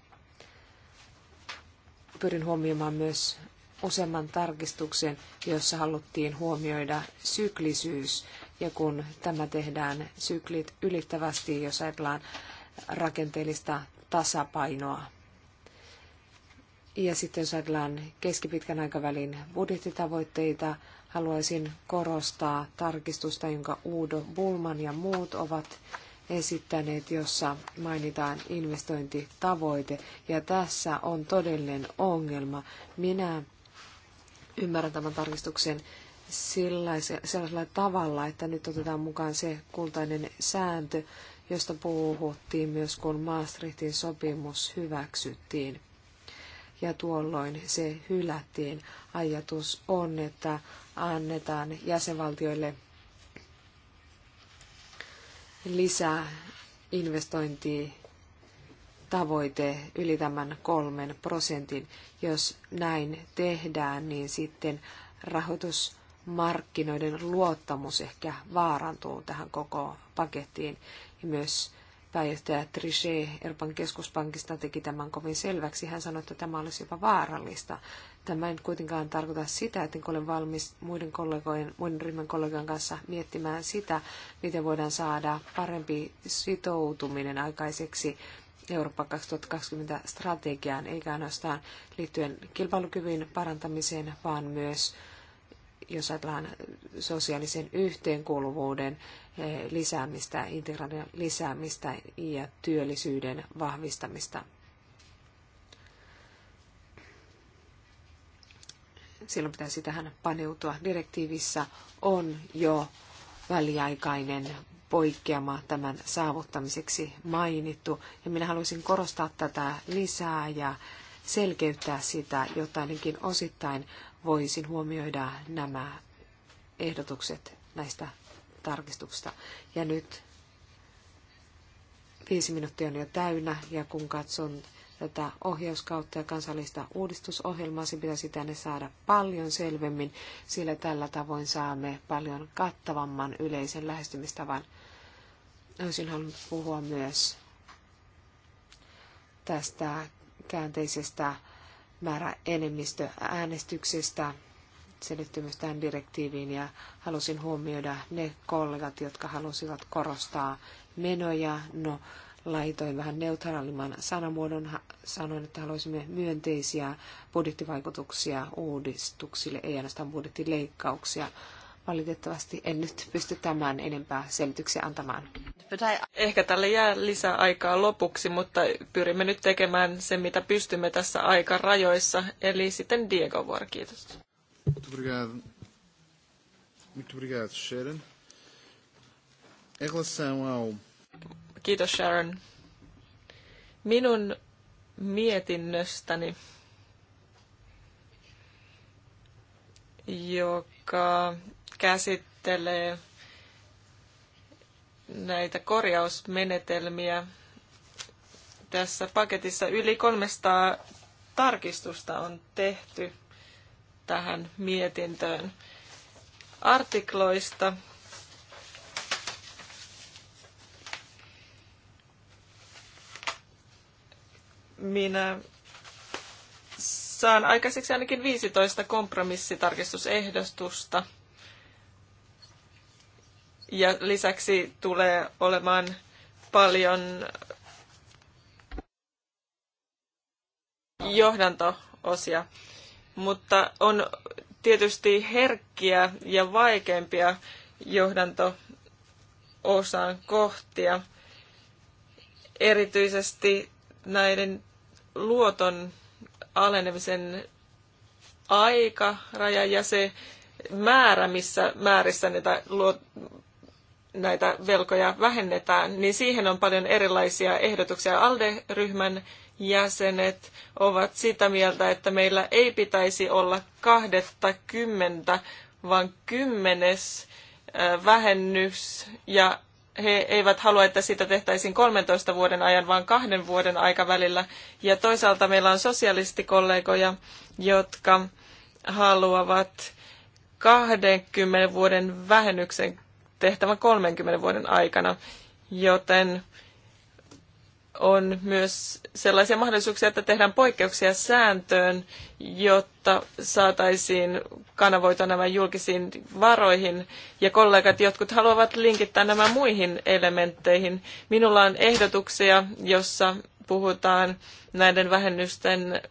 Pyrin huomioimaan myös useamman tarkistuksen, jossa haluttiin huomioida syklisyys. Ja kun tämä tehdään syklit ylittävästi, jos ajatellaan rakenteellista tasapainoa. Ja sitten jos ajatellaan keskipitkän aikavälin budjettitavoitteita, haluaisin korostaa tarkistusta, jonka Uudo Bulman ja muut ovat esittäneet, jossa mainitaan investointitavoite. Ja tässä on todellinen ongelma. Minä ymmärrän tämän tarkistuksen sellaisella tavalla, että nyt otetaan mukaan se kultainen sääntö, josta puhuttiin myös, kun Maastrichtin sopimus hyväksyttiin ja tuolloin se hylättiin. Ajatus on, että annetaan jäsenvaltioille lisää tavoite yli tämän kolmen prosentin. Jos näin tehdään, niin sitten rahoitusmarkkinoiden luottamus ehkä vaarantuu tähän koko pakettiin ja myös pääjohtaja Trichet Euroopan keskuspankista teki tämän kovin selväksi. Hän sanoi, että tämä olisi jopa vaarallista. Tämä ei kuitenkaan tarkoita sitä, että olen valmis muiden, kollegojen, muiden ryhmän kollegojen kanssa miettimään sitä, miten voidaan saada parempi sitoutuminen aikaiseksi Eurooppa 2020 strategiaan, eikä ainoastaan liittyen kilpailukyvyn parantamiseen, vaan myös jos ajatellaan sosiaalisen yhteenkuuluvuuden lisäämistä, integraation lisäämistä ja työllisyyden vahvistamista. Silloin pitäisi tähän paneutua. Direktiivissä on jo väliaikainen poikkeama tämän saavuttamiseksi mainittu. Ja minä haluaisin korostaa tätä lisää ja selkeyttää sitä, jotta ainakin osittain voisin huomioida nämä ehdotukset näistä tarkistuksesta. Ja nyt viisi minuuttia on jo täynnä, ja kun katson tätä ohjauskautta ja kansallista uudistusohjelmaa, se pitäisi tänne saada paljon selvemmin, sillä tällä tavoin saamme paljon kattavamman yleisen lähestymistavan. Olisin halunnut puhua myös tästä käänteisestä määräenemmistöäänestyksestä se liittyy myös tähän direktiiviin ja halusin huomioida ne kollegat, jotka halusivat korostaa menoja. No, laitoin vähän neutraalimman sanamuodon, sanoin, että haluaisimme myönteisiä budjettivaikutuksia uudistuksille, ei ainoastaan budjettileikkauksia. Valitettavasti en nyt pysty tämän enempää selityksiä antamaan. Ehkä tälle jää lisää aikaa lopuksi, mutta pyrimme nyt tekemään sen, mitä pystymme tässä aikarajoissa. Eli sitten Diego vuoro, kiitos. Muito obrigado. Muito obrigado, Sharon. Em relação ao... Kiitos, Sharon. Minun mietinnöstäni, joka käsittelee näitä korjausmenetelmiä. Tässä paketissa yli 300 tarkistusta on tehty tähän mietintöön artikloista. Minä saan aikaiseksi ainakin 15 kompromissitarkistusehdostusta. Ja lisäksi tulee olemaan paljon johdanto-osia mutta on tietysti herkkiä ja vaikeampia johdanto-osan kohtia, erityisesti näiden luoton alenemisen aikaraja ja se määrä, missä määrissä näitä, luot, näitä velkoja vähennetään, niin siihen on paljon erilaisia ehdotuksia. ALDE-ryhmän jäsenet ovat sitä mieltä, että meillä ei pitäisi olla kahdetta kymmentä, vaan kymmenes vähennys ja he eivät halua, että sitä tehtäisiin 13 vuoden ajan, vaan kahden vuoden aikavälillä. Ja toisaalta meillä on sosialistikollegoja, jotka haluavat 20 vuoden vähennyksen tehtävän 30 vuoden aikana, joten on myös sellaisia mahdollisuuksia, että tehdään poikkeuksia sääntöön, jotta saataisiin kanavoita nämä julkisiin varoihin. Ja kollegat, jotkut haluavat linkittää nämä muihin elementteihin. Minulla on ehdotuksia, jossa puhutaan näiden vähennysten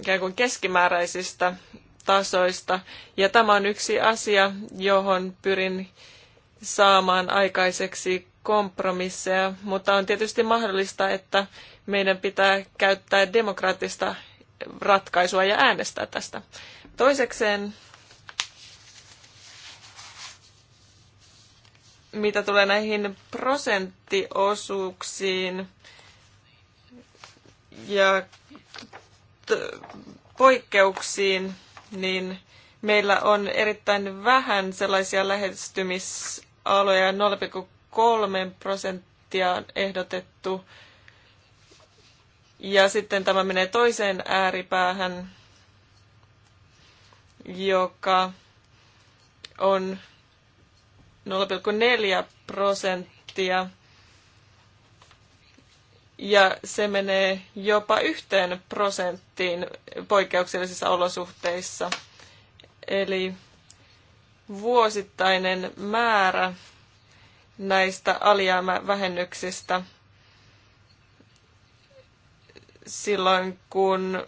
ikään kuin keskimääräisistä tasoista. Ja tämä on yksi asia, johon pyrin saamaan aikaiseksi kompromisseja, mutta on tietysti mahdollista, että meidän pitää käyttää demokraattista ratkaisua ja äänestää tästä. Toisekseen, mitä tulee näihin prosenttiosuuksiin ja poikkeuksiin, niin meillä on erittäin vähän sellaisia lähestymisaloja prosenttia on ehdotettu. Ja sitten tämä menee toiseen ääripäähän, joka on 0,4 prosenttia. Ja se menee jopa yhteen prosenttiin poikkeuksellisissa olosuhteissa. Eli vuosittainen määrä näistä alijäämävähennyksistä silloin, kun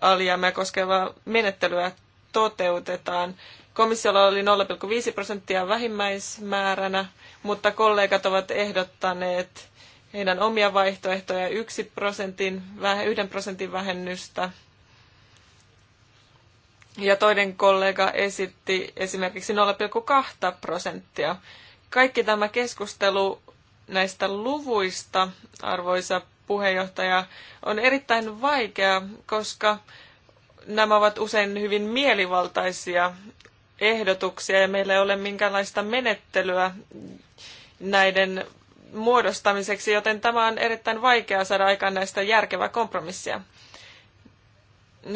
alijäämää koskevaa menettelyä toteutetaan. Komissiolla oli 0,5 prosenttia vähimmäismääränä, mutta kollegat ovat ehdottaneet heidän omia vaihtoehtoja 1 prosentin, 1 prosentin vähennystä. Ja toinen kollega esitti esimerkiksi 0,2 prosenttia kaikki tämä keskustelu näistä luvuista, arvoisa puheenjohtaja, on erittäin vaikea, koska nämä ovat usein hyvin mielivaltaisia ehdotuksia ja meillä ei ole minkäänlaista menettelyä näiden muodostamiseksi, joten tämä on erittäin vaikea saada aikaan näistä järkevää kompromissia.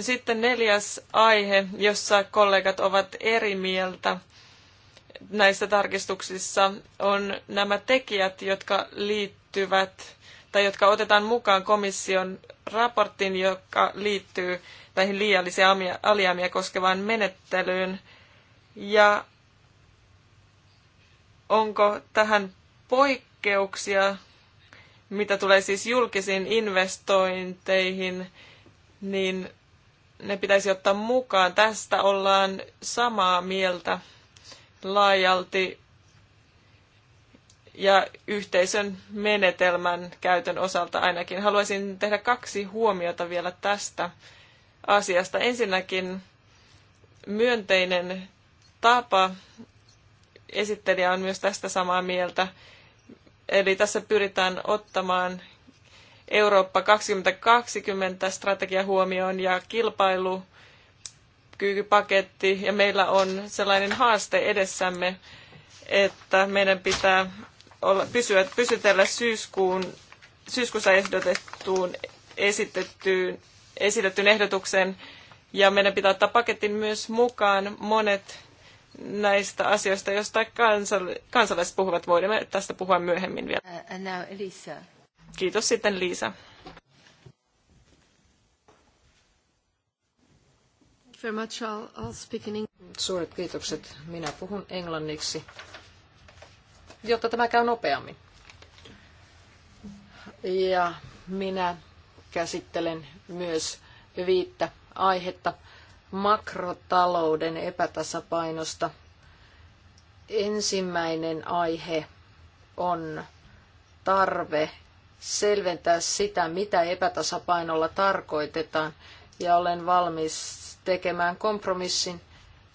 Sitten neljäs aihe, jossa kollegat ovat eri mieltä näissä tarkistuksissa on nämä tekijät, jotka liittyvät tai jotka otetaan mukaan komission raportin, joka liittyy näihin liiallisia alijäämiä koskevaan menettelyyn. Ja onko tähän poikkeuksia, mitä tulee siis julkisiin investointeihin, niin ne pitäisi ottaa mukaan. Tästä ollaan samaa mieltä laajalti ja yhteisön menetelmän käytön osalta ainakin. Haluaisin tehdä kaksi huomiota vielä tästä asiasta. Ensinnäkin myönteinen tapa, esittelijä on myös tästä samaa mieltä, eli tässä pyritään ottamaan Eurooppa 2020 strategia huomioon ja kilpailu Kyykypaketti ja meillä on sellainen haaste edessämme, että meidän pitää olla, pysyä, pysytellä syyskuun, syyskuussa ehdotettuun esitettyyn, esitettyyn ehdotuksen ja meidän pitää ottaa paketin myös mukaan monet näistä asioista, joista kansal- kansalaiset puhuvat. Voimme tästä puhua myöhemmin vielä. Uh, Kiitos sitten Liisa. very much. I'll, I'll speak in Suuret kiitokset. Minä puhun englanniksi, jotta tämä käy nopeammin. Ja minä käsittelen myös viittä aihetta makrotalouden epätasapainosta. Ensimmäinen aihe on tarve selventää sitä, mitä epätasapainolla tarkoitetaan ja olen valmis tekemään kompromissin,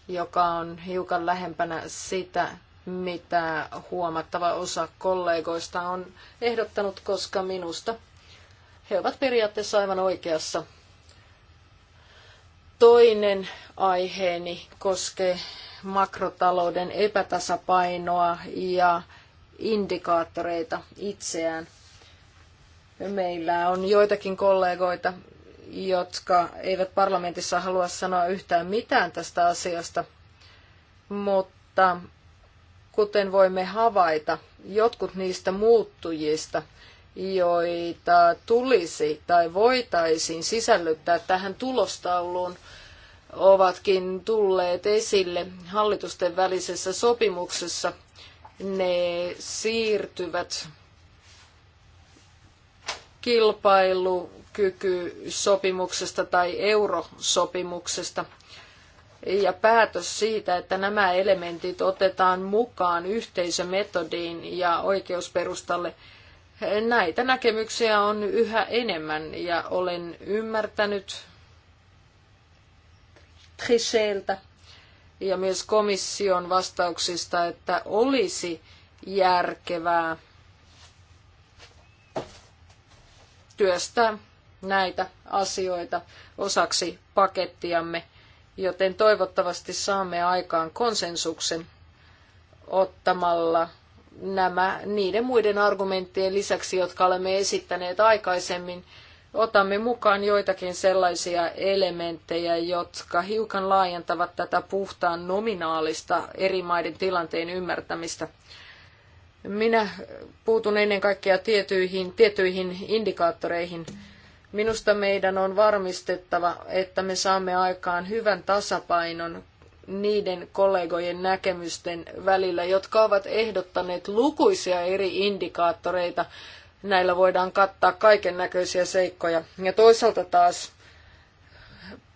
joka on hiukan lähempänä sitä, mitä huomattava osa kollegoista on ehdottanut, koska minusta he ovat periaatteessa aivan oikeassa. Toinen aiheeni koskee makrotalouden epätasapainoa ja indikaattoreita itseään. Meillä on joitakin kollegoita, jotka eivät parlamentissa halua sanoa yhtään mitään tästä asiasta, mutta kuten voimme havaita, jotkut niistä muuttujista, joita tulisi tai voitaisiin sisällyttää tähän tulostauluun, ovatkin tulleet esille hallitusten välisessä sopimuksessa. Ne siirtyvät kilpailu kilpailukykysopimuksesta tai eurosopimuksesta. Ja päätös siitä, että nämä elementit otetaan mukaan yhteisömetodiin ja oikeusperustalle, näitä näkemyksiä on yhä enemmän ja olen ymmärtänyt Tricheltä ja myös komission vastauksista, että olisi järkevää työstää näitä asioita osaksi pakettiamme, joten toivottavasti saamme aikaan konsensuksen ottamalla nämä niiden muiden argumenttien lisäksi, jotka olemme esittäneet aikaisemmin, otamme mukaan joitakin sellaisia elementtejä, jotka hiukan laajentavat tätä puhtaan nominaalista eri maiden tilanteen ymmärtämistä. Minä puutun ennen kaikkea tiettyihin, tiettyihin indikaattoreihin, Minusta meidän on varmistettava, että me saamme aikaan hyvän tasapainon niiden kollegojen näkemysten välillä, jotka ovat ehdottaneet lukuisia eri indikaattoreita. Näillä voidaan kattaa kaiken näköisiä seikkoja. Ja toisaalta taas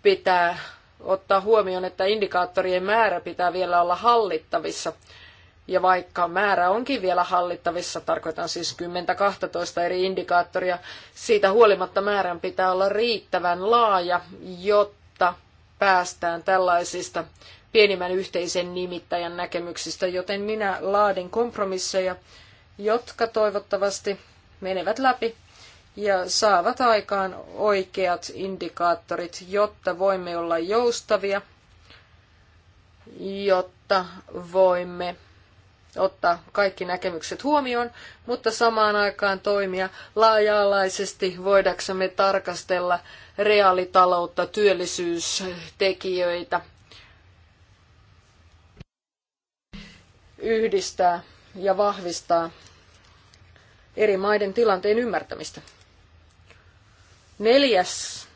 pitää ottaa huomioon, että indikaattorien määrä pitää vielä olla hallittavissa. Ja vaikka määrä onkin vielä hallittavissa, tarkoitan siis 10-12 eri indikaattoria, siitä huolimatta määrän pitää olla riittävän laaja, jotta päästään tällaisista pienimmän yhteisen nimittäjän näkemyksistä, joten minä laadin kompromisseja, jotka toivottavasti menevät läpi ja saavat aikaan oikeat indikaattorit, jotta voimme olla joustavia, jotta voimme ottaa kaikki näkemykset huomioon, mutta samaan aikaan toimia laaja-alaisesti voidaksemme tarkastella reaalitaloutta, työllisyystekijöitä, yhdistää ja vahvistaa eri maiden tilanteen ymmärtämistä. Neljäs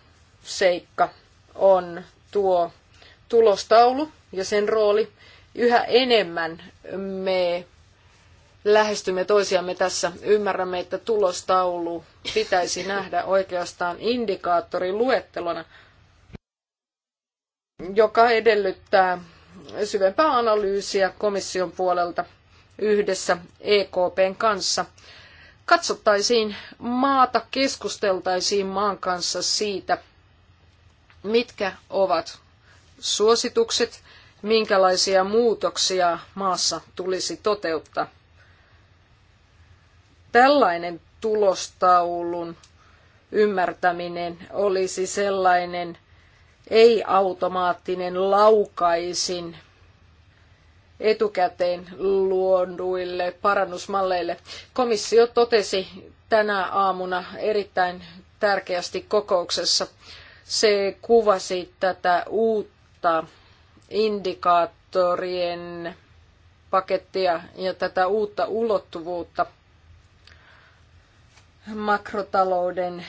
seikka on tuo tulostaulu ja sen rooli – yhä enemmän me lähestymme toisiamme tässä. Ymmärrämme, että tulostaulu pitäisi nähdä oikeastaan indikaattoriluettelona, joka edellyttää syvempää analyysiä komission puolelta yhdessä EKPn kanssa. Katsottaisiin maata, keskusteltaisiin maan kanssa siitä, mitkä ovat suositukset – minkälaisia muutoksia maassa tulisi toteuttaa. Tällainen tulostaulun ymmärtäminen olisi sellainen ei-automaattinen laukaisin etukäteen luonduille parannusmalleille. Komissio totesi tänä aamuna erittäin tärkeästi kokouksessa. Se kuvasi tätä uutta indikaattorien pakettia ja tätä uutta ulottuvuutta makrotalouden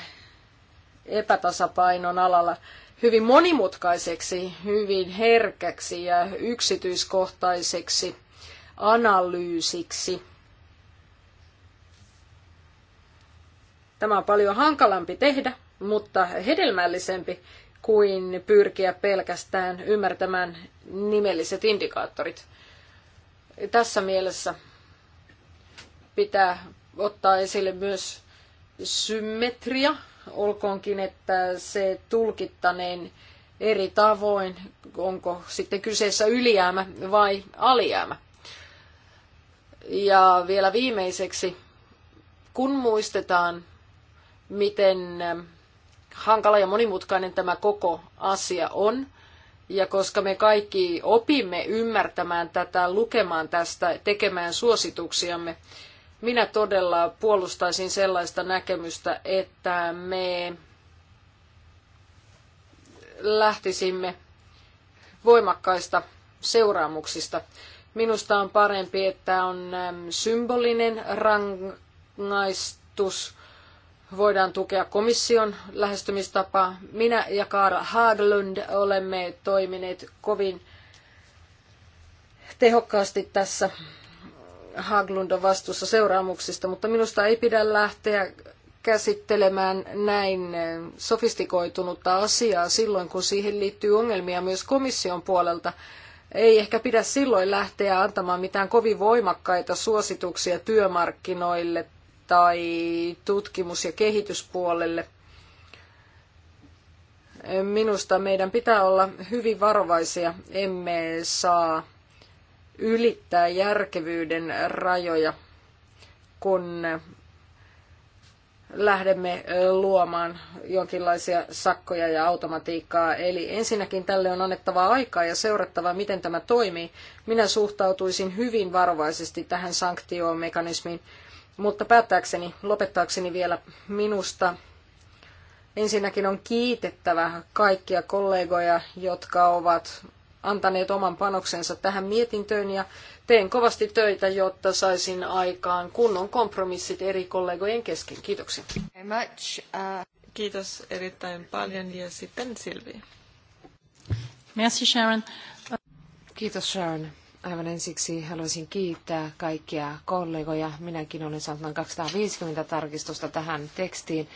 epätasapainon alalla hyvin monimutkaiseksi, hyvin herkäksi ja yksityiskohtaiseksi analyysiksi. Tämä on paljon hankalampi tehdä, mutta hedelmällisempi kuin pyrkiä pelkästään ymmärtämään nimelliset indikaattorit. Tässä mielessä pitää ottaa esille myös symmetria, olkoonkin, että se tulkittaneen eri tavoin, onko sitten kyseessä ylijäämä vai alijäämä. Ja vielä viimeiseksi, kun muistetaan, miten hankala ja monimutkainen tämä koko asia on. Ja koska me kaikki opimme ymmärtämään tätä, lukemaan tästä, tekemään suosituksiamme, minä todella puolustaisin sellaista näkemystä, että me lähtisimme voimakkaista seuraamuksista. Minusta on parempi, että on symbolinen rangaistus voidaan tukea komission lähestymistapaa. Minä ja Kaara Haglund olemme toimineet kovin tehokkaasti tässä. Haglund on vastuussa seuraamuksista, mutta minusta ei pidä lähteä käsittelemään näin sofistikoitunutta asiaa silloin, kun siihen liittyy ongelmia myös komission puolelta. Ei ehkä pidä silloin lähteä antamaan mitään kovin voimakkaita suosituksia työmarkkinoille tai tutkimus- ja kehityspuolelle. Minusta meidän pitää olla hyvin varovaisia, emme saa ylittää järkevyyden rajoja, kun lähdemme luomaan jonkinlaisia sakkoja ja automatiikkaa. Eli ensinnäkin tälle on annettava aikaa ja seurattava, miten tämä toimii. Minä suhtautuisin hyvin varovaisesti tähän sanktiomekanismiin. Mutta päättääkseni, lopettaakseni vielä minusta ensinnäkin on kiitettävä kaikkia kollegoja, jotka ovat antaneet oman panoksensa tähän mietintöön ja teen kovasti töitä, jotta saisin aikaan kunnon kompromissit eri kollegojen kesken. Kiitoksia. Uh, Kiitos erittäin paljon ja sitten Silvi. Merci Sharon. Kiitos Sharon. Aivan ensiksi haluaisin kiittää kaikkia kollegoja. Minäkin olen saanut noin 250 tarkistusta tähän tekstiin.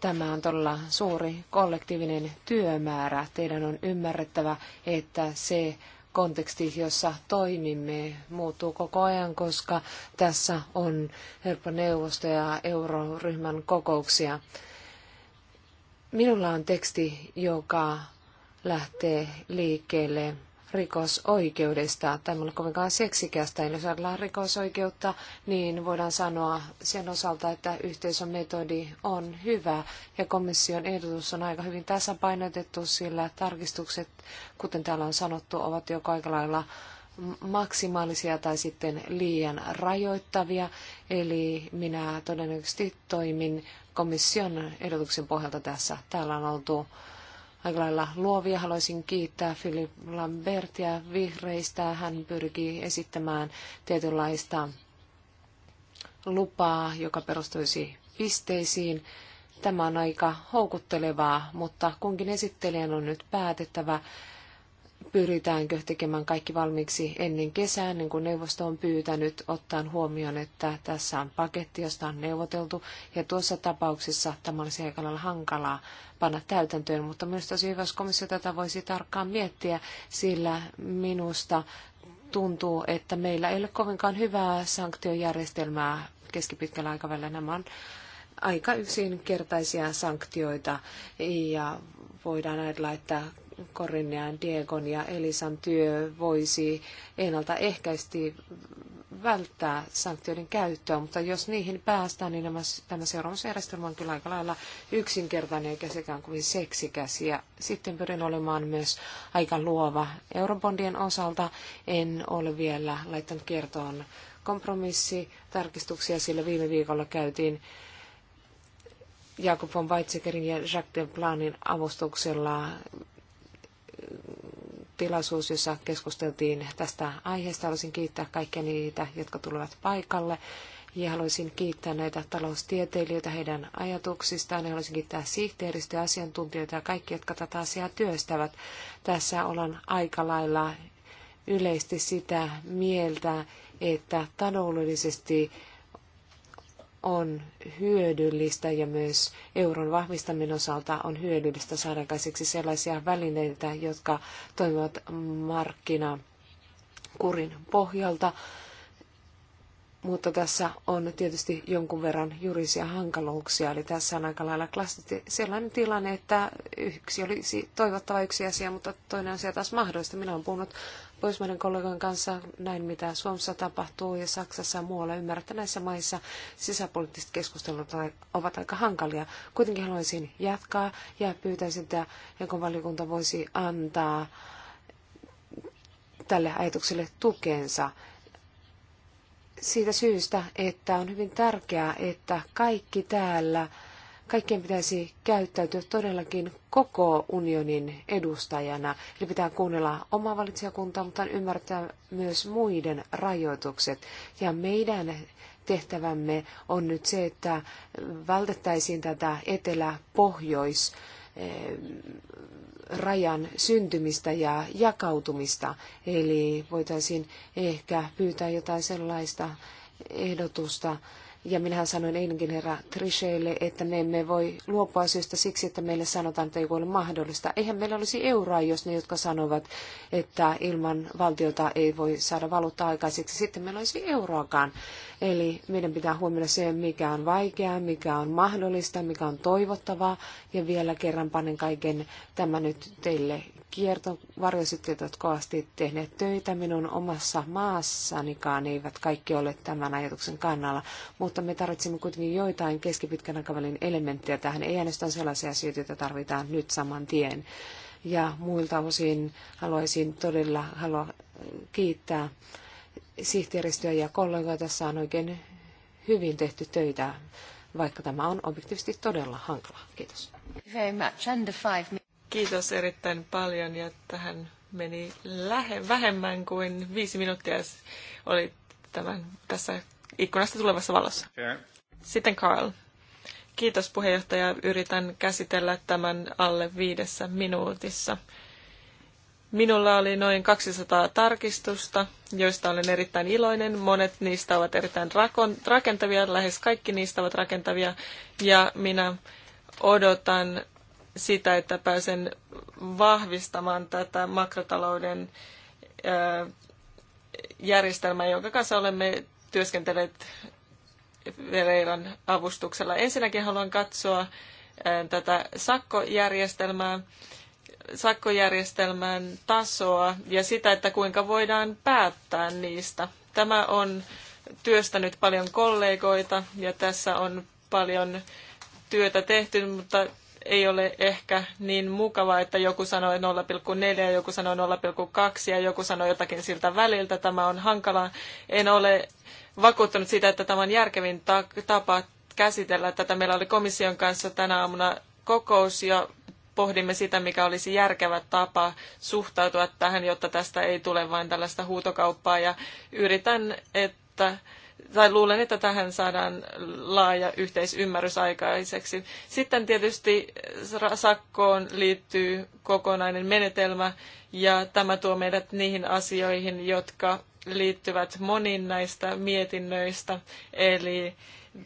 Tämä on todella suuri kollektiivinen työmäärä. Teidän on ymmärrettävä, että se konteksti, jossa toimimme, muuttuu koko ajan, koska tässä on Euroopan neuvosto ja euroryhmän kokouksia. Minulla on teksti, joka lähtee liikkeelle rikosoikeudesta. Tämä ei ole kovinkaan seksikästä. Eli jos ajatellaan rikosoikeutta, niin voidaan sanoa sen osalta, että yhteisön metodi on hyvä ja komission ehdotus on aika hyvin tasapainotettu, sillä tarkistukset, kuten täällä on sanottu, ovat jo aika lailla maksimaalisia tai sitten liian rajoittavia. Eli minä todennäköisesti toimin komission ehdotuksen pohjalta tässä. Täällä on oltu aika lailla luovia. Haluaisin kiittää Philip Lambertia vihreistä. Hän pyrkii esittämään tietynlaista lupaa, joka perustuisi pisteisiin. Tämä on aika houkuttelevaa, mutta kunkin esittelijän on nyt päätettävä, pyritäänkö tekemään kaikki valmiiksi ennen kesää, niin kuin neuvosto on pyytänyt, ottaen huomioon, että tässä on paketti, josta on neuvoteltu, ja tuossa tapauksessa tämä olisi aika lailla hankalaa panna täytäntöön, mutta minusta olisi hyvä, jos komissio tätä voisi tarkkaan miettiä, sillä minusta tuntuu, että meillä ei ole kovinkaan hyvää sanktiojärjestelmää keskipitkällä aikavälillä. Nämä on aika yksinkertaisia sanktioita ja voidaan ajatella, että Korinnean, Diegon ja Elisan työ voisi ennaltaehkäisesti välttää sanktioiden käyttöä, mutta jos niihin päästään, niin nämä, tämä seuraamusjärjestelmä on kyllä aika lailla yksinkertainen eikä sekään kuin seksikäs. Ja sitten pyrin olemaan myös aika luova eurobondien osalta. En ole vielä laittanut kertoon kompromissitarkistuksia, sillä viime viikolla käytiin Jakob von Weizsäckerin ja Jacques Planin avustuksella tilaisuus, jossa keskusteltiin tästä aiheesta. Haluaisin kiittää kaikkia niitä, jotka tulevat paikalle. Ja haluaisin kiittää näitä taloustieteilijöitä heidän ajatuksistaan. Ja haluaisin kiittää sihteeristöä, asiantuntijoita ja kaikki, jotka tätä asiaa työstävät. Tässä ollaan aika lailla yleisesti sitä mieltä, että taloudellisesti on hyödyllistä ja myös euron vahvistaminen osalta on hyödyllistä saada käsiksi sellaisia välineitä, jotka toimivat markkinakurin pohjalta. Mutta tässä on tietysti jonkun verran juridisia hankaluuksia, eli tässä on aika lailla klassisesti sellainen tilanne, että yksi olisi toivottava yksi asia, mutta toinen asia taas mahdollista. Minä olen puhunut Pohjoismaiden kollegojen kanssa näin, mitä Suomessa tapahtuu ja Saksassa ja muualla. Ymmärrän, että näissä maissa sisäpoliittiset keskustelut ovat aika hankalia. Kuitenkin haluaisin jatkaa ja pyytäisin, että joku valiokunta voisi antaa tälle ajatukselle tukensa siitä syystä, että on hyvin tärkeää, että kaikki täällä kaikkien pitäisi käyttäytyä todellakin koko unionin edustajana. Eli pitää kuunnella omaa valitsijakuntaa, mutta ymmärtää myös muiden rajoitukset. Ja meidän tehtävämme on nyt se, että vältettäisiin tätä etelä-pohjois eh, rajan syntymistä ja jakautumista. Eli voitaisiin ehkä pyytää jotain sellaista ehdotusta, ja minähän sanoin eilenkin herra Trisheille, että me emme voi luopua syystä siksi, että meille sanotaan, että ei voi olla mahdollista. Eihän meillä olisi euroa, jos ne, jotka sanovat, että ilman valtiota ei voi saada valuutta aikaiseksi, sitten meillä olisi euroakaan. Eli meidän pitää huomioida se, mikä on vaikeaa, mikä on mahdollista, mikä on toivottavaa. Ja vielä kerran panen kaiken tämä nyt teille kierton jotka ovat tehneet töitä minun omassa maassanikaan, eivät kaikki ole tämän ajatuksen kannalla, mutta me tarvitsemme kuitenkin joitain keskipitkän aikavälin elementtejä tähän, ei ainoastaan sellaisia asioita, joita tarvitaan nyt saman tien. Ja muilta osin haluaisin todella halua kiittää sihteeristöä ja kollegoja. Tässä on oikein hyvin tehty töitä, vaikka tämä on objektiivisesti todella hankalaa. Kiitos. Very much. Under five Kiitos erittäin paljon ja tähän meni lähe, vähemmän kuin viisi minuuttia oli tämän, tässä ikkunasta tulevassa valossa. Sitten Carl. Kiitos puheenjohtaja. Yritän käsitellä tämän alle viidessä minuutissa. Minulla oli noin 200 tarkistusta, joista olen erittäin iloinen. Monet niistä ovat erittäin rakentavia, lähes kaikki niistä ovat rakentavia. Ja minä odotan sitä, että pääsen vahvistamaan tätä makrotalouden järjestelmää, jonka kanssa olemme työskentelleet Vereiran avustuksella. Ensinnäkin haluan katsoa tätä sakkojärjestelmää, sakkojärjestelmän tasoa ja sitä, että kuinka voidaan päättää niistä. Tämä on työstänyt paljon kollegoita ja tässä on paljon työtä tehty, mutta ei ole ehkä niin mukavaa, että joku sanoi 0,4 ja joku sanoi 0,2 ja joku sanoi jotakin siltä väliltä. Tämä on hankalaa. En ole vakuuttunut siitä, että tämä on järkevin tapa käsitellä tätä. Meillä oli komission kanssa tänä aamuna kokous ja pohdimme sitä, mikä olisi järkevä tapa suhtautua tähän, jotta tästä ei tule vain tällaista huutokauppaa. Ja yritän, että tai luulen, että tähän saadaan laaja yhteisymmärrys aikaiseksi. Sitten tietysti sakkoon liittyy kokonainen menetelmä, ja tämä tuo meidät niihin asioihin, jotka liittyvät moniin näistä mietinnöistä, eli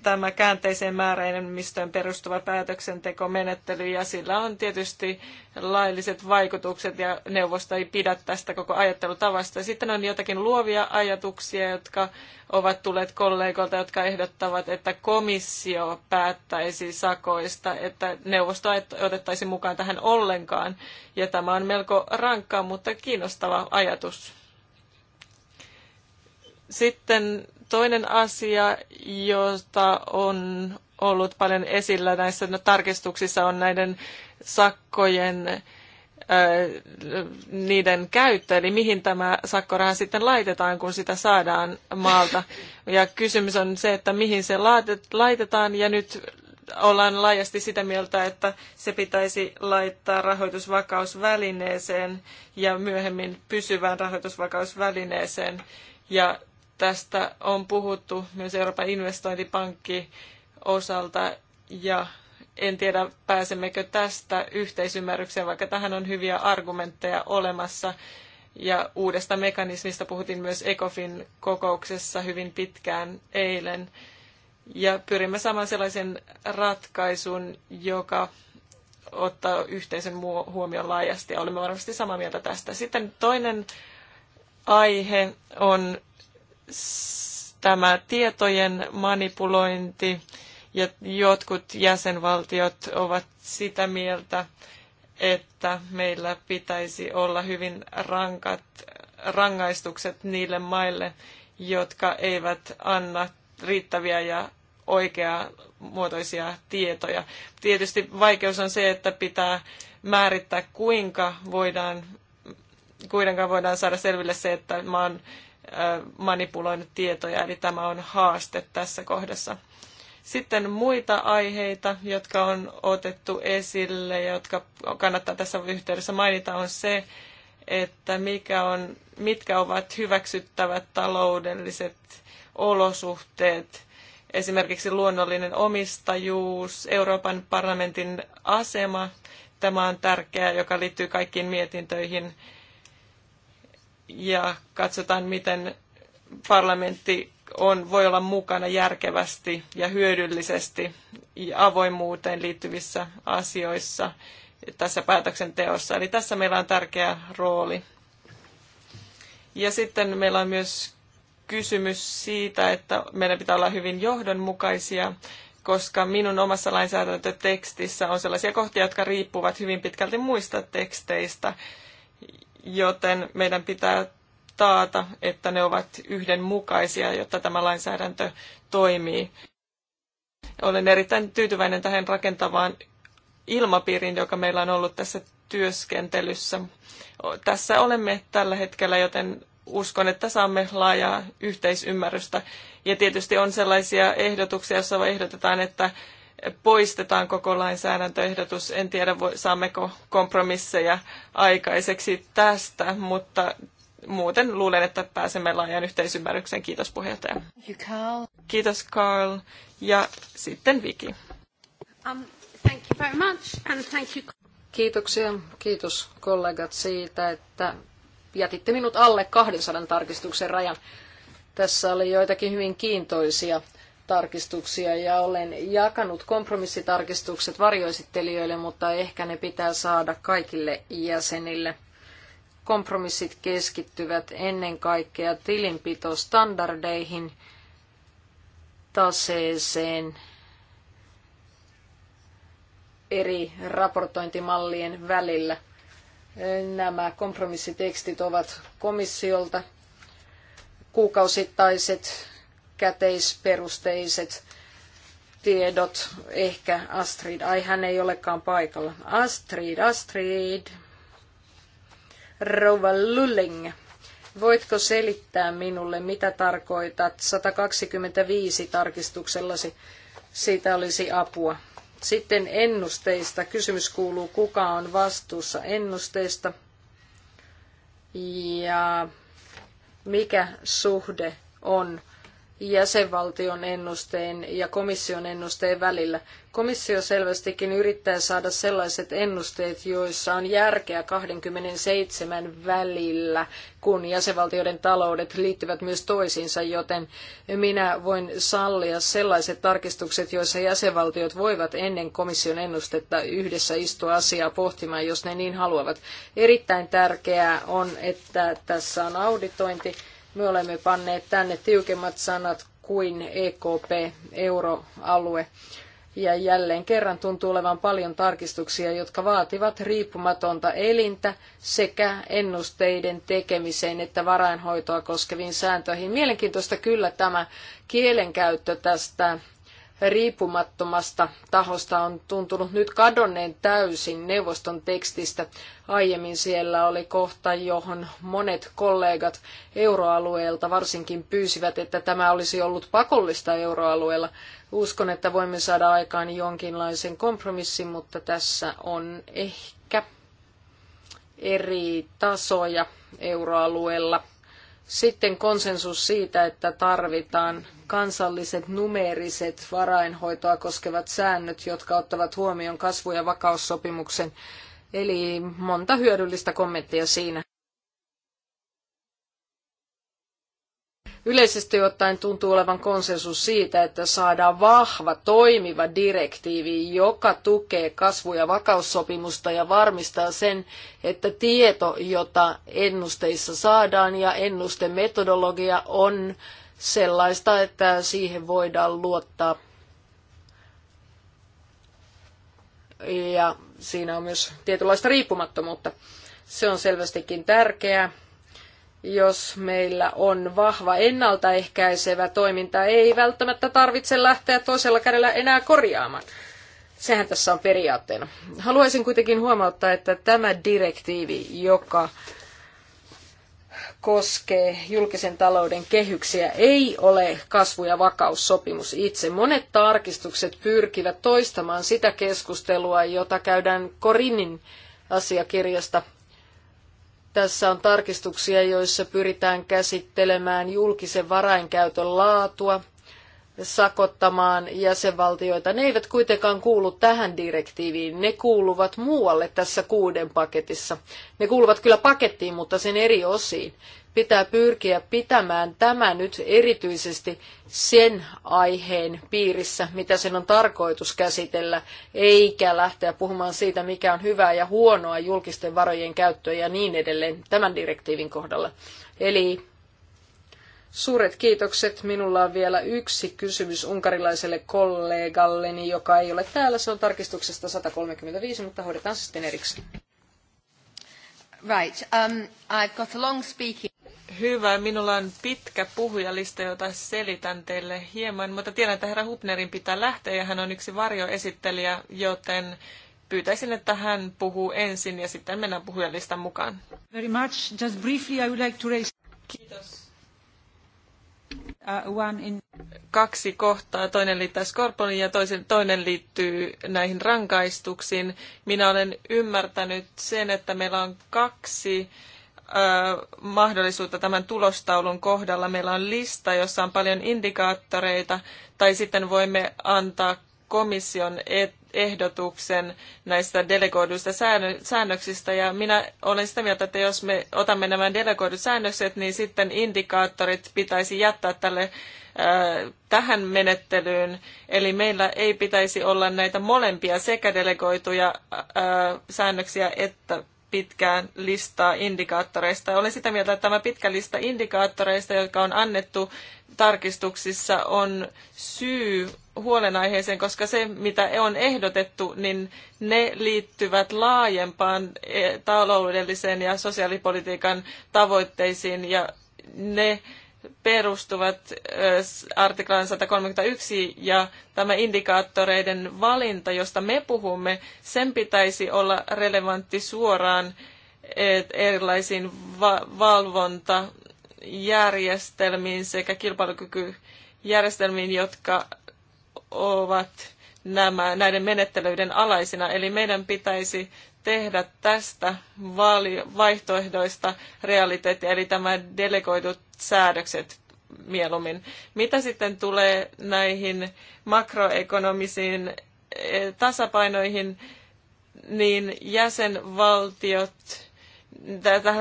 tämä käänteiseen määräenemmistöön perustuva päätöksentekomenettely ja sillä on tietysti lailliset vaikutukset ja neuvosto ei pidä tästä koko ajattelutavasta. Sitten on jotakin luovia ajatuksia, jotka ovat tulleet kollegoilta, jotka ehdottavat, että komissio päättäisi sakoista, että neuvosto ei otettaisi mukaan tähän ollenkaan. Ja tämä on melko rankkaa, mutta kiinnostava ajatus. Sitten Toinen asia, josta on ollut paljon esillä näissä tarkistuksissa, on näiden sakkojen niiden käyttö, eli mihin tämä sakkoraha sitten laitetaan, kun sitä saadaan maalta. Ja kysymys on se, että mihin se laitetaan, ja nyt ollaan laajasti sitä mieltä, että se pitäisi laittaa rahoitusvakausvälineeseen ja myöhemmin pysyvään rahoitusvakausvälineeseen. Ja Tästä on puhuttu myös Euroopan investointipankki osalta ja en tiedä pääsemmekö tästä yhteisymmärrykseen, vaikka tähän on hyviä argumentteja olemassa. Ja uudesta mekanismista puhutin myös ECOFIN kokouksessa hyvin pitkään eilen. Ja pyrimme saamaan sellaisen ratkaisun, joka ottaa yhteisen huomioon laajasti ja olemme varmasti samaa mieltä tästä. Sitten toinen aihe on tämä tietojen manipulointi ja jotkut jäsenvaltiot ovat sitä mieltä, että meillä pitäisi olla hyvin rankat rangaistukset niille maille, jotka eivät anna riittäviä ja oikea muotoisia tietoja. Tietysti vaikeus on se, että pitää määrittää, kuinka voidaan, kuitenkaan voidaan saada selville se, että maan manipuloinut tietoja, eli tämä on haaste tässä kohdassa. Sitten muita aiheita, jotka on otettu esille, jotka kannattaa tässä yhteydessä mainita, on se, että mikä on, mitkä ovat hyväksyttävät taloudelliset olosuhteet, esimerkiksi luonnollinen omistajuus, Euroopan parlamentin asema, tämä on tärkeää, joka liittyy kaikkiin mietintöihin, ja katsotaan, miten parlamentti on, voi olla mukana järkevästi ja hyödyllisesti avoimuuteen liittyvissä asioissa tässä päätöksenteossa. Eli tässä meillä on tärkeä rooli. Ja sitten meillä on myös kysymys siitä, että meidän pitää olla hyvin johdonmukaisia, koska minun omassa lainsäädäntötekstissä on sellaisia kohtia, jotka riippuvat hyvin pitkälti muista teksteistä joten meidän pitää taata, että ne ovat yhdenmukaisia, jotta tämä lainsäädäntö toimii. Olen erittäin tyytyväinen tähän rakentavaan ilmapiiriin, joka meillä on ollut tässä työskentelyssä. Tässä olemme tällä hetkellä, joten uskon, että saamme laajaa yhteisymmärrystä. Ja tietysti on sellaisia ehdotuksia, joissa ehdotetaan, että poistetaan koko lainsäädäntöehdotus. En tiedä, saammeko kompromisseja aikaiseksi tästä, mutta muuten luulen, että pääsemme laajan yhteisymmärrykseen. Kiitos puheenjohtaja. Kiitos Carl. Ja sitten Viki. Um, thank you very much and thank you. Kiitoksia. Kiitos kollegat siitä, että jätitte minut alle 200 tarkistuksen rajan. Tässä oli joitakin hyvin kiintoisia tarkistuksia ja olen jakanut kompromissitarkistukset varjoesittelijöille, mutta ehkä ne pitää saada kaikille jäsenille. Kompromissit keskittyvät ennen kaikkea tilinpitostandardeihin, taseeseen, eri raportointimallien välillä. Nämä kompromissitekstit ovat komissiolta kuukausittaiset käteisperusteiset tiedot. Ehkä Astrid, ai hän ei olekaan paikalla. Astrid, Astrid. Rova Lulling. Voitko selittää minulle, mitä tarkoitat 125 tarkistuksellasi? Siitä olisi apua. Sitten ennusteista. Kysymys kuuluu, kuka on vastuussa ennusteista ja mikä suhde on jäsenvaltion ennusteen ja komission ennusteen välillä. Komissio selvästikin yrittää saada sellaiset ennusteet, joissa on järkeä 27 välillä, kun jäsenvaltioiden taloudet liittyvät myös toisiinsa, joten minä voin sallia sellaiset tarkistukset, joissa jäsenvaltiot voivat ennen komission ennustetta yhdessä istua asiaa pohtimaan, jos ne niin haluavat. Erittäin tärkeää on, että tässä on auditointi me olemme panneet tänne tiukemmat sanat kuin EKP, euroalue. Ja jälleen kerran tuntuu olevan paljon tarkistuksia, jotka vaativat riippumatonta elintä sekä ennusteiden tekemiseen että varainhoitoa koskeviin sääntöihin. Mielenkiintoista kyllä tämä kielenkäyttö tästä riippumattomasta tahosta on tuntunut nyt kadonneen täysin neuvoston tekstistä. Aiemmin siellä oli kohta, johon monet kollegat euroalueelta varsinkin pyysivät, että tämä olisi ollut pakollista euroalueella. Uskon, että voimme saada aikaan jonkinlaisen kompromissin, mutta tässä on ehkä eri tasoja euroalueella – sitten konsensus siitä, että tarvitaan kansalliset numeeriset varainhoitoa koskevat säännöt, jotka ottavat huomioon kasvu- ja vakaussopimuksen. Eli monta hyödyllistä kommenttia siinä. Yleisesti ottaen tuntuu olevan konsensus siitä, että saadaan vahva, toimiva direktiivi, joka tukee kasvu- ja vakaussopimusta ja varmistaa sen, että tieto, jota ennusteissa saadaan ja ennustemetodologia on sellaista, että siihen voidaan luottaa. Ja siinä on myös tietynlaista riippumattomuutta. Se on selvästikin tärkeää jos meillä on vahva ennaltaehkäisevä toiminta, ei välttämättä tarvitse lähteä toisella kädellä enää korjaamaan. Sehän tässä on periaatteena. Haluaisin kuitenkin huomauttaa, että tämä direktiivi, joka koskee julkisen talouden kehyksiä, ei ole kasvu- ja vakaussopimus itse. Monet tarkistukset pyrkivät toistamaan sitä keskustelua, jota käydään Korinin asiakirjasta tässä on tarkistuksia, joissa pyritään käsittelemään julkisen varainkäytön laatua, sakottamaan jäsenvaltioita. Ne eivät kuitenkaan kuulu tähän direktiiviin, ne kuuluvat muualle tässä kuuden paketissa. Ne kuuluvat kyllä pakettiin, mutta sen eri osiin pitää pyrkiä pitämään tämä nyt erityisesti sen aiheen piirissä, mitä sen on tarkoitus käsitellä, eikä lähteä puhumaan siitä, mikä on hyvää ja huonoa julkisten varojen käyttöä ja niin edelleen tämän direktiivin kohdalla. Eli suuret kiitokset. Minulla on vielä yksi kysymys unkarilaiselle kollegalleni, joka ei ole täällä. Se on tarkistuksesta 135, mutta hoidetaan se sitten erikseen. Right. Um, I've got a long speaking. Hyvä. Minulla on pitkä puhujalista, jota selitän teille hieman, mutta tiedän, että herra Hubnerin pitää lähteä ja hän on yksi varjoesittelijä, joten pyytäisin, että hän puhuu ensin ja sitten mennään puhujalistan mukaan. Very much. Just briefly, I would like to raise... Kiitos. Uh, one in... Kaksi kohtaa. Toinen liittää Skorponiin ja toisen, toinen liittyy näihin rankaistuksiin. Minä olen ymmärtänyt sen, että meillä on kaksi mahdollisuutta tämän tulostaulun kohdalla. Meillä on lista, jossa on paljon indikaattoreita, tai sitten voimme antaa komission e- ehdotuksen näistä delegoiduista säännöksistä. Ja minä olen sitä mieltä, että jos me otamme nämä delegoidut säännökset, niin sitten indikaattorit pitäisi jättää tälle tähän menettelyyn. Eli meillä ei pitäisi olla näitä molempia sekä delegoituja säännöksiä että pitkään listaa indikaattoreista. Olen sitä mieltä, että tämä pitkä lista indikaattoreista, jotka on annettu tarkistuksissa, on syy huolenaiheeseen, koska se, mitä on ehdotettu, niin ne liittyvät laajempaan eh, taloudelliseen ja sosiaalipolitiikan tavoitteisiin ja ne perustuvat artiklaan 131 ja tämä indikaattoreiden valinta, josta me puhumme, sen pitäisi olla relevantti suoraan erilaisiin valvontajärjestelmiin sekä kilpailukykyjärjestelmiin, jotka ovat nämä, näiden menettelyiden alaisina. Eli meidän pitäisi tehdä tästä vaihtoehdoista realiteetti eli tämä delegoidut säädökset mieluummin. Mitä sitten tulee näihin makroekonomisiin eh, tasapainoihin, niin jäsenvaltiot,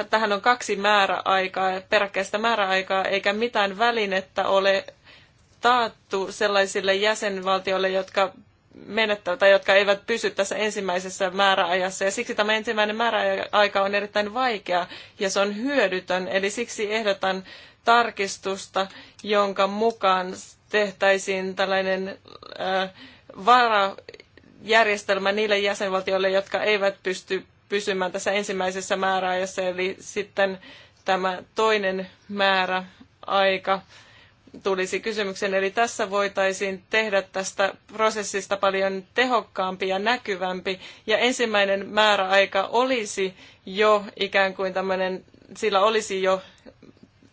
tähän on kaksi määräaikaa, peräkkäistä määräaikaa, eikä mitään välinettä ole taattu sellaisille jäsenvaltioille, jotka menettävät tai jotka eivät pysy tässä ensimmäisessä määräajassa. Ja siksi tämä ensimmäinen määräaika on erittäin vaikea ja se on hyödytön. Eli siksi ehdotan tarkistusta, jonka mukaan tehtäisiin tällainen äh, varajärjestelmä niille jäsenvaltioille, jotka eivät pysty pysymään tässä ensimmäisessä määräajassa. Eli sitten tämä toinen määräaika tulisi kysymykseen, Eli tässä voitaisiin tehdä tästä prosessista paljon tehokkaampi ja näkyvämpi. Ja ensimmäinen määräaika olisi jo ikään kuin tämmöinen, sillä olisi jo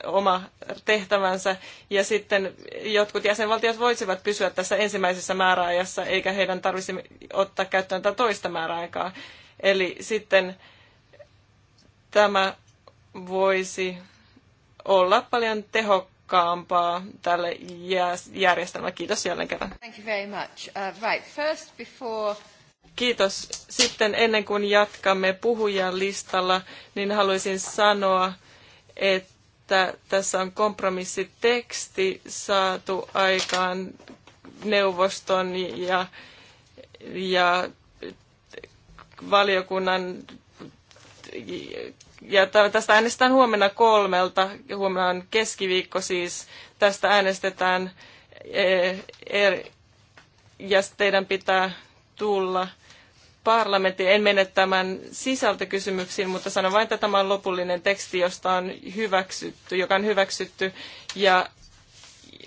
oma tehtävänsä. Ja sitten jotkut jäsenvaltiot voisivat pysyä tässä ensimmäisessä määräajassa, eikä heidän tarvitsisi ottaa käyttöön tätä toista määräaikaa. Eli sitten tämä voisi olla paljon tehokkaampi tehokkaampaa tälle järjestelmälle. Kiitos jälleen kerran. Thank you very much. Uh, right, first before... Kiitos. Sitten ennen kuin jatkamme puhujan listalla, niin haluaisin sanoa, että tässä on kompromissiteksti saatu aikaan neuvoston ja, ja valiokunnan ja tästä äänestetään huomenna kolmelta, huomenna on keskiviikko siis, tästä äänestetään e, er, ja teidän pitää tulla parlamentti. En mene tämän sisältökysymyksiin, mutta sanon vain, että tämä on lopullinen teksti, josta on hyväksytty, joka on hyväksytty. Ja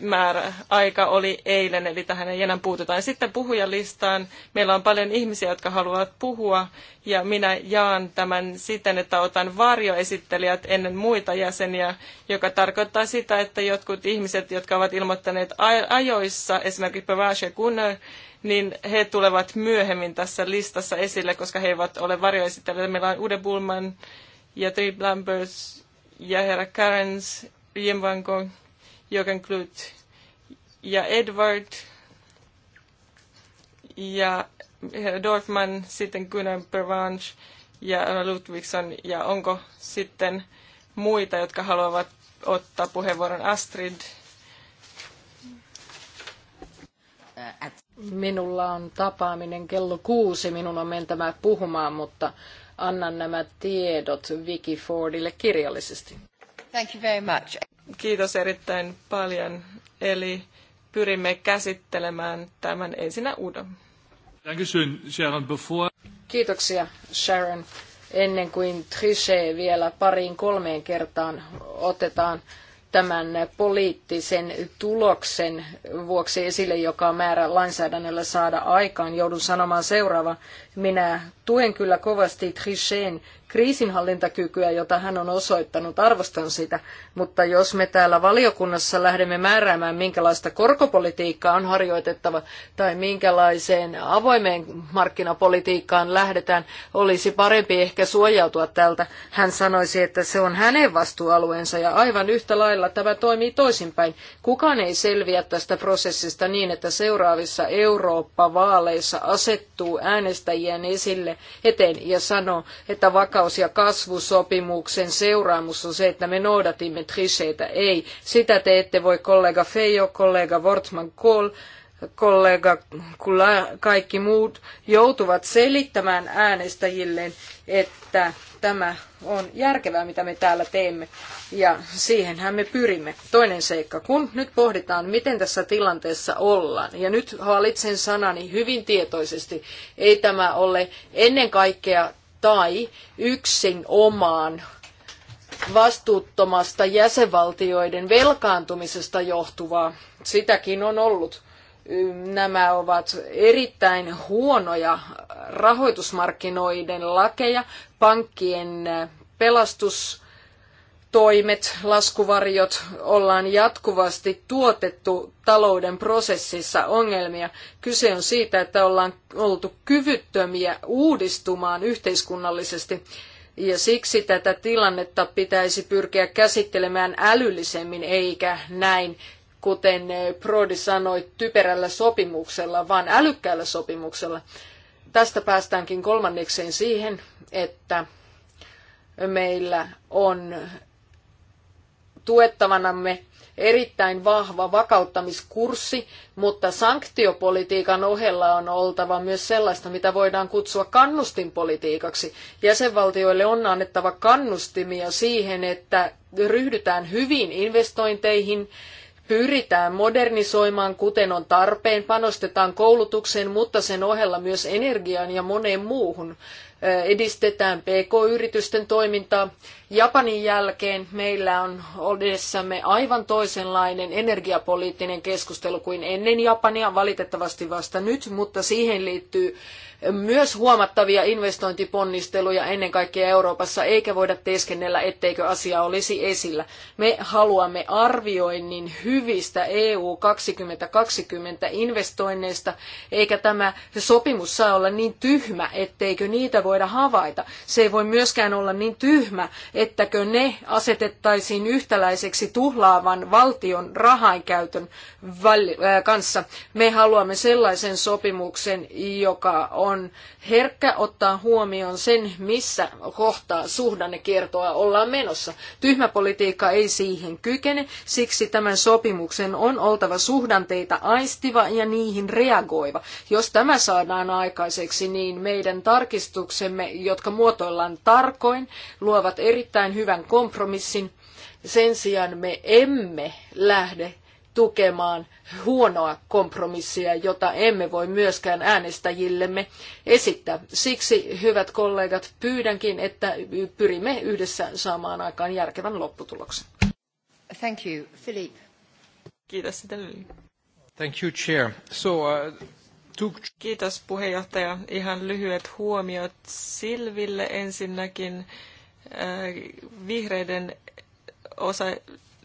määrä aika oli eilen, eli tähän ei enää puututaan. Sitten puhujalistaan. Meillä on paljon ihmisiä, jotka haluavat puhua, ja minä jaan tämän siten, että otan varjoesittelijät ennen muita jäseniä, joka tarkoittaa sitä, että jotkut ihmiset, jotka ovat ilmoittaneet ajoissa, esimerkiksi Pavage Gunner, niin he tulevat myöhemmin tässä listassa esille, koska he eivät ole varjoesittelijöitä. Meillä on Ude Bulman ja Tri Blambers ja herra Karens, Jim Van Gogh Jürgen Klut ja Edward ja Dorfman, sitten Gunnar Pervange ja Ludvigsson ja onko sitten muita, jotka haluavat ottaa puheenvuoron Astrid? Minulla on tapaaminen kello kuusi, minun on mentävä puhumaan, mutta annan nämä tiedot Vicky Fordille kirjallisesti. Thank you very much. Kiitos erittäin paljon. Eli pyrimme käsittelemään tämän ensinnä uuden. Kiitoksia Sharon. Ennen kuin Trichet vielä pariin kolmeen kertaan otetaan tämän poliittisen tuloksen vuoksi esille, joka on määrä lainsäädännöllä saada aikaan. Joudun sanomaan seuraava. Minä tuen kyllä kovasti Trichet kriisinhallintakykyä, jota hän on osoittanut, arvostan sitä. Mutta jos me täällä valiokunnassa lähdemme määräämään, minkälaista korkopolitiikkaa on harjoitettava tai minkälaiseen avoimeen markkinapolitiikkaan lähdetään, olisi parempi ehkä suojautua tältä. Hän sanoisi, että se on hänen vastuualueensa ja aivan yhtä lailla tämä toimii toisinpäin. Kukaan ei selviä tästä prosessista niin, että seuraavissa Eurooppa-vaaleissa asettuu äänestäjiä esittelijän esille eteen ja sanoi, että vakaus- ja kasvusopimuksen seuraamus on se, että me noudatimme triseitä. Ei, sitä te ette voi kollega Feio, kollega Wortman Kohl, kollega Kula, kaikki muut joutuvat selittämään äänestäjilleen, että tämä on järkevää, mitä me täällä teemme. Ja siihenhän me pyrimme. Toinen seikka, kun nyt pohditaan, miten tässä tilanteessa ollaan. Ja nyt valitsen sanani hyvin tietoisesti. Ei tämä ole ennen kaikkea tai yksin omaan vastuuttomasta jäsenvaltioiden velkaantumisesta johtuvaa. Sitäkin on ollut nämä ovat erittäin huonoja rahoitusmarkkinoiden lakeja, pankkien pelastustoimet, laskuvarjot ollaan jatkuvasti tuotettu talouden prosessissa ongelmia. Kyse on siitä, että ollaan oltu kyvyttömiä uudistumaan yhteiskunnallisesti ja siksi tätä tilannetta pitäisi pyrkiä käsittelemään älyllisemmin eikä näin kuten eh, Prodi sanoi, typerällä sopimuksella, vaan älykkäällä sopimuksella. Tästä päästäänkin kolmannekseen siihen, että meillä on tuettavanamme erittäin vahva vakauttamiskurssi, mutta sanktiopolitiikan ohella on oltava myös sellaista, mitä voidaan kutsua kannustinpolitiikaksi. Jäsenvaltioille on annettava kannustimia siihen, että ryhdytään hyvin investointeihin pyritään modernisoimaan, kuten on tarpeen, panostetaan koulutukseen, mutta sen ohella myös energiaan ja moneen muuhun. Edistetään PK-yritysten toimintaa. Japanin jälkeen meillä on edessämme aivan toisenlainen energiapoliittinen keskustelu kuin ennen Japania, valitettavasti vasta nyt, mutta siihen liittyy myös huomattavia investointiponnisteluja ennen kaikkea Euroopassa, eikä voida teeskennellä, etteikö asia olisi esillä. Me haluamme arvioinnin hyvistä EU 2020 investoinneista, eikä tämä sopimus saa olla niin tyhmä, etteikö niitä voida havaita. Se ei voi myöskään olla niin tyhmä, ettäkö ne asetettaisiin yhtäläiseksi tuhlaavan valtion rahainkäytön äh, kanssa. Me haluamme sellaisen sopimuksen, joka on on herkkä ottaa huomioon sen, missä kohtaa suhdannekiertoa ollaan menossa. Tyhmä politiikka ei siihen kykene, siksi tämän sopimuksen on oltava suhdanteita aistiva ja niihin reagoiva. Jos tämä saadaan aikaiseksi, niin meidän tarkistuksemme, jotka muotoillaan tarkoin, luovat erittäin hyvän kompromissin. Sen sijaan me emme lähde tukemaan huonoa kompromissia, jota emme voi myöskään äänestäjillemme esittää. Siksi, hyvät kollegat, pyydänkin, että pyrimme yhdessä saamaan aikaan järkevän lopputuloksen. Thank you, Philippe. Kiitos, Thank you, Chair. So, uh... Kiitos puheenjohtaja. Ihan lyhyet huomiot Silville ensinnäkin. Äh, vihreiden osa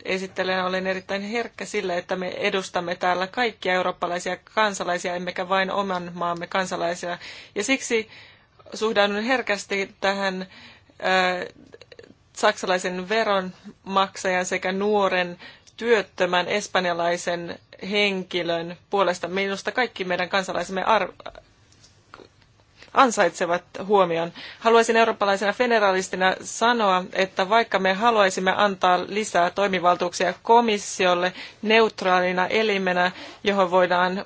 esittelijänä olen erittäin herkkä sille, että me edustamme täällä kaikkia eurooppalaisia kansalaisia, emmekä vain oman maamme kansalaisia. Ja siksi suhdaudun herkästi tähän saksalaisen veronmaksajan sekä nuoren työttömän espanjalaisen henkilön puolesta. Minusta kaikki meidän kansalaisemme ansaitsevat huomion. Haluaisin eurooppalaisena federalistina sanoa, että vaikka me haluaisimme antaa lisää toimivaltuuksia komissiolle neutraalina elimenä, johon voidaan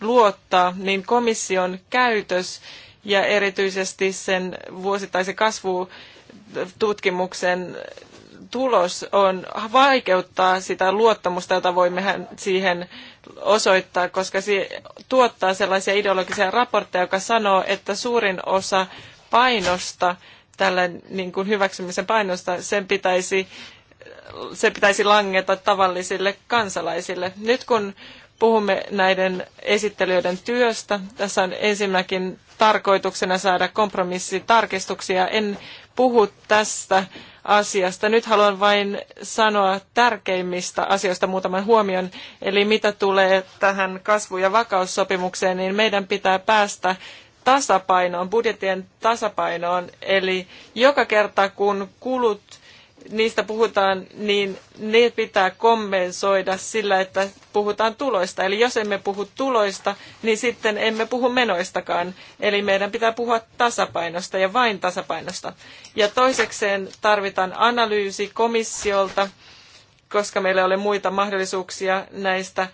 luottaa, niin komission käytös ja erityisesti sen vuosittaisen kasvututkimuksen tulos on vaikeuttaa sitä luottamusta, jota voimme siihen osoittaa, koska se tuottaa sellaisia ideologisia raportteja, joka sanoo, että suurin osa painosta, tällä niin kuin hyväksymisen painosta, sen pitäisi, se pitäisi langeta tavallisille kansalaisille. Nyt kun puhumme näiden esittelijöiden työstä, tässä on ensinnäkin tarkoituksena saada kompromissitarkistuksia. En puhu tästä asiasta. Nyt haluan vain sanoa tärkeimmistä asioista muutaman huomion. Eli mitä tulee tähän kasvu- ja vakaussopimukseen, niin meidän pitää päästä tasapainoon, budjettien tasapainoon. Eli joka kerta kun kulut niistä puhutaan, niin ne pitää kompensoida sillä, että puhutaan tuloista. Eli jos emme puhu tuloista, niin sitten emme puhu menoistakaan. Eli meidän pitää puhua tasapainosta ja vain tasapainosta. Ja toisekseen tarvitaan analyysi komissiolta, koska meillä ei ole muita mahdollisuuksia näistä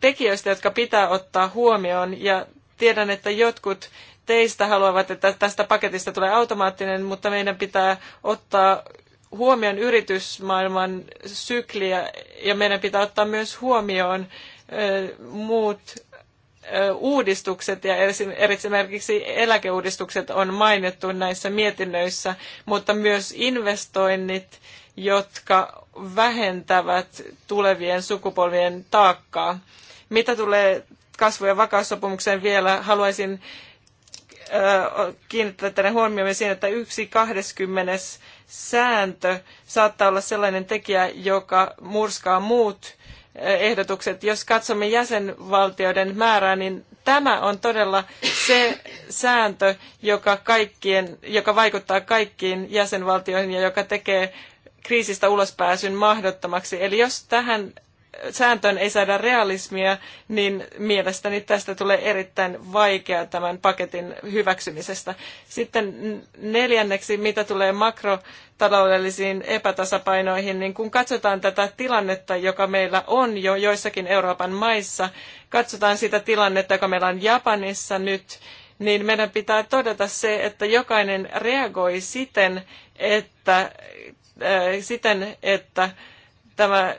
tekijöistä, jotka pitää ottaa huomioon. Ja tiedän, että jotkut teistä haluavat, että tästä paketista tulee automaattinen, mutta meidän pitää ottaa huomioon yritysmaailman sykliä ja meidän pitää ottaa myös huomioon muut uudistukset ja esimerkiksi eläkeuudistukset on mainittu näissä mietinnöissä, mutta myös investoinnit, jotka vähentävät tulevien sukupolvien taakkaa. Mitä tulee kasvu- ja vakaussopimukseen vielä, haluaisin kiinnittää tänne huomioon siihen, että yksi 20 sääntö saattaa olla sellainen tekijä, joka murskaa muut ehdotukset. Jos katsomme jäsenvaltioiden määrää, niin tämä on todella se sääntö, joka, kaikkien, joka vaikuttaa kaikkiin jäsenvaltioihin ja joka tekee kriisistä ulospääsyn mahdottomaksi. Eli jos tähän sääntöön ei saada realismia, niin mielestäni tästä tulee erittäin vaikea tämän paketin hyväksymisestä. Sitten neljänneksi, mitä tulee makrotaloudellisiin epätasapainoihin, niin kun katsotaan tätä tilannetta, joka meillä on jo joissakin Euroopan maissa, katsotaan sitä tilannetta, joka meillä on Japanissa nyt, niin meidän pitää todeta se, että jokainen reagoi siten, että, äh, siten, että tämä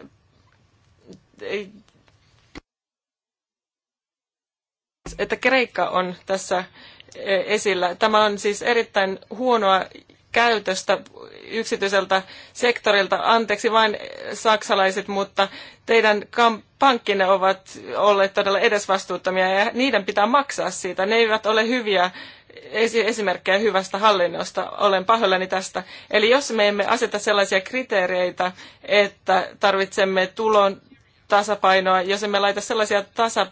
että Kreikka on tässä e, esillä. Tämä on siis erittäin huonoa käytöstä yksityiseltä sektorilta. Anteeksi vain e, saksalaiset, mutta teidän pankkinne ovat olleet todella edesvastuuttomia ja niiden pitää maksaa siitä. Ne eivät ole hyviä esimerkkejä hyvästä hallinnosta. Olen pahoillani tästä. Eli jos me emme aseta sellaisia kriteereitä, että tarvitsemme tulon, tasapainoa, jos emme laita sellaisia, tasa,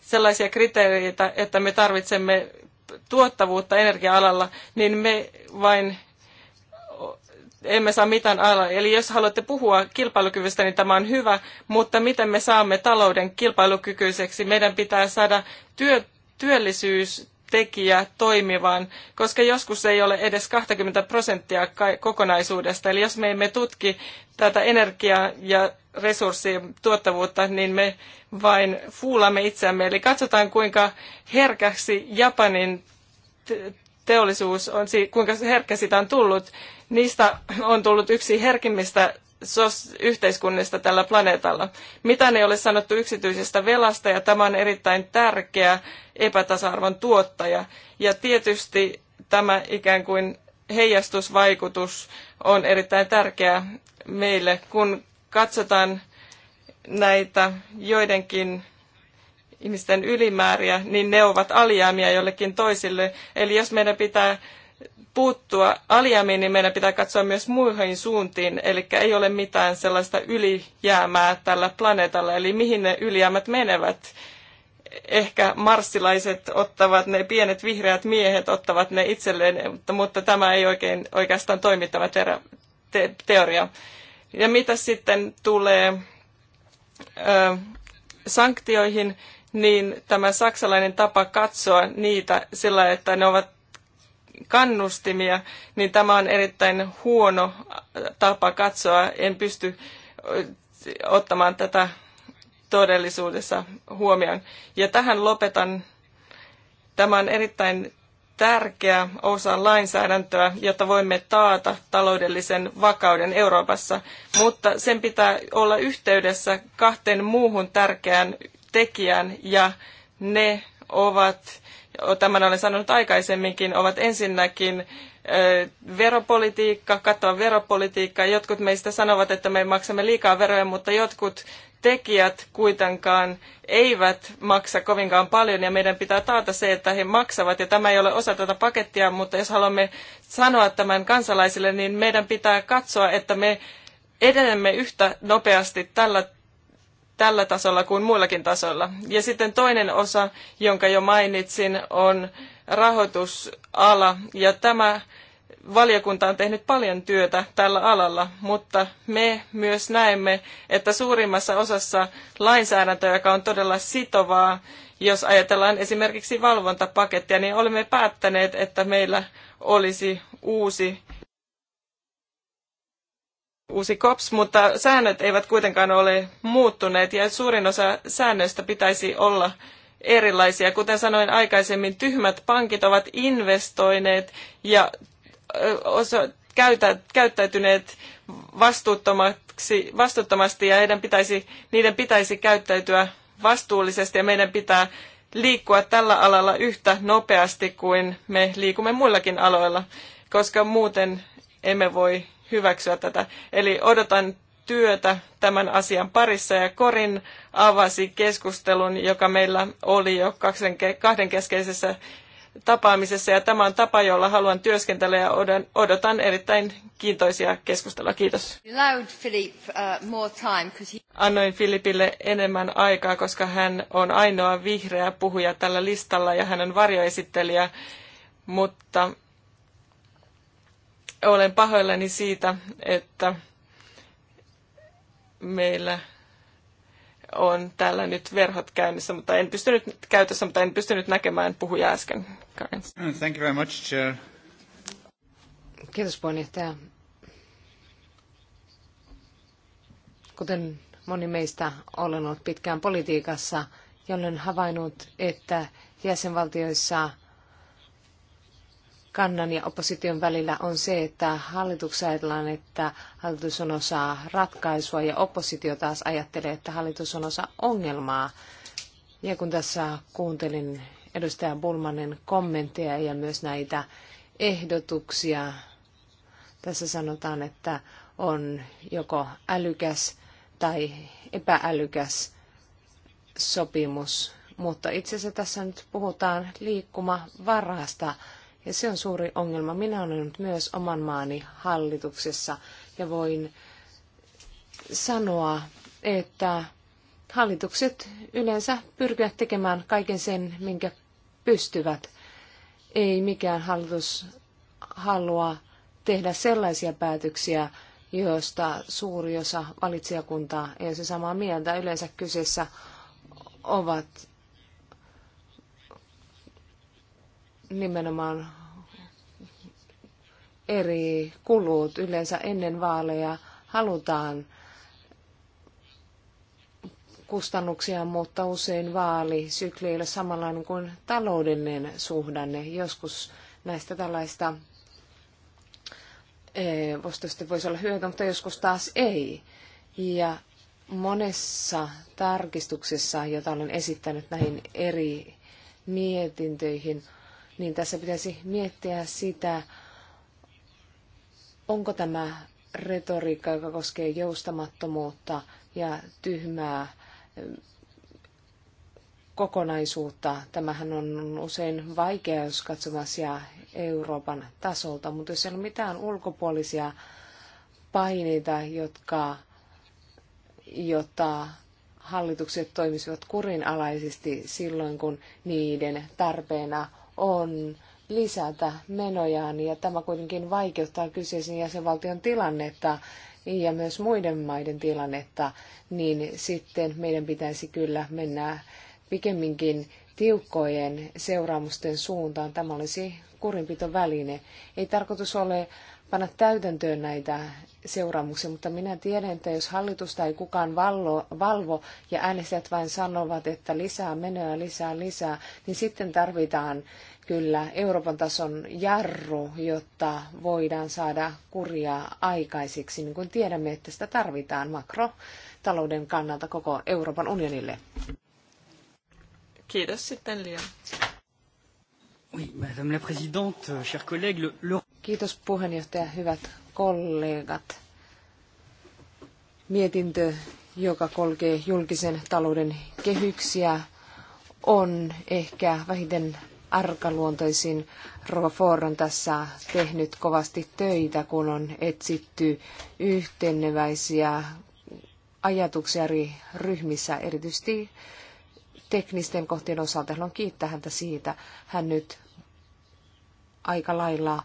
sellaisia kriteereitä, että me tarvitsemme tuottavuutta energia-alalla, niin me vain emme saa mitään alaa. Eli jos haluatte puhua kilpailukyvystä, niin tämä on hyvä, mutta miten me saamme talouden kilpailukykyiseksi? Meidän pitää saada työ, työllisyystekijä toimivaan, koska joskus ei ole edes 20 prosenttia kokonaisuudesta. Eli jos me emme tutki tätä energiaa ja resurssien tuottavuutta, niin me vain fuulamme itseämme. Eli katsotaan, kuinka herkäksi Japanin teollisuus on, kuinka herkkä sitä on tullut. Niistä on tullut yksi herkimmistä yhteiskunnista tällä planeetalla. Mitä ei ole sanottu yksityisestä velasta ja tämä on erittäin tärkeä epätasa-arvon tuottaja. Ja tietysti tämä ikään kuin heijastusvaikutus on erittäin tärkeä meille, kun katsotaan näitä joidenkin ihmisten ylimääriä, niin ne ovat alijäämiä jollekin toisille. Eli jos meidän pitää puuttua alijäämiin, niin meidän pitää katsoa myös muihin suuntiin. Eli ei ole mitään sellaista ylijäämää tällä planeetalla, eli mihin ne ylijäämät menevät. Ehkä marsilaiset ottavat ne, pienet vihreät miehet ottavat ne itselleen, mutta, mutta tämä ei oikein, oikeastaan toimi tämä te- teoria. Ja mitä sitten tulee ö, sanktioihin, niin tämä saksalainen tapa katsoa niitä sillä, että ne ovat kannustimia, niin tämä on erittäin huono tapa katsoa. En pysty ottamaan tätä todellisuudessa huomioon. Ja tähän lopetan. Tämä on erittäin tärkeä osa lainsäädäntöä, jotta voimme taata taloudellisen vakauden Euroopassa, mutta sen pitää olla yhteydessä kahteen muuhun tärkeään tekijään ja ne ovat, tämän olen sanonut aikaisemminkin, ovat ensinnäkin veropolitiikka, kattava veropolitiikka. Jotkut meistä sanovat, että me maksamme liikaa veroja, mutta jotkut tekijät kuitenkaan eivät maksa kovinkaan paljon ja meidän pitää taata se, että he maksavat. Ja tämä ei ole osa tätä pakettia, mutta jos haluamme sanoa tämän kansalaisille, niin meidän pitää katsoa, että me edenemme yhtä nopeasti tällä, tällä tasolla kuin muillakin tasoilla. Ja sitten toinen osa, jonka jo mainitsin, on rahoitusala. Ja tämä valiokunta on tehnyt paljon työtä tällä alalla, mutta me myös näemme, että suurimmassa osassa lainsäädäntöä, joka on todella sitovaa, jos ajatellaan esimerkiksi valvontapakettia, niin olemme päättäneet, että meillä olisi uusi uusi COPS, mutta säännöt eivät kuitenkaan ole muuttuneet ja suurin osa säännöistä pitäisi olla erilaisia. Kuten sanoin aikaisemmin, tyhmät pankit ovat investoineet ja osa, käytä, käyttäytyneet vastuuttomaksi, vastuuttomasti ja heidän pitäisi, niiden pitäisi käyttäytyä vastuullisesti ja meidän pitää liikkua tällä alalla yhtä nopeasti kuin me liikumme muillakin aloilla, koska muuten emme voi hyväksyä tätä. Eli odotan työtä tämän asian parissa ja Korin avasi keskustelun, joka meillä oli jo kahden keskeisessä tapaamisessa ja tämä on tapa, jolla haluan työskentellä ja odotan erittäin kiintoisia keskustelua. Kiitos. Uh, Annoin Filipille enemmän aikaa, koska hän on ainoa vihreä puhuja tällä listalla ja hän on varjoesittelijä, mutta olen pahoillani siitä, että meillä on täällä nyt verhot käynnissä, mutta en pystynyt käytössä, mutta en pystynyt näkemään puhuja äsken. Thank you very much, Chair. Kiitos puheenjohtaja. Kuten moni meistä olen ollut pitkään politiikassa, jolloin havainnut, että jäsenvaltioissa – kannan ja opposition välillä on se, että hallituksessa ajatellaan, että hallitus on osa ratkaisua ja oppositio taas ajattelee, että hallitus on osa ongelmaa. Ja kun tässä kuuntelin edustaja Bulmanen kommentteja ja myös näitä ehdotuksia, tässä sanotaan, että on joko älykäs tai epäälykäs sopimus, mutta itse asiassa tässä nyt puhutaan liikkumavarasta varasta ja se on suuri ongelma. Minä olen nyt myös oman maani hallituksessa ja voin sanoa, että hallitukset yleensä pyrkivät tekemään kaiken sen, minkä pystyvät. Ei mikään hallitus halua tehdä sellaisia päätöksiä, joista suuri osa valitsijakuntaa ei ole samaa mieltä. Yleensä kyseessä ovat nimenomaan eri kulut. Yleensä ennen vaaleja halutaan kustannuksia, mutta usein vaali ei ole samanlainen kuin taloudellinen suhdanne. Joskus näistä tällaista eh, vastausta voisi olla hyötyä, mutta joskus taas ei. Ja monessa tarkistuksessa, jota olen esittänyt näihin eri mietintöihin, niin tässä pitäisi miettiä sitä, onko tämä retoriikka, joka koskee joustamattomuutta ja tyhmää kokonaisuutta. Tämähän on usein vaikea, jos katsotaan asiaa Euroopan tasolta, mutta jos ei ole mitään ulkopuolisia paineita, jotka, jotta hallitukset toimisivat kurinalaisesti silloin, kun niiden tarpeena on lisätä menojaan ja tämä kuitenkin vaikeuttaa kyseisen jäsenvaltion tilannetta ja myös muiden maiden tilannetta, niin sitten meidän pitäisi kyllä mennä pikemminkin tiukkojen seuraamusten suuntaan. Tämä olisi kurinpitoväline. Ei tarkoitus ole panna täytäntöön näitä seuraamuksia, mutta minä tiedän, että jos hallitus tai kukaan vallo, valvo ja äänestäjät vain sanovat, että lisää menoja, lisää, lisää, niin sitten tarvitaan kyllä Euroopan tason jarru, jotta voidaan saada kuria aikaisiksi, niin kuin tiedämme, että sitä tarvitaan makrotalouden kannalta koko Euroopan unionille. Kiitos sitten Lia. Oui, madame la présidente, euh, chers collègues, le... Kiitos puheenjohtaja, hyvät kollegat. Mietintö, joka kolkee julkisen talouden kehyksiä, on ehkä vähiten arkaluontoisin. Rova Ford on tässä tehnyt kovasti töitä, kun on etsitty yhteneväisiä ajatuksia eri ryhmissä, erityisesti teknisten kohtien osalta. Haluan kiittää häntä siitä. Hän nyt aika lailla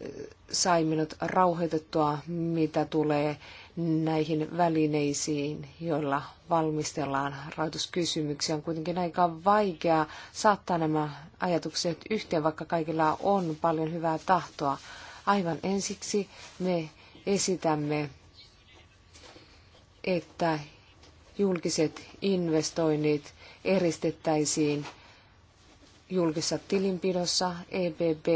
eh, sai minut rauhoitettua, mitä tulee näihin välineisiin, joilla valmistellaan rahoituskysymyksiä, on kuitenkin aika vaikea saattaa nämä ajatukset yhteen, vaikka kaikilla on paljon hyvää tahtoa. Aivan ensiksi me esitämme, että julkiset investoinnit eristettäisiin julkisessa tilinpidossa. EBB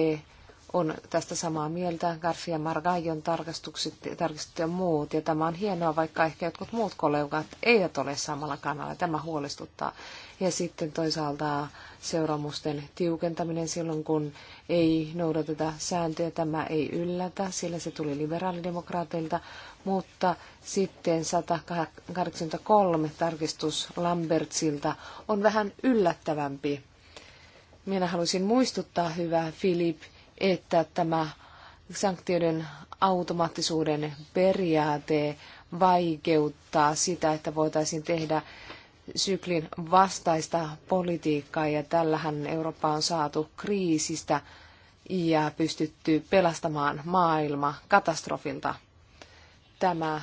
on tästä samaa mieltä, Garfia Margaion tarkastukset, tarkistukset ja muut, ja tämä on hienoa, vaikka ehkä jotkut muut kollegat eivät ole samalla kannalla, tämä huolestuttaa. Ja sitten toisaalta seuraamusten tiukentaminen silloin, kun ei noudateta sääntöjä, tämä ei yllätä, sillä se tuli liberaalidemokraateilta, mutta sitten 183 tarkistus Lambertsilta on vähän yllättävämpi. Minä haluaisin muistuttaa, hyvä Filip, että tämä sanktioiden automaattisuuden periaate vaikeuttaa sitä, että voitaisiin tehdä syklin vastaista politiikkaa ja tällähän Eurooppa on saatu kriisistä ja pystytty pelastamaan maailma katastrofilta. Tämä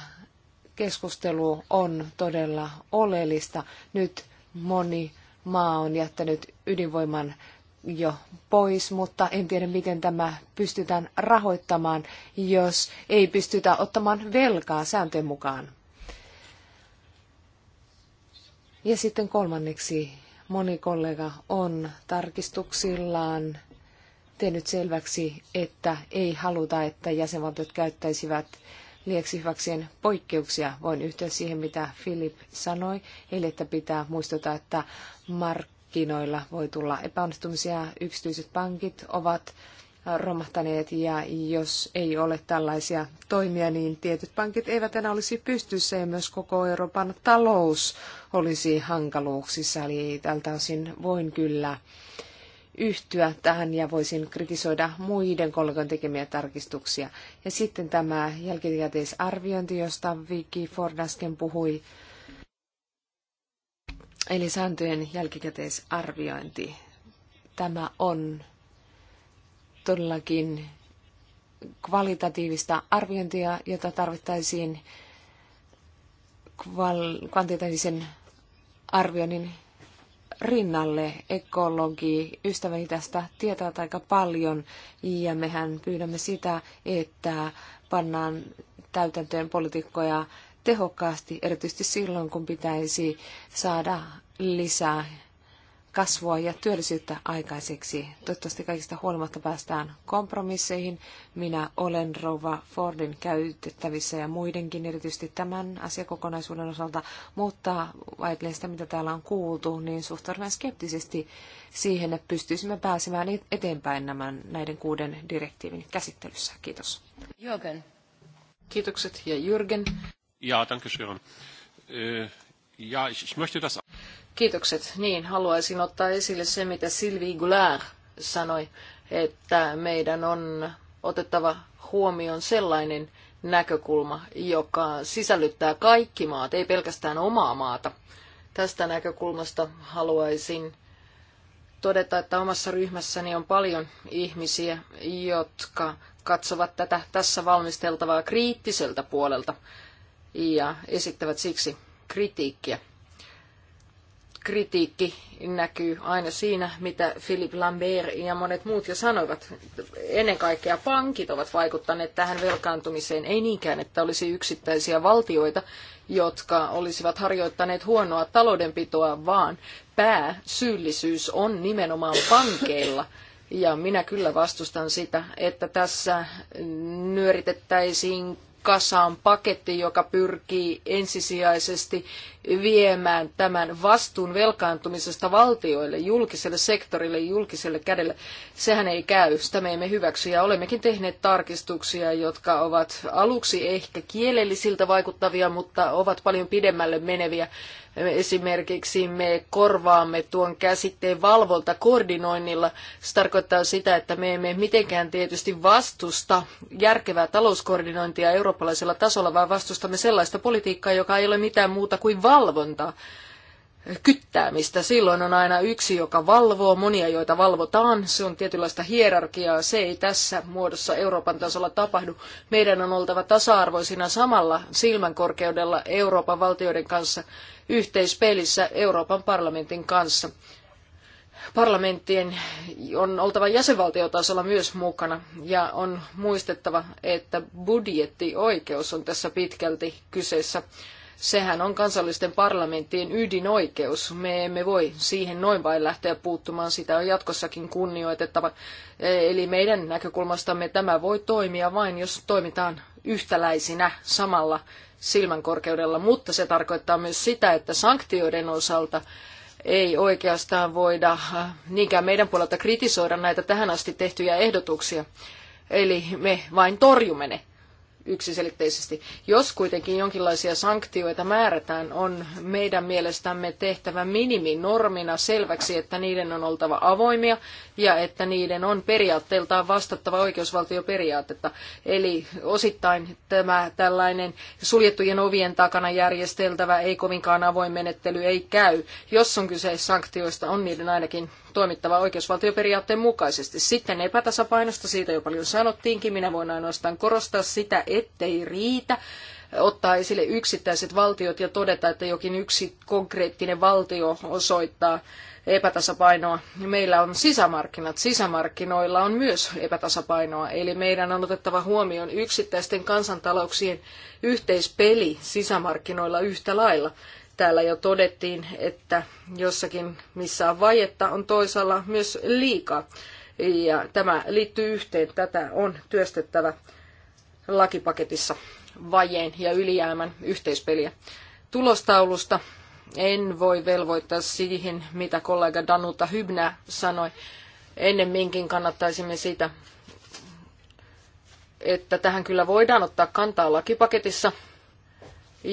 keskustelu on todella oleellista. Nyt moni maa on jättänyt ydinvoiman jo pois, mutta en tiedä, miten tämä pystytään rahoittamaan, jos ei pystytä ottamaan velkaa sääntöjen mukaan. Ja sitten kolmanneksi moni kollega on tarkistuksillaan tehnyt selväksi, että ei haluta, että jäsenvaltiot käyttäisivät lieksi hyväkseen poikkeuksia. Voin yhtyä siihen, mitä Philip sanoi, eli että pitää muistuttaa, että mark markkinoilla voi tulla epäonnistumisia. Yksityiset pankit ovat äh, romahtaneet ja jos ei ole tällaisia toimia, niin tietyt pankit eivät enää olisi pystyssä ja myös koko Euroopan talous olisi hankaluuksissa. Eli tältä osin voin kyllä yhtyä tähän ja voisin kritisoida muiden kollegojen tekemiä tarkistuksia. Ja sitten tämä jälkikäteisarviointi, josta Vicky Ford äsken puhui, Eli sääntöjen jälkikäteisarviointi. Tämä on todellakin kvalitatiivista arviointia, jota tarvittaisiin kval- kvantitatiivisen arvioinnin rinnalle. Ekologi, ystäväni tästä tietää aika paljon ja mehän pyydämme sitä, että pannaan täytäntöön politiikkoja tehokkaasti, erityisesti silloin, kun pitäisi saada lisää kasvua ja työllisyyttä aikaiseksi. Toivottavasti kaikista huolimatta päästään kompromisseihin. Minä olen Rova Fordin käytettävissä ja muidenkin erityisesti tämän asiakokonaisuuden osalta, mutta ajatellen sitä, mitä täällä on kuultu, niin suhtaudun skeptisesti siihen, että pystyisimme pääsemään eteenpäin nämän, näiden kuuden direktiivin käsittelyssä. Kiitos. Jürgen. Kiitokset ja Jürgen. Ja, danke schön. Äh, ja, ich, ich möchte das... Kiitokset. Niin, haluaisin ottaa esille se, mitä Sylvie Goulard sanoi, että meidän on otettava huomioon sellainen näkökulma, joka sisällyttää kaikki maat, ei pelkästään omaa maata. Tästä näkökulmasta haluaisin todeta, että omassa ryhmässäni on paljon ihmisiä, jotka katsovat tätä tässä valmisteltavaa kriittiseltä puolelta ja esittävät siksi kritiikkiä. Kritiikki näkyy aina siinä, mitä Philippe Lambert ja monet muut jo sanoivat. Ennen kaikkea pankit ovat vaikuttaneet tähän velkaantumiseen, ei niinkään, että olisi yksittäisiä valtioita, jotka olisivat harjoittaneet huonoa taloudenpitoa, vaan pääsyyllisyys on nimenomaan pankeilla. Ja minä kyllä vastustan sitä, että tässä nyöritettäisiin kasaan paketti, joka pyrkii ensisijaisesti viemään tämän vastuun velkaantumisesta valtioille, julkiselle sektorille, julkiselle kädelle. Sehän ei käy, sitä me emme hyväksy ja olemmekin tehneet tarkistuksia, jotka ovat aluksi ehkä kielellisiltä vaikuttavia, mutta ovat paljon pidemmälle meneviä. Esimerkiksi me korvaamme tuon käsitteen valvolta koordinoinnilla. Se tarkoittaa sitä, että me emme mitenkään tietysti vastusta järkevää talouskoordinointia eurooppalaisella tasolla, vaan vastustamme sellaista politiikkaa, joka ei ole mitään muuta kuin valvontaa valvonta kyttäämistä. Silloin on aina yksi, joka valvoo, monia, joita valvotaan. Se on tietynlaista hierarkiaa. Se ei tässä muodossa Euroopan tasolla tapahdu. Meidän on oltava tasa-arvoisina samalla silmänkorkeudella Euroopan valtioiden kanssa yhteispelissä Euroopan parlamentin kanssa. Parlamenttien on oltava jäsenvaltiotasolla myös mukana ja on muistettava, että budjettioikeus on tässä pitkälti kyseessä Sehän on kansallisten parlamenttien ydinoikeus. Me emme voi siihen noin vain lähteä puuttumaan. Sitä on jatkossakin kunnioitettava. Eli meidän näkökulmastamme tämä voi toimia vain, jos toimitaan yhtäläisinä samalla silmänkorkeudella. Mutta se tarkoittaa myös sitä, että sanktioiden osalta ei oikeastaan voida äh, niinkään meidän puolelta kritisoida näitä tähän asti tehtyjä ehdotuksia. Eli me vain torjumme ne yksiselitteisesti. Jos kuitenkin jonkinlaisia sanktioita määrätään, on meidän mielestämme tehtävä miniminormina selväksi, että niiden on oltava avoimia ja että niiden on periaatteeltaan vastattava oikeusvaltioperiaatetta. Eli osittain tämä tällainen suljettujen ovien takana järjesteltävä ei kovinkaan avoin menettely ei käy. Jos on kyse sanktioista, on niiden ainakin toimittava oikeusvaltioperiaatteen mukaisesti. Sitten epätasapainosta, siitä jo paljon sanottiinkin, minä voin ainoastaan korostaa sitä, ettei riitä ottaa esille yksittäiset valtiot ja todeta, että jokin yksi konkreettinen valtio osoittaa epätasapainoa. Meillä on sisämarkkinat. Sisämarkkinoilla on myös epätasapainoa, eli meidän on otettava huomioon yksittäisten kansantalouksien yhteispeli sisämarkkinoilla yhtä lailla. Täällä jo todettiin, että jossakin missä on vajetta, on toisaalla myös liikaa. Ja tämä liittyy yhteen. Tätä on työstettävä lakipaketissa vajeen ja ylijäämän yhteispeliä. Tulostaulusta en voi velvoittaa siihen, mitä kollega Danuta Hybnä sanoi. Ennemminkin kannattaisimme sitä, että tähän kyllä voidaan ottaa kantaa lakipaketissa,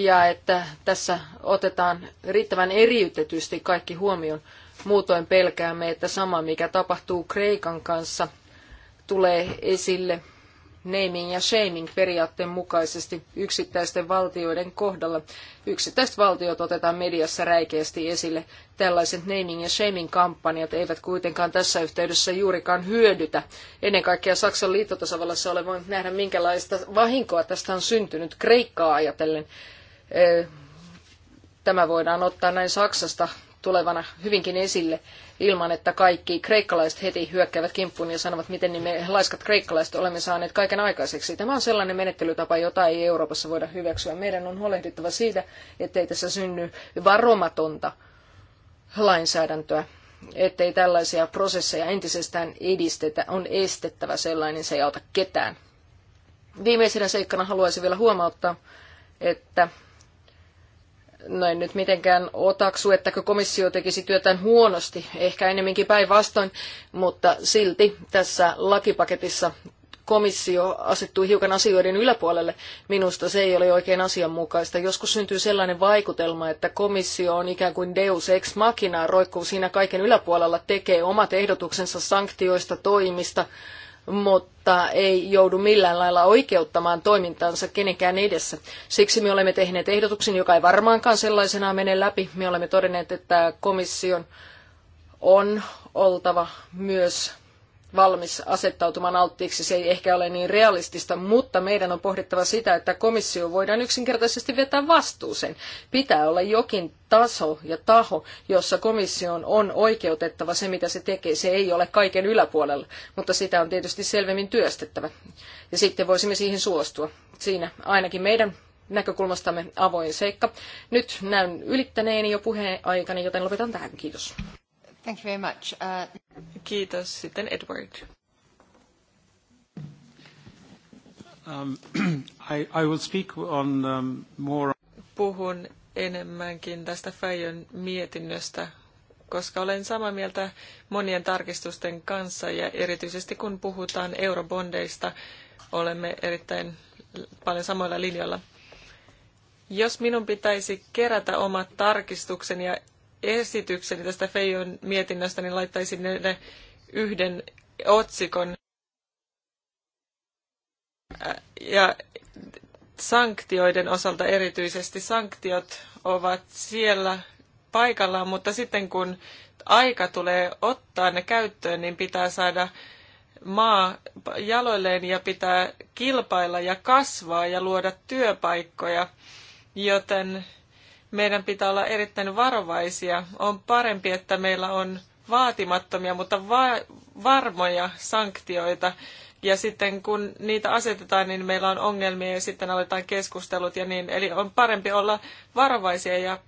ja että tässä otetaan riittävän eriytetysti kaikki huomioon. Muutoin pelkäämme, että sama mikä tapahtuu Kreikan kanssa tulee esille naming ja shaming periaatteen mukaisesti yksittäisten valtioiden kohdalla. Yksittäiset valtiot otetaan mediassa räikeästi esille. Tällaiset naming ja shaming kampanjat eivät kuitenkaan tässä yhteydessä juurikaan hyödytä. Ennen kaikkea Saksan liittotasavallassa olen voinut nähdä, minkälaista vahinkoa tästä on syntynyt Kreikkaa ajatellen. Tämä voidaan ottaa näin Saksasta tulevana hyvinkin esille ilman, että kaikki kreikkalaiset heti hyökkäävät kimppuun ja sanovat, miten niin me laiskat kreikkalaiset olemme saaneet kaiken aikaiseksi. Tämä on sellainen menettelytapa, jota ei Euroopassa voida hyväksyä. Meidän on huolehdittava siitä, ettei tässä synny varomatonta lainsäädäntöä ettei tällaisia prosesseja entisestään edistetä, on estettävä sellainen, se ei auta ketään. Viimeisenä seikkana haluaisin vielä huomauttaa, että No en nyt mitenkään otaksu, että komissio tekisi työtään huonosti, ehkä enemminkin päinvastoin, mutta silti tässä lakipaketissa komissio asettui hiukan asioiden yläpuolelle. Minusta se ei ole oikein asianmukaista. Joskus syntyy sellainen vaikutelma, että komissio on ikään kuin deus ex machina, roikkuu siinä kaiken yläpuolella, tekee omat ehdotuksensa sanktioista, toimista, mutta ei joudu millään lailla oikeuttamaan toimintaansa kenenkään edessä. Siksi me olemme tehneet ehdotuksen, joka ei varmaankaan sellaisenaan mene läpi. Me olemme todenneet, että komission on oltava myös valmis asettautumaan alttiiksi. Se ei ehkä ole niin realistista, mutta meidän on pohdittava sitä, että komissio voidaan yksinkertaisesti vetää vastuuseen. Pitää olla jokin taso ja taho, jossa komission on oikeutettava se, mitä se tekee. Se ei ole kaiken yläpuolella, mutta sitä on tietysti selvemmin työstettävä. Ja sitten voisimme siihen suostua. Siinä ainakin meidän näkökulmastamme avoin seikka. Nyt näyn ylittäneeni jo puheen joten lopetan tähän. Kiitos. Thank you very much. Uh... Kiitos. Sitten Edward. Um, I, I will speak on um, more... Puhun enemmänkin tästä Fajon mietinnöstä, koska olen samaa mieltä monien tarkistusten kanssa ja erityisesti kun puhutaan eurobondeista, olemme erittäin paljon samoilla linjoilla. Jos minun pitäisi kerätä omat tarkistukseni ja esitykseni tästä Feijon mietinnöstä, niin laittaisin ne yhden otsikon. Ja sanktioiden osalta erityisesti sanktiot ovat siellä paikallaan, mutta sitten kun aika tulee ottaa ne käyttöön, niin pitää saada maa jaloilleen ja pitää kilpailla ja kasvaa ja luoda työpaikkoja. Joten meidän pitää olla erittäin varovaisia. On parempi, että meillä on vaatimattomia, mutta va- varmoja sanktioita. Ja sitten kun niitä asetetaan, niin meillä on ongelmia ja sitten aletaan keskustelut ja niin. Eli on parempi olla varovaisia ja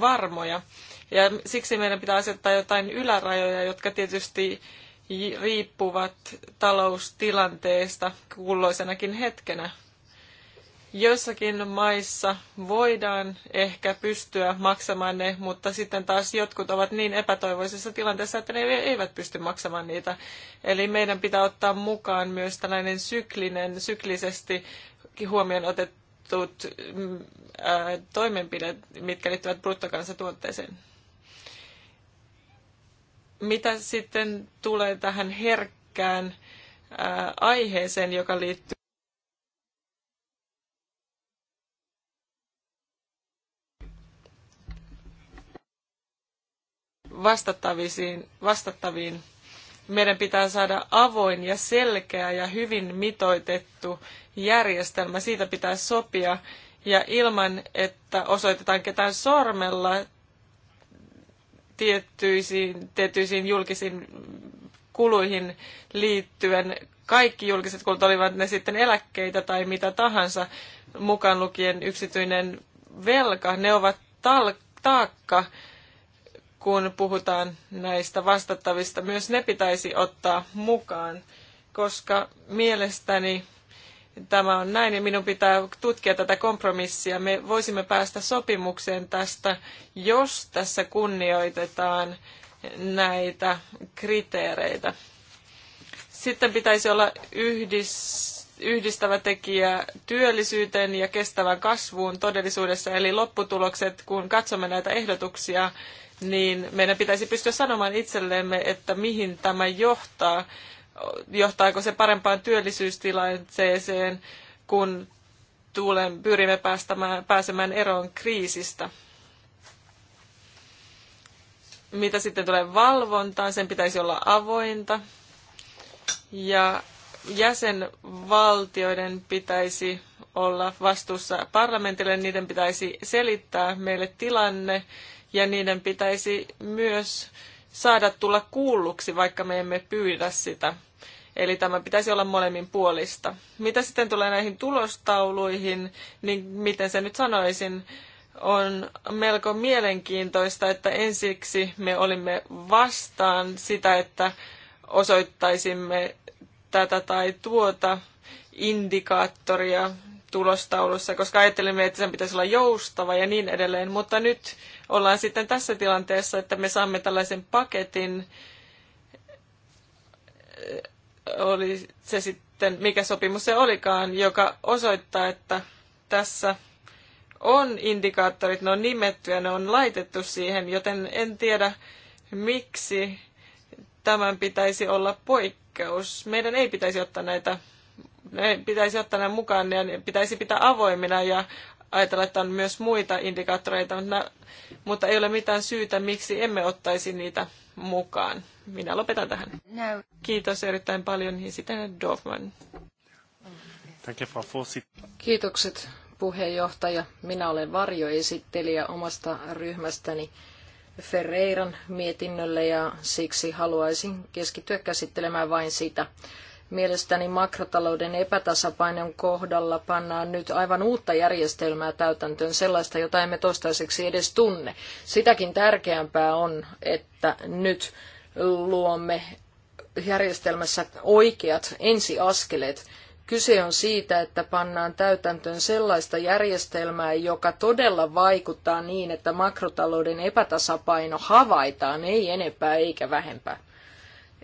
varmoja. Ja siksi meidän pitää asettaa jotain ylärajoja, jotka tietysti riippuvat taloustilanteesta kulloisenakin hetkenä. Joissakin maissa voidaan ehkä pystyä maksamaan ne, mutta sitten taas jotkut ovat niin epätoivoisessa tilanteessa, että ne eivät pysty maksamaan niitä. Eli meidän pitää ottaa mukaan myös tällainen syklinen, syklisesti huomioon otetut mm, toimenpiteet, mitkä liittyvät bruttokansantuotteeseen. Mitä sitten tulee tähän herkkään ää, aiheeseen, joka liittyy vastattaviin, vastattaviin. Meidän pitää saada avoin ja selkeä ja hyvin mitoitettu järjestelmä. Siitä pitää sopia ja ilman, että osoitetaan ketään sormella tiettyisiin, tiettyisiin julkisiin kuluihin liittyen. Kaikki julkiset kulut olivat ne sitten eläkkeitä tai mitä tahansa, mukaan lukien yksityinen velka, ne ovat tal- taakka kun puhutaan näistä vastattavista, myös ne pitäisi ottaa mukaan, koska mielestäni tämä on näin ja minun pitää tutkia tätä kompromissia. Me voisimme päästä sopimukseen tästä, jos tässä kunnioitetaan näitä kriteereitä. Sitten pitäisi olla yhdis, yhdistävä tekijä työllisyyteen ja kestävän kasvuun todellisuudessa, eli lopputulokset, kun katsomme näitä ehdotuksia, niin meidän pitäisi pystyä sanomaan itsellemme, että mihin tämä johtaa. Johtaako se parempaan työllisyystilanteeseen, kun tuulen pyrimme päästämään, pääsemään eroon kriisistä. Mitä sitten tulee valvontaan, sen pitäisi olla avointa. Ja jäsenvaltioiden pitäisi olla vastuussa parlamentille, niiden pitäisi selittää meille tilanne ja niiden pitäisi myös saada tulla kuulluksi, vaikka me emme pyydä sitä. Eli tämä pitäisi olla molemmin puolista. Mitä sitten tulee näihin tulostauluihin, niin miten se nyt sanoisin, on melko mielenkiintoista, että ensiksi me olimme vastaan sitä, että osoittaisimme tätä tai tuota indikaattoria tulostaulussa, koska ajattelimme, että sen pitäisi olla joustava ja niin edelleen. Mutta nyt ollaan sitten tässä tilanteessa, että me saamme tällaisen paketin, oli se sitten, mikä sopimus se olikaan, joka osoittaa, että tässä on indikaattorit, ne on nimetty ja ne on laitettu siihen, joten en tiedä, miksi tämän pitäisi olla poikkeus. Meidän ei pitäisi ottaa näitä ne pitäisi ottaa ne mukaan ja ne pitäisi pitää avoimina ja ajatella, että on myös muita indikaattoreita, mutta, mutta ei ole mitään syytä, miksi emme ottaisi niitä mukaan. Minä lopetan tähän. No. Kiitos erittäin paljon ja sitten Dorfman. Kiitokset puheenjohtaja. Minä olen varjoesittelijä omasta ryhmästäni Ferreiran mietinnölle ja siksi haluaisin keskittyä käsittelemään vain sitä. Mielestäni makrotalouden epätasapainon kohdalla pannaan nyt aivan uutta järjestelmää täytäntöön, sellaista, jota emme toistaiseksi edes tunne. Sitäkin tärkeämpää on, että nyt luomme järjestelmässä oikeat ensiaskeleet Kyse on siitä, että pannaan täytäntöön sellaista järjestelmää, joka todella vaikuttaa niin, että makrotalouden epätasapaino havaitaan, ei enempää eikä vähempää.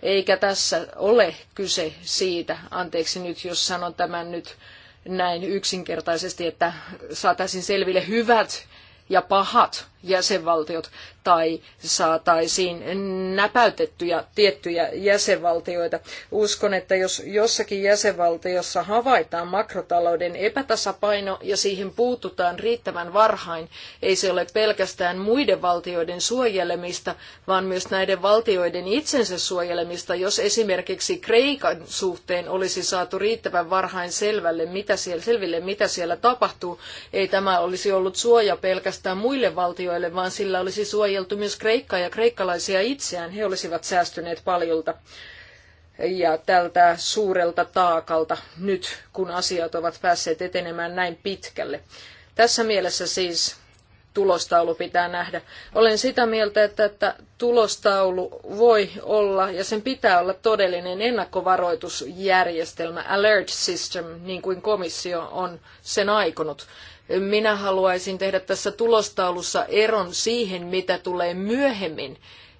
Eikä tässä ole kyse siitä, anteeksi nyt jos sanon tämän nyt näin yksinkertaisesti, että saataisiin selville hyvät ja pahat jäsenvaltiot tai saataisiin näpäytettyjä tiettyjä jäsenvaltioita. Uskon, että jos jossakin jäsenvaltiossa havaitaan makrotalouden epätasapaino ja siihen puututaan riittävän varhain, ei se ole pelkästään muiden valtioiden suojelemista, vaan myös näiden valtioiden itsensä suojelemista, jos esimerkiksi Kreikan suhteen olisi saatu riittävän varhain selvälle, mitä siellä, selville, mitä siellä tapahtuu. Ei tämä olisi ollut suoja pelkästään muille valtioille, valtioille, vaan sillä olisi suojeltu myös Kreikkaa ja kreikkalaisia itseään. He olisivat säästyneet paljolta ja tältä suurelta taakalta nyt, kun asiat ovat päässeet etenemään näin pitkälle. Tässä mielessä siis tulostaulu pitää nähdä. Olen sitä mieltä, että, että tulostaulu voi olla ja sen pitää olla todellinen ennakkovaroitusjärjestelmä, alert system, niin kuin komissio on sen aikonut. Minä haluaisin tehdä tässä tulostaulussa eron siihen, mitä tulee myöhemmin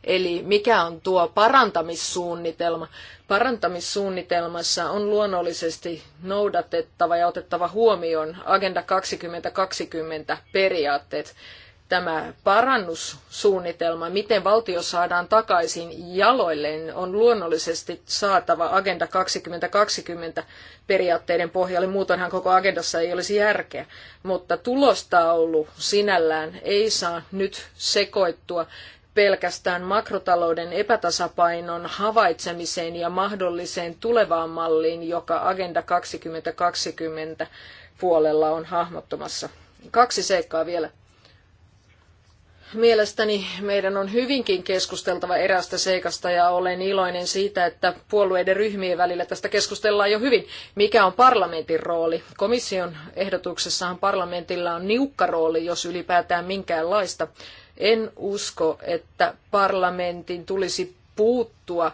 Eli mikä on tuo parantamissuunnitelma? Parantamissuunnitelmassa on luonnollisesti noudatettava ja otettava huomioon Agenda 2020 periaatteet. Tämä parannussuunnitelma, miten valtio saadaan takaisin jaloilleen, on luonnollisesti saatava Agenda 2020 periaatteiden pohjalle. Muutoinhan koko agendassa ei olisi järkeä. Mutta tulostaulu sinällään ei saa nyt sekoittua pelkästään makrotalouden epätasapainon havaitsemiseen ja mahdolliseen tulevaan malliin, joka Agenda 2020 puolella on hahmottumassa. Kaksi seikkaa vielä. Mielestäni meidän on hyvinkin keskusteltava erästä seikasta ja olen iloinen siitä, että puolueiden ryhmien välillä tästä keskustellaan jo hyvin. Mikä on parlamentin rooli? Komission ehdotuksessahan parlamentilla on niukka rooli, jos ylipäätään minkäänlaista. En usko, että parlamentin tulisi puuttua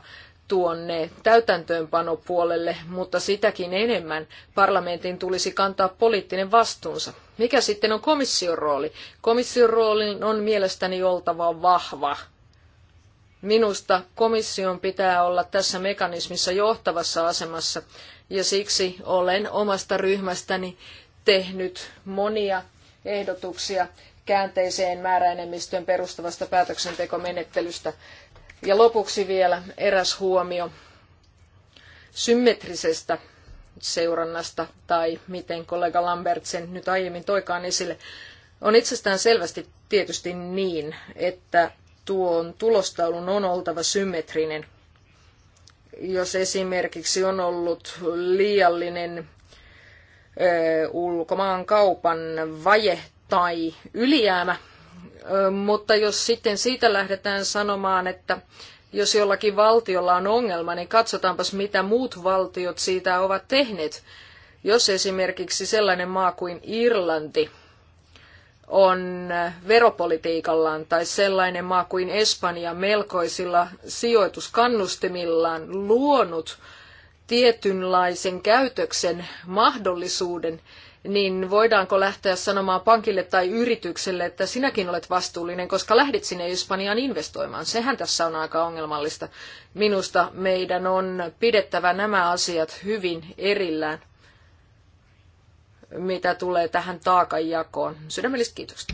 tuonne täytäntöönpanopuolelle, mutta sitäkin enemmän parlamentin tulisi kantaa poliittinen vastuunsa. Mikä sitten on komission rooli? Komission roolin on mielestäni oltava vahva. Minusta komission pitää olla tässä mekanismissa johtavassa asemassa ja siksi olen omasta ryhmästäni tehnyt monia ehdotuksia käänteiseen määräenemmistöön perustuvasta päätöksentekomenettelystä. Ja lopuksi vielä eräs huomio symmetrisestä seurannasta, tai miten kollega Lambert sen nyt aiemmin toikaan esille. On itsestään selvästi tietysti niin, että tuon tulostaulun on oltava symmetrinen. Jos esimerkiksi on ollut liiallinen ulkomaan kaupan vaje tai ylijäämä. Mutta jos sitten siitä lähdetään sanomaan, että jos jollakin valtiolla on ongelma, niin katsotaanpas mitä muut valtiot siitä ovat tehneet. Jos esimerkiksi sellainen maa kuin Irlanti on veropolitiikallaan tai sellainen maa kuin Espanja melkoisilla sijoituskannustimillaan luonut tietynlaisen käytöksen mahdollisuuden, niin voidaanko lähteä sanomaan pankille tai yritykselle, että sinäkin olet vastuullinen, koska lähdit sinne Espanjaan investoimaan. Sehän tässä on aika ongelmallista. Minusta meidän on pidettävä nämä asiat hyvin erillään, mitä tulee tähän taakanjakoon. Sydämellistä kiitosta.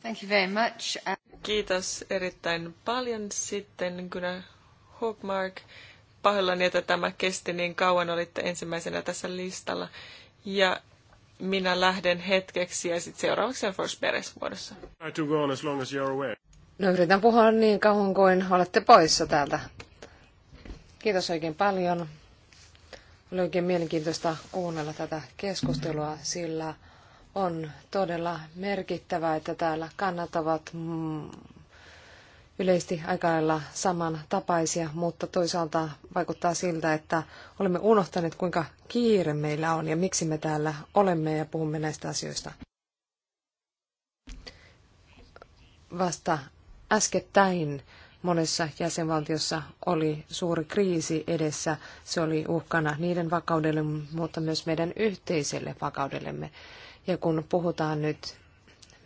Thank you very much. Kiitos erittäin paljon sitten Gunnar Hogmark pahoillani, että tämä kesti niin kauan, olitte ensimmäisenä tässä listalla. Ja minä lähden hetkeksi ja sitten seuraavaksi on First Beres as No yritän puhua niin kauan kuin olette poissa täältä. Kiitos oikein paljon. Oli oikein mielenkiintoista kuunnella tätä keskustelua, sillä on todella merkittävää, että täällä kannattavat yleisesti aika lailla samantapaisia, mutta toisaalta vaikuttaa siltä, että olemme unohtaneet, kuinka kiire meillä on ja miksi me täällä olemme ja puhumme näistä asioista. Vasta äskettäin monessa jäsenvaltiossa oli suuri kriisi edessä. Se oli uhkana niiden vakaudelle, mutta myös meidän yhteiselle vakaudellemme. Ja kun puhutaan nyt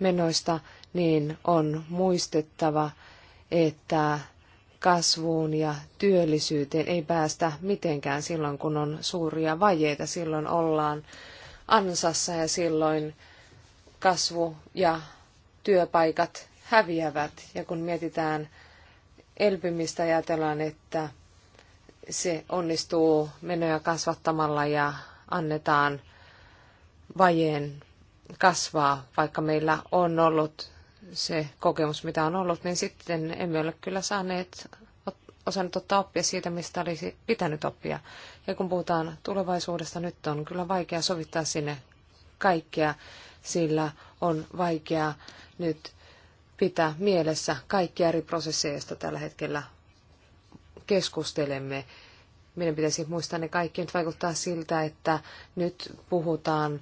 menoista, niin on muistettava, että kasvuun ja työllisyyteen ei päästä mitenkään silloin, kun on suuria vajeita. Silloin ollaan ansassa ja silloin kasvu ja työpaikat häviävät. Ja kun mietitään elpymistä, ajatellaan, että se onnistuu menoja kasvattamalla ja annetaan vajeen kasvaa, vaikka meillä on ollut se kokemus, mitä on ollut, niin sitten emme ole kyllä saaneet osannut ottaa oppia siitä, mistä olisi pitänyt oppia. Ja kun puhutaan tulevaisuudesta, nyt on kyllä vaikea sovittaa sinne kaikkea, sillä on vaikea nyt pitää mielessä kaikkia eri prosesseja, joista tällä hetkellä keskustelemme. Meidän pitäisi muistaa ne kaikki. Nyt vaikuttaa siltä, että nyt puhutaan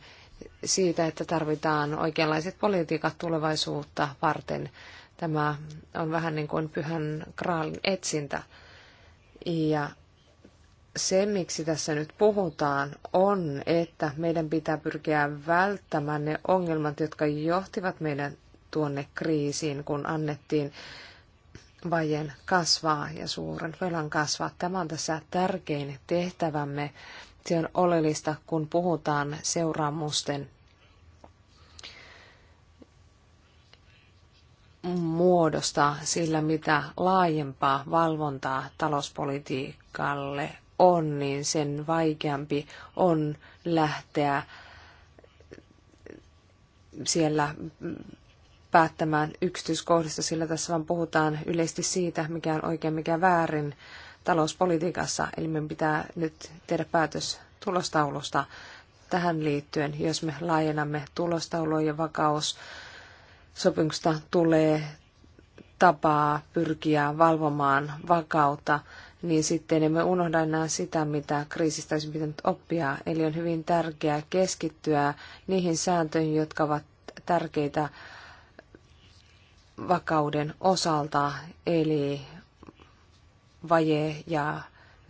siitä, että tarvitaan oikeanlaiset politiikat tulevaisuutta varten. Tämä on vähän niin kuin pyhän kraalin etsintä. Ja se, miksi tässä nyt puhutaan, on, että meidän pitää pyrkiä välttämään ne ongelmat, jotka johtivat meidän tuonne kriisiin, kun annettiin vajen kasvaa ja suuren velan kasvaa. Tämä on tässä tärkein tehtävämme se on oleellista, kun puhutaan seuraamusten muodosta sillä, mitä laajempaa valvontaa talouspolitiikalle on, niin sen vaikeampi on lähteä siellä päättämään yksityiskohdista, sillä tässä vaan puhutaan yleisesti siitä, mikä on oikein, mikä väärin, talouspolitiikassa, eli meidän pitää nyt tehdä päätös tulostaulusta tähän liittyen, jos me laajennamme tulostaulua ja vakaus sopimuksesta tulee tapaa pyrkiä valvomaan vakautta, niin sitten emme unohda enää sitä, mitä kriisistä olisi pitänyt oppia. Eli on hyvin tärkeää keskittyä niihin sääntöihin, jotka ovat tärkeitä vakauden osalta, eli vaje ja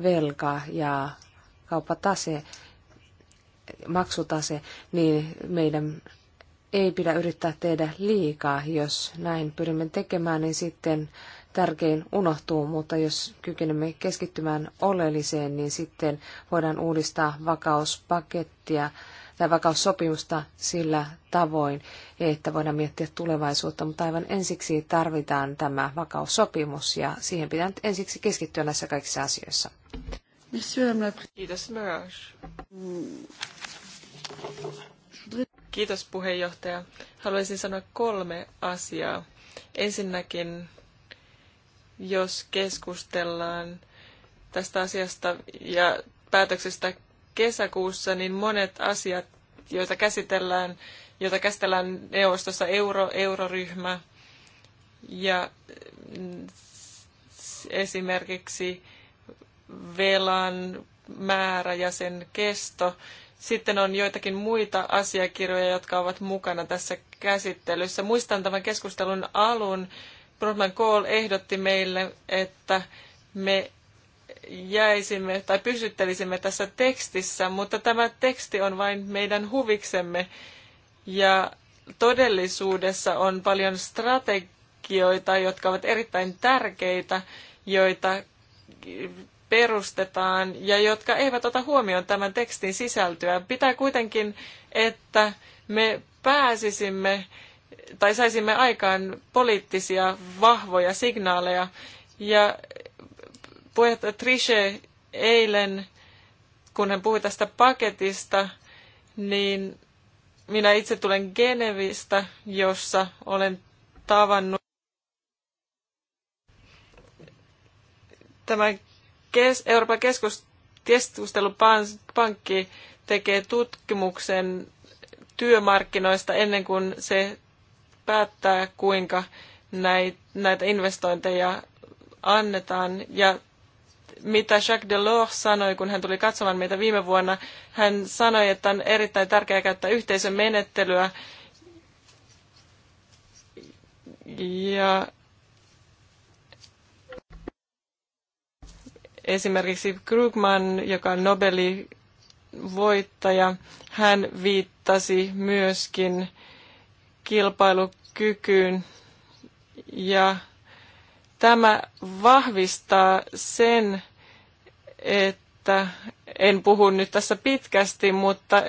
velka ja kauppatase, maksutase, niin meidän ei pidä yrittää tehdä liikaa. Jos näin pyrimme tekemään, niin sitten tärkein unohtuu, mutta jos kykenemme keskittymään oleelliseen, niin sitten voidaan uudistaa vakauspakettia tai vakaussopimusta sillä tavoin, että voidaan miettiä tulevaisuutta, mutta aivan ensiksi tarvitaan tämä vakaussopimus ja siihen pitää nyt ensiksi keskittyä näissä kaikissa asioissa. Kiitos, Kiitos puheenjohtaja. Haluaisin sanoa kolme asiaa. Ensinnäkin, jos keskustellaan tästä asiasta ja päätöksestä kesäkuussa, niin monet asiat, joita käsitellään, joita käsitellään neuvostossa euro, euroryhmä ja mm, esimerkiksi velan määrä ja sen kesto. Sitten on joitakin muita asiakirjoja, jotka ovat mukana tässä käsittelyssä. Muistan tämän keskustelun alun. Brotman Cole ehdotti meille, että me jäisimme tai pysyttelisimme tässä tekstissä, mutta tämä teksti on vain meidän huviksemme ja todellisuudessa on paljon strategioita, jotka ovat erittäin tärkeitä, joita perustetaan ja jotka eivät ota huomioon tämän tekstin sisältöä. Pitää kuitenkin, että me pääsisimme tai saisimme aikaan poliittisia vahvoja signaaleja ja puheenjohtaja Trishe eilen, kun hän puhui tästä paketista, niin minä itse tulen Genevistä, jossa olen tavannut tämä kes- Euroopan keskus- keskustelupankki tekee tutkimuksen työmarkkinoista ennen kuin se päättää, kuinka näitä investointeja annetaan. Ja mitä Jacques Delors sanoi, kun hän tuli katsomaan meitä viime vuonna. Hän sanoi, että on erittäin tärkeää käyttää yhteisön menettelyä. Ja esimerkiksi Krugman, joka on Nobelin voittaja, hän viittasi myöskin kilpailukykyyn ja tämä vahvistaa sen että en puhu nyt tässä pitkästi, mutta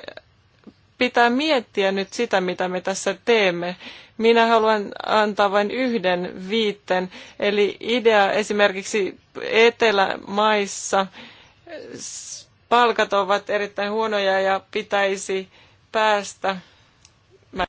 pitää miettiä nyt sitä, mitä me tässä teemme. Minä haluan antaa vain yhden viitten, eli idea esimerkiksi Etelämaissa palkat ovat erittäin huonoja ja pitäisi päästä. Mä...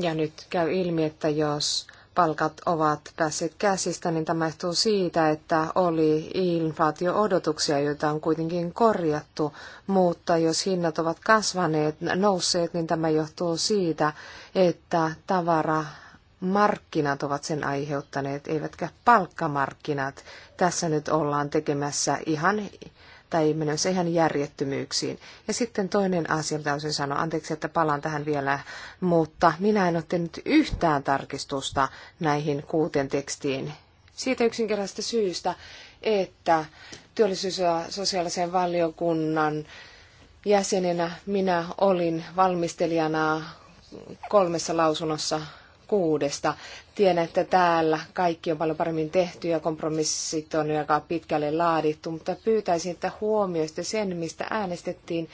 Ja nyt käy ilmi, että jos palkat ovat päässeet käsistä, niin tämä johtuu siitä, että oli inflaatio-odotuksia, joita on kuitenkin korjattu, mutta jos hinnat ovat kasvaneet, nousseet, niin tämä johtuu siitä, että tavara markkinat ovat sen aiheuttaneet, eivätkä palkkamarkkinat. Tässä nyt ollaan tekemässä ihan tai se ihan järjettömyyksiin. Ja sitten toinen asia, mitä olisin sanoa, anteeksi, että palaan tähän vielä, mutta minä en ole tehnyt yhtään tarkistusta näihin kuuteen tekstiin. Siitä yksinkertaisesta syystä, että työllisyys- ja sosiaalisen valiokunnan jäsenenä minä olin valmistelijana kolmessa lausunnossa kuudesta. Tiedän, että täällä kaikki on paljon paremmin tehty ja kompromissit on aika pitkälle laadittu, mutta pyytäisin, että huomioista sen, mistä äänestettiin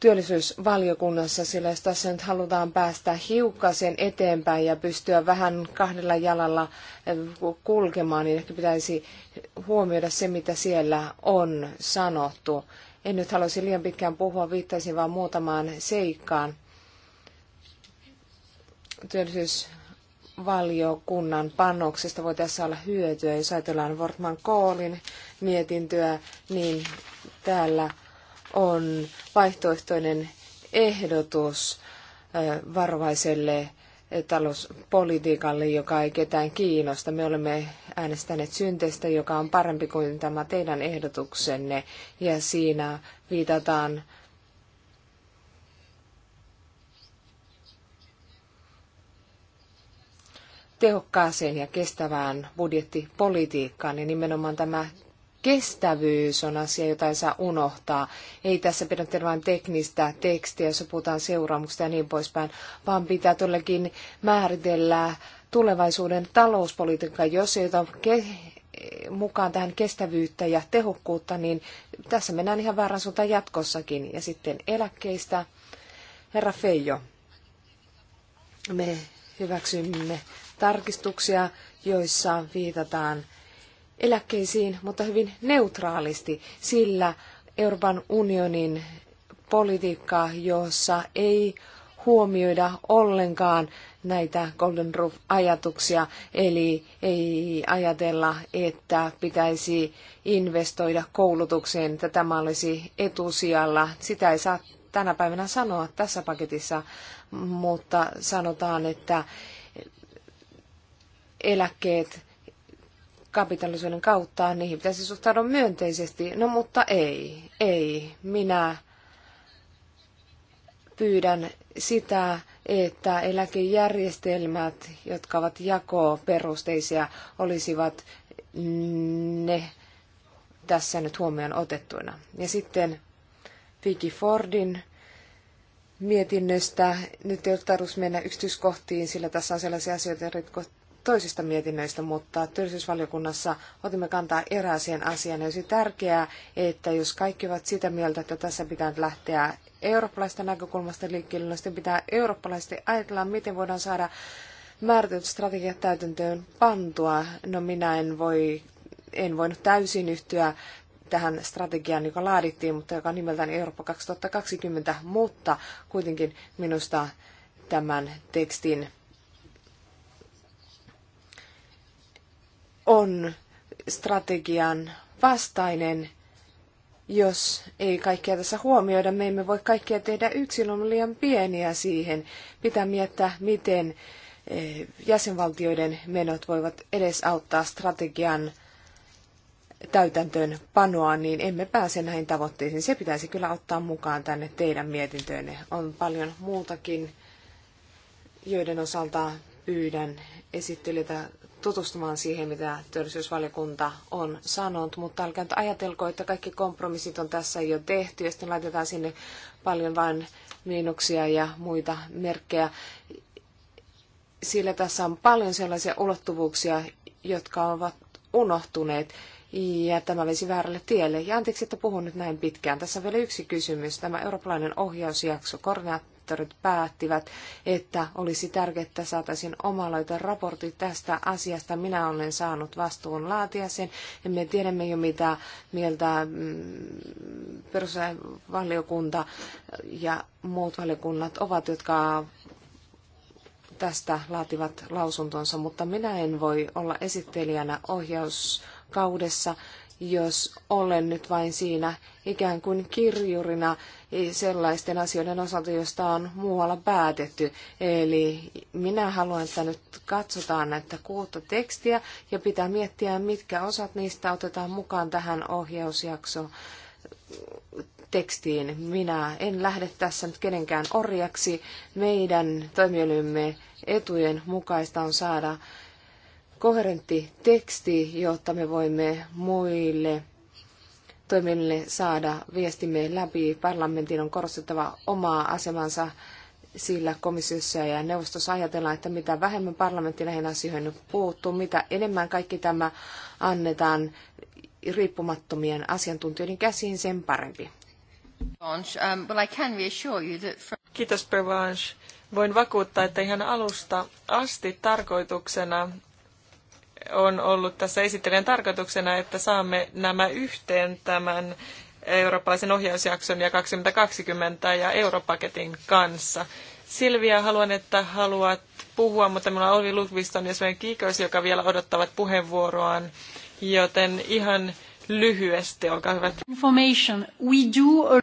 työllisyysvaliokunnassa, sillä jos tässä nyt halutaan päästä hiukkasen eteenpäin ja pystyä vähän kahdella jalalla eh, kulkemaan, niin ehkä pitäisi huomioida se, mitä siellä on sanottu. En nyt haluaisi liian pitkään puhua, viittaisin vain muutamaan seikkaan työllisyysvaliokunnan panoksesta voi tässä olla hyötyä. Jos ajatellaan Wortman Koolin mietintöä, niin täällä on vaihtoehtoinen ehdotus varovaiselle talouspolitiikalle, joka ei ketään kiinnosta. Me olemme äänestäneet synteestä joka on parempi kuin tämä teidän ehdotuksenne, ja siinä viitataan tehokkaaseen ja kestävään budjettipolitiikkaan, niin nimenomaan tämä kestävyys on asia, jota ei saa unohtaa. Ei tässä pidä tehdä vain teknistä tekstiä, jossa puhutaan seuraamuksista ja niin poispäin, vaan pitää todellakin määritellä tulevaisuuden talouspolitiikka, jos ei ota mukaan tähän kestävyyttä ja tehokkuutta, niin tässä mennään ihan väärän suuntaan jatkossakin. Ja sitten eläkkeistä. Herra Feijo, me hyväksymme tarkistuksia, joissa viitataan eläkkeisiin, mutta hyvin neutraalisti, sillä Euroopan unionin politiikka, jossa ei huomioida ollenkaan näitä Golden Roof-ajatuksia, eli ei ajatella, että pitäisi investoida koulutukseen, että tämä olisi etusijalla. Sitä ei saa tänä päivänä sanoa tässä paketissa, mutta sanotaan, että eläkkeet kapitalisoinnin kautta, niihin pitäisi suhtautua myönteisesti. No mutta ei, ei. Minä pyydän sitä, että eläkejärjestelmät, jotka ovat jakoperusteisia, olisivat ne tässä nyt huomioon otettuina. Ja sitten Vicky Fordin mietinnöstä. Nyt ei ole tarvitse mennä yksityiskohtiin, sillä tässä on sellaisia asioita, toisista mietinnöistä, mutta työllisyysvaliokunnassa otimme kantaa erääseen asiaan. Olisi tärkeää, että jos kaikki ovat sitä mieltä, että tässä pitää lähteä eurooppalaista näkökulmasta liikkeelle, niin sitten pitää eurooppalaisesti ajatella, miten voidaan saada määrätyt strategiat täytäntöön pantua. No minä en voi en voinut täysin yhtyä tähän strategiaan, joka laadittiin, mutta joka on nimeltään Eurooppa 2020, mutta kuitenkin minusta tämän tekstin on strategian vastainen, jos ei kaikkea tässä huomioida. Me emme voi kaikkea tehdä yksin, on liian pieniä siihen. Pitää miettiä, miten eh, jäsenvaltioiden menot voivat edesauttaa strategian täytäntöön panoa, niin emme pääse näihin tavoitteisiin. Se pitäisi kyllä ottaa mukaan tänne teidän mietintöönne. On paljon muutakin, joiden osalta pyydän esittelytä tutustumaan siihen, mitä työllisyysvaliokunta on sanonut, mutta älkää nyt ajatelko, että kaikki kompromissit on tässä jo tehty ja sitten laitetaan sinne paljon vain miinuksia ja muita merkkejä. Sillä tässä on paljon sellaisia ulottuvuuksia, jotka ovat unohtuneet ja tämä veisi väärälle tielle. Ja anteeksi, että puhun nyt näin pitkään. Tässä on vielä yksi kysymys. Tämä eurooppalainen ohjausjakso, koordinaatio koordinaattorit päättivät, että olisi tärkeää, että saataisiin omaloita raportti tästä asiasta. Minä olen saanut vastuun laatia sen ja me tiedämme jo mitä mieltä mm, perusvaliokunta ja muut valiokunnat ovat, jotka tästä laativat lausuntonsa, mutta minä en voi olla esittelijänä ohjauskaudessa jos olen nyt vain siinä ikään kuin kirjurina sellaisten asioiden osalta, joista on muualla päätetty. Eli minä haluan, että nyt katsotaan näitä kuutta tekstiä ja pitää miettiä, mitkä osat niistä otetaan mukaan tähän ohjausjaksoon tekstiin. Minä en lähde tässä nyt kenenkään orjaksi. Meidän toimielymme etujen mukaista on saada koherentti teksti, jotta me voimme muille toimille saada viestimme läpi. Parlamentin on korostettava omaa asemansa sillä komissiossa ja neuvostossa ajatellaan, että mitä vähemmän parlamentti näihin asioihin puuttuu, mitä enemmän kaikki tämä annetaan riippumattomien asiantuntijoiden käsiin, sen parempi. Um, Kiitos Voin vakuuttaa, että ihan alusta asti tarkoituksena on ollut tässä esittelijän tarkoituksena, että saamme nämä yhteen tämän eurooppalaisen ohjausjakson ja 2020 ja europaketin kanssa. Silvia, haluan, että haluat puhua, mutta minulla oli Lukviston ja Sven Kiikos, joka vielä odottavat puheenvuoroaan, joten ihan lyhyesti, olkaa hyvä. Information. We do...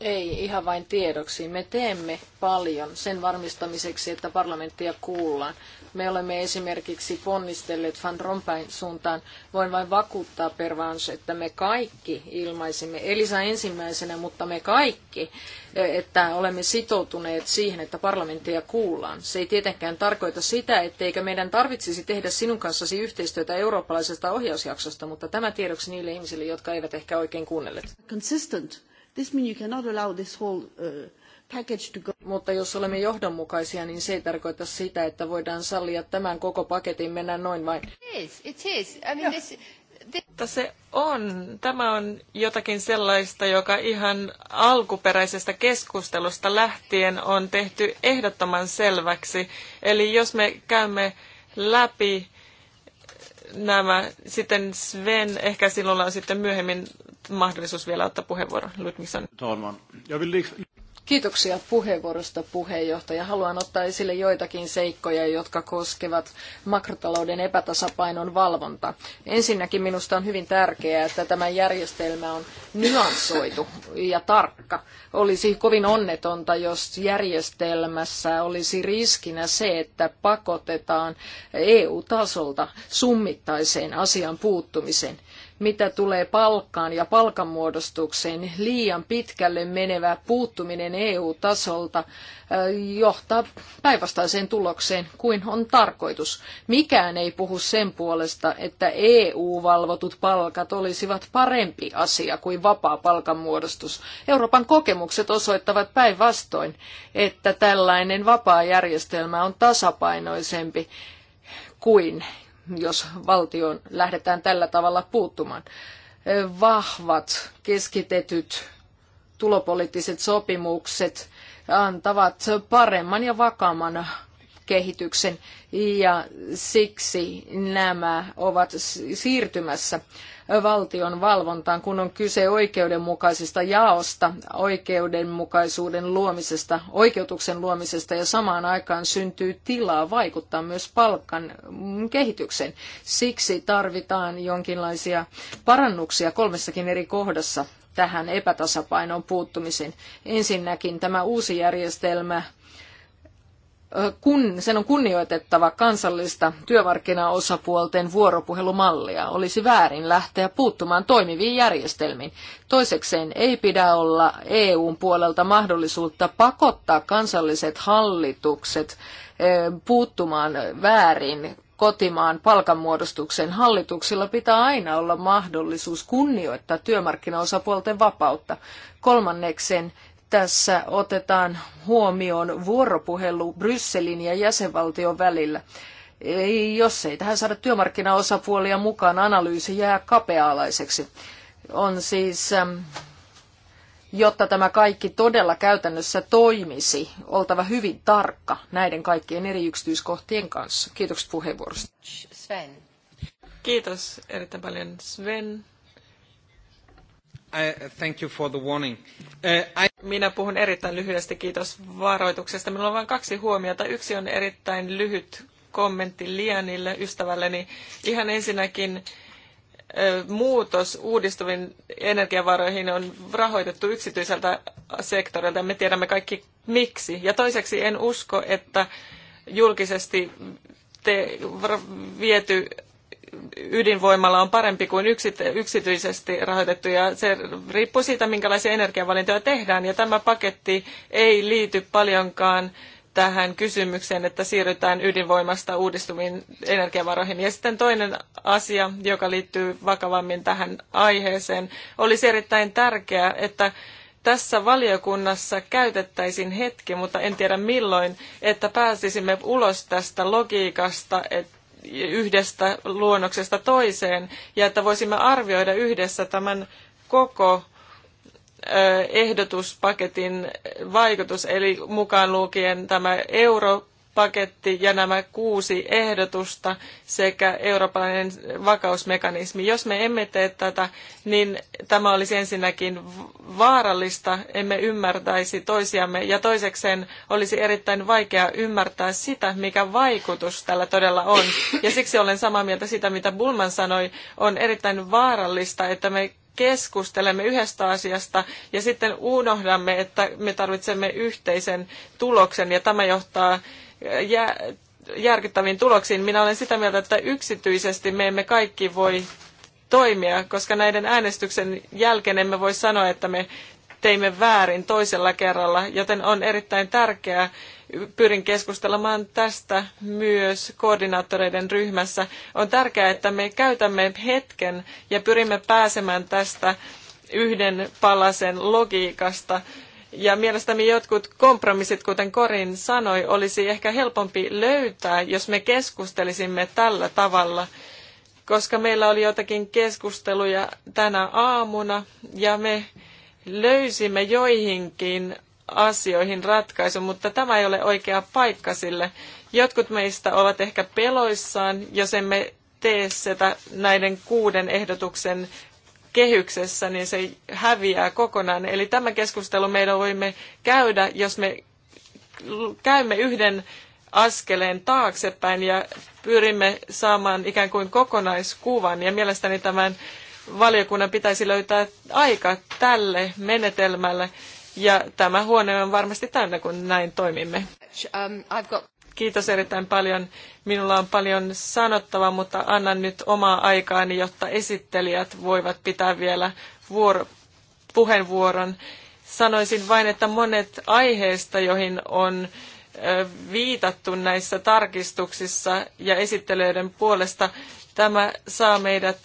Ei, ihan vain tiedoksi. Me teemme paljon sen varmistamiseksi, että parlamenttia kuullaan. Me olemme esimerkiksi ponnistelleet Van Rompuyn suuntaan. Voin vain vakuuttaa Pervans, että me kaikki ilmaisimme, Elisa ensimmäisenä, mutta me kaikki, että olemme sitoutuneet siihen, että parlamenttia kuullaan. Se ei tietenkään tarkoita sitä, etteikö meidän tarvitsisi tehdä sinun kanssasi yhteistyötä eurooppalaisesta ohjausjaksosta, mutta tämä tiedoksi niille ihmisille, jotka eivät ehkä oikein kuunnelleet. Consistent. This means you cannot allow this whole uh mutta jos olemme johdonmukaisia, niin se ei tarkoita sitä, että voidaan sallia tämän koko paketin mennä noin vain. It is, it is. I mean, this, mutta se on. Tämä on jotakin sellaista, joka ihan alkuperäisestä keskustelusta lähtien on tehty ehdottoman selväksi. Eli jos me käymme läpi nämä, sitten Sven, ehkä sinulla on sitten myöhemmin mahdollisuus vielä ottaa puheenvuoro. Ludvigsson. Talman. Kiitoksia puheenvuorosta puheenjohtaja. Haluan ottaa esille joitakin seikkoja, jotka koskevat makrotalouden epätasapainon valvonta. Ensinnäkin minusta on hyvin tärkeää, että tämä järjestelmä on nyanssoitu ja tarkka. Olisi kovin onnetonta, jos järjestelmässä olisi riskinä se, että pakotetaan EU-tasolta summittaiseen asian puuttumiseen mitä tulee palkkaan ja palkanmuodostukseen. Liian pitkälle menevä puuttuminen EU-tasolta johtaa päinvastaiseen tulokseen kuin on tarkoitus. Mikään ei puhu sen puolesta, että EU-valvotut palkat olisivat parempi asia kuin vapaa palkanmuodostus. Euroopan kokemukset osoittavat päinvastoin, että tällainen vapaa järjestelmä on tasapainoisempi kuin jos valtioon lähdetään tällä tavalla puuttumaan. Vahvat, keskitetyt tulopoliittiset sopimukset antavat paremman ja vakaamman kehityksen ja siksi nämä ovat siirtymässä valtion valvontaan, kun on kyse oikeudenmukaisesta jaosta, oikeudenmukaisuuden luomisesta, oikeutuksen luomisesta ja samaan aikaan syntyy tilaa vaikuttaa myös palkan mm, kehitykseen. Siksi tarvitaan jonkinlaisia parannuksia kolmessakin eri kohdassa tähän epätasapainoon puuttumiseen. Ensinnäkin tämä uusi järjestelmä kun, sen on kunnioitettava kansallista työmarkkinaosapuolten vuoropuhelumallia. Olisi väärin lähteä puuttumaan toimiviin järjestelmiin. Toisekseen ei pidä olla EUn puolelta mahdollisuutta pakottaa kansalliset hallitukset puuttumaan väärin kotimaan palkanmuodostuksen hallituksilla pitää aina olla mahdollisuus kunnioittaa työmarkkinaosapuolten vapautta. Kolmannekseen tässä otetaan huomioon vuoropuhelu Brysselin ja jäsenvaltion välillä. Ei, jos ei tähän saada työmarkkinaosapuolia mukaan, analyysi jää kapea-alaiseksi. On siis, jotta tämä kaikki todella käytännössä toimisi, oltava hyvin tarkka näiden kaikkien eri yksityiskohtien kanssa. Kiitokset puheenvuorosta. Sven. Kiitos erittäin paljon Sven. I, uh, thank you for the warning. Uh, I... Minä puhun erittäin lyhyesti, kiitos varoituksesta. Minulla on vain kaksi huomiota. Yksi on erittäin lyhyt kommentti Lianille, ystävälleni. Ihan ensinnäkin muutos uudistuviin energiavaroihin on rahoitettu yksityiseltä sektorilta ja me tiedämme kaikki miksi. Ja toiseksi en usko, että julkisesti te viety ydinvoimalla on parempi kuin yksityisesti rahoitettu ja se riippuu siitä, minkälaisia energiavalintoja tehdään. Ja tämä paketti ei liity paljonkaan tähän kysymykseen, että siirrytään ydinvoimasta uudistuviin energiavaroihin. Ja sitten toinen asia, joka liittyy vakavammin tähän aiheeseen, olisi erittäin tärkeää, että tässä valiokunnassa käytettäisiin hetki, mutta en tiedä milloin, että pääsisimme ulos tästä logiikasta, että yhdestä luonnoksesta toiseen ja että voisimme arvioida yhdessä tämän koko ehdotuspaketin vaikutus, eli mukaan lukien tämä euro, paketti ja nämä kuusi ehdotusta sekä eurooppalainen vakausmekanismi. Jos me emme tee tätä, niin tämä olisi ensinnäkin vaarallista, emme ymmärtäisi toisiamme ja toisekseen olisi erittäin vaikea ymmärtää sitä, mikä vaikutus tällä todella on. Ja siksi olen samaa mieltä sitä, mitä Bulman sanoi, on erittäin vaarallista, että me keskustelemme yhdestä asiasta ja sitten unohdamme, että me tarvitsemme yhteisen tuloksen ja tämä johtaa äh, järkyttäviin tuloksiin. Minä olen sitä mieltä, että yksityisesti me emme kaikki voi toimia, koska näiden äänestyksen jälkeen emme voi sanoa, että me teimme väärin toisella kerralla, joten on erittäin tärkeää, pyrin keskustelemaan tästä myös koordinaattoreiden ryhmässä. On tärkeää, että me käytämme hetken ja pyrimme pääsemään tästä yhden palasen logiikasta. Ja mielestäni jotkut kompromissit, kuten Korin sanoi, olisi ehkä helpompi löytää, jos me keskustelisimme tällä tavalla koska meillä oli jotakin keskusteluja tänä aamuna ja me löysimme joihinkin asioihin ratkaisun, mutta tämä ei ole oikea paikka sille. Jotkut meistä ovat ehkä peloissaan, jos emme tee sitä näiden kuuden ehdotuksen kehyksessä, niin se häviää kokonaan. Eli tämä keskustelu meidän voimme käydä, jos me käymme yhden askeleen taaksepäin ja pyrimme saamaan ikään kuin kokonaiskuvan. Ja mielestäni tämän valiokunnan pitäisi löytää aika tälle menetelmälle. Ja tämä huone on varmasti täynnä, kun näin toimimme. Um, Kiitos erittäin paljon. Minulla on paljon sanottavaa, mutta annan nyt omaa aikaani, jotta esittelijät voivat pitää vielä vuoro, puheenvuoron. Sanoisin vain, että monet aiheista, joihin on viitattu näissä tarkistuksissa ja esittelijöiden puolesta, tämä saa meidät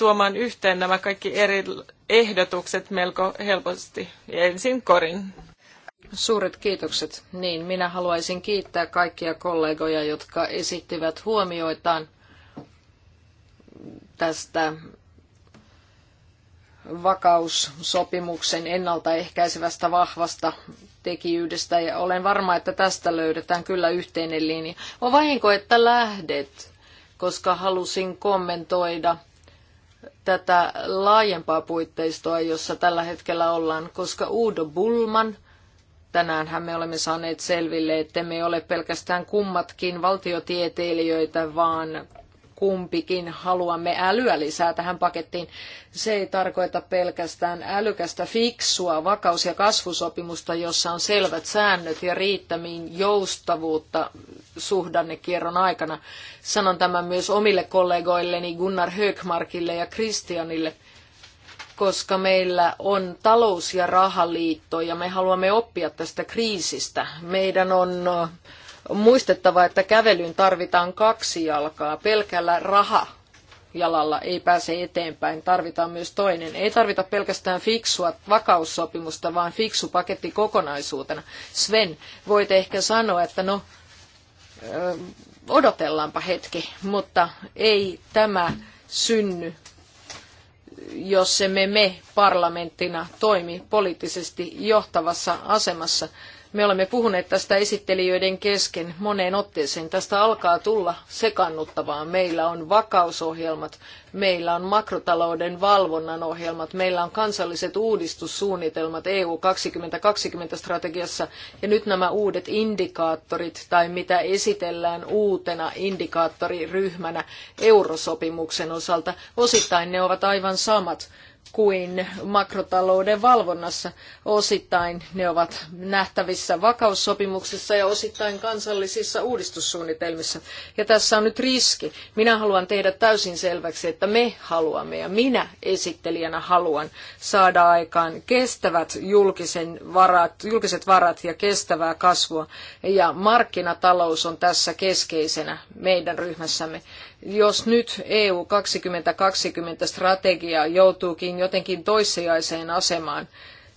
tuomaan yhteen nämä kaikki eri ehdotukset melko helposti. Ensin Korin. Suuret kiitokset. Niin, minä haluaisin kiittää kaikkia kollegoja, jotka esittivät huomioitaan tästä vakaussopimuksen ennaltaehkäisevästä vahvasta tekijyydestä ja olen varma, että tästä löydetään kyllä yhteinen linja. On vahinko, että lähdet, koska halusin kommentoida – tätä laajempaa puitteistoa, jossa tällä hetkellä ollaan, koska Udo Bulman, tänäänhän me olemme saaneet selville, että me ole pelkästään kummatkin valtiotieteilijöitä, vaan kumpikin haluamme älyä lisää tähän pakettiin. Se ei tarkoita pelkästään älykästä fiksua vakaus- ja kasvusopimusta, jossa on selvät säännöt ja riittämiin joustavuutta suhdannekierron aikana. Sanon tämän myös omille kollegoilleni Gunnar Högmarkille ja Kristianille, koska meillä on talous- ja rahaliitto ja me haluamme oppia tästä kriisistä. Meidän on on muistettava, että kävelyyn tarvitaan kaksi jalkaa. Pelkällä raha jalalla ei pääse eteenpäin, tarvitaan myös toinen. Ei tarvita pelkästään fiksua vakaussopimusta, vaan fiksu paketti kokonaisuutena. Sven, voit ehkä sanoa, että no, odotellaanpa hetki, mutta ei tämä synny, jos emme me parlamenttina toimi poliittisesti johtavassa asemassa. Me olemme puhuneet tästä esittelijöiden kesken moneen otteeseen. Tästä alkaa tulla sekannuttavaa. Meillä on vakausohjelmat, meillä on makrotalouden valvonnan ohjelmat, meillä on kansalliset uudistussuunnitelmat EU 2020-strategiassa ja nyt nämä uudet indikaattorit tai mitä esitellään uutena indikaattoriryhmänä eurosopimuksen osalta. Osittain ne ovat aivan samat kuin makrotalouden valvonnassa. Osittain ne ovat nähtävissä vakaussopimuksessa ja osittain kansallisissa uudistussuunnitelmissa. Ja tässä on nyt riski. Minä haluan tehdä täysin selväksi, että me haluamme ja minä esittelijänä haluan saada aikaan kestävät julkisen varat, julkiset varat ja kestävää kasvua. Ja markkinatalous on tässä keskeisenä meidän ryhmässämme jos nyt EU 2020 strategia joutuukin jotenkin toissijaiseen asemaan,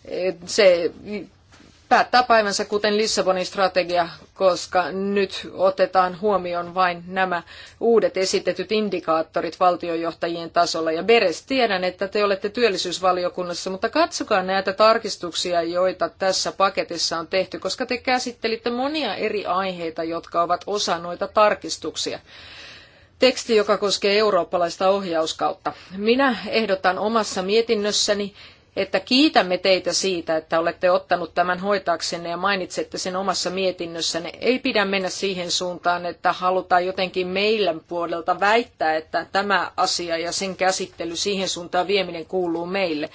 eh, se päättää päivänsä kuten Lissabonin strategia, koska nyt otetaan huomioon vain nämä uudet esitetyt indikaattorit valtiojohtajien tasolla. Ja Beres, tiedän, että te olette työllisyysvaliokunnassa, mutta katsokaa näitä tarkistuksia, joita tässä paketissa on tehty, koska te käsittelitte monia eri aiheita, jotka ovat osa noita tarkistuksia teksti, joka koskee eurooppalaista ohjauskautta. Minä ehdotan omassa mietinnössäni, että kiitämme teitä siitä, että olette ottanut tämän hoitaaksenne ja mainitsette sen omassa mietinnössänne. Ei pidä mennä siihen suuntaan, että halutaan jotenkin meidän puolelta väittää, että tämä asia ja sen käsittely siihen suuntaan vieminen kuuluu meille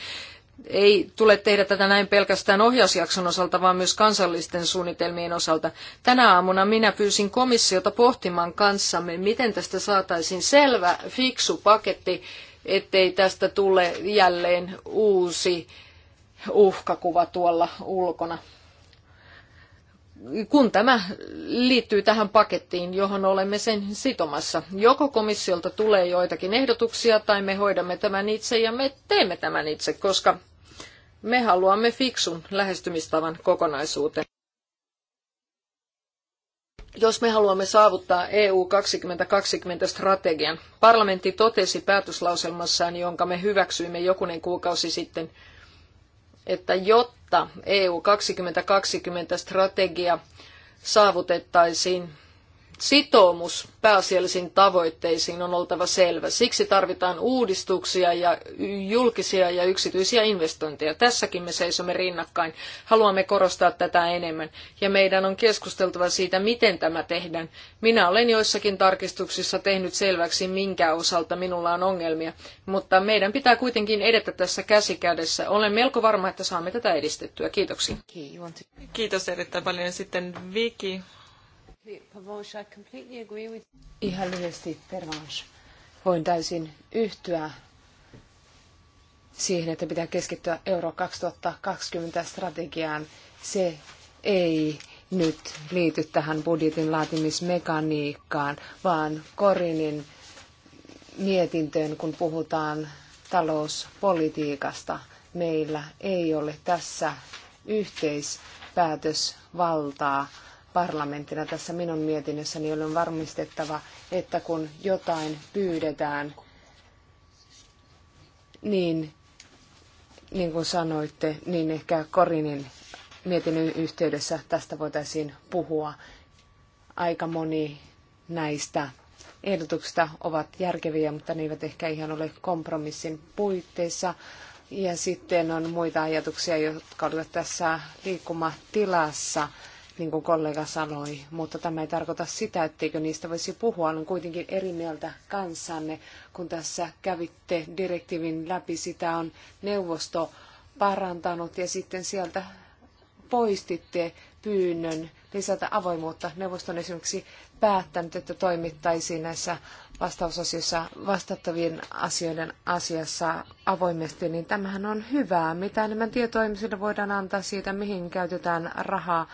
ei tule tehdä tätä näin pelkästään ohjausjakson osalta, vaan myös kansallisten suunnitelmien osalta. Tänä aamuna minä pyysin komissiota pohtimaan kanssamme, miten tästä saataisiin selvä, fiksu paketti, ettei tästä tule jälleen uusi uhkakuva tuolla ulkona kun tämä liittyy tähän pakettiin, johon olemme sen sitomassa. Joko komissiolta tulee joitakin ehdotuksia tai me hoidamme tämän itse ja me teemme tämän itse, koska me haluamme fiksun lähestymistavan kokonaisuuteen. Jos me haluamme saavuttaa EU 2020 strategian, parlamentti totesi päätöslauselmassaan, jonka me hyväksyimme jokunen kuukausi sitten, että jotta jotta EU 2020 strategia saavutettaisiin sitoumus pääasiallisiin tavoitteisiin on oltava selvä. Siksi tarvitaan uudistuksia ja julkisia ja yksityisiä investointeja. Tässäkin me seisomme rinnakkain. Haluamme korostaa tätä enemmän ja meidän on keskusteltava siitä, miten tämä tehdään. Minä olen joissakin tarkistuksissa tehnyt selväksi, minkä osalta minulla on ongelmia, mutta meidän pitää kuitenkin edetä tässä käsi kädessä. Olen melko varma, että saamme tätä edistettyä. Kiitoksia. Kiitos erittäin paljon. Sitten Viki, Ihan lyhyesti, Pervanche. Voin täysin yhtyä siihen, että pitää keskittyä Euro 2020 strategiaan. Se ei nyt liity tähän budjetin laatimismekaniikkaan, vaan Korinin mietintöön, kun puhutaan talouspolitiikasta. Meillä ei ole tässä yhteispäätösvaltaa parlamenttina tässä minun mietinnössäni, on varmistettava, että kun jotain pyydetään, niin niin kuin sanoitte, niin ehkä Korinin mietinnön yhteydessä tästä voitaisiin puhua. Aika moni näistä ehdotuksista ovat järkeviä, mutta ne eivät ehkä ihan ole kompromissin puitteissa. Ja sitten on muita ajatuksia, jotka olivat tässä liikkumatilassa. tilassa niin kuin kollega sanoi, mutta tämä ei tarkoita sitä, etteikö niistä voisi puhua. Olen kuitenkin eri mieltä kanssanne, kun tässä kävitte direktiivin läpi. Sitä on neuvosto parantanut ja sitten sieltä poistitte pyynnön lisätä avoimuutta. Neuvosto on esimerkiksi päättänyt, että toimittaisiin näissä vastausasioissa vastattavien asioiden asiassa avoimesti, niin tämähän on hyvää. Mitä enemmän tietoa ihmisille voidaan antaa siitä, mihin käytetään rahaa,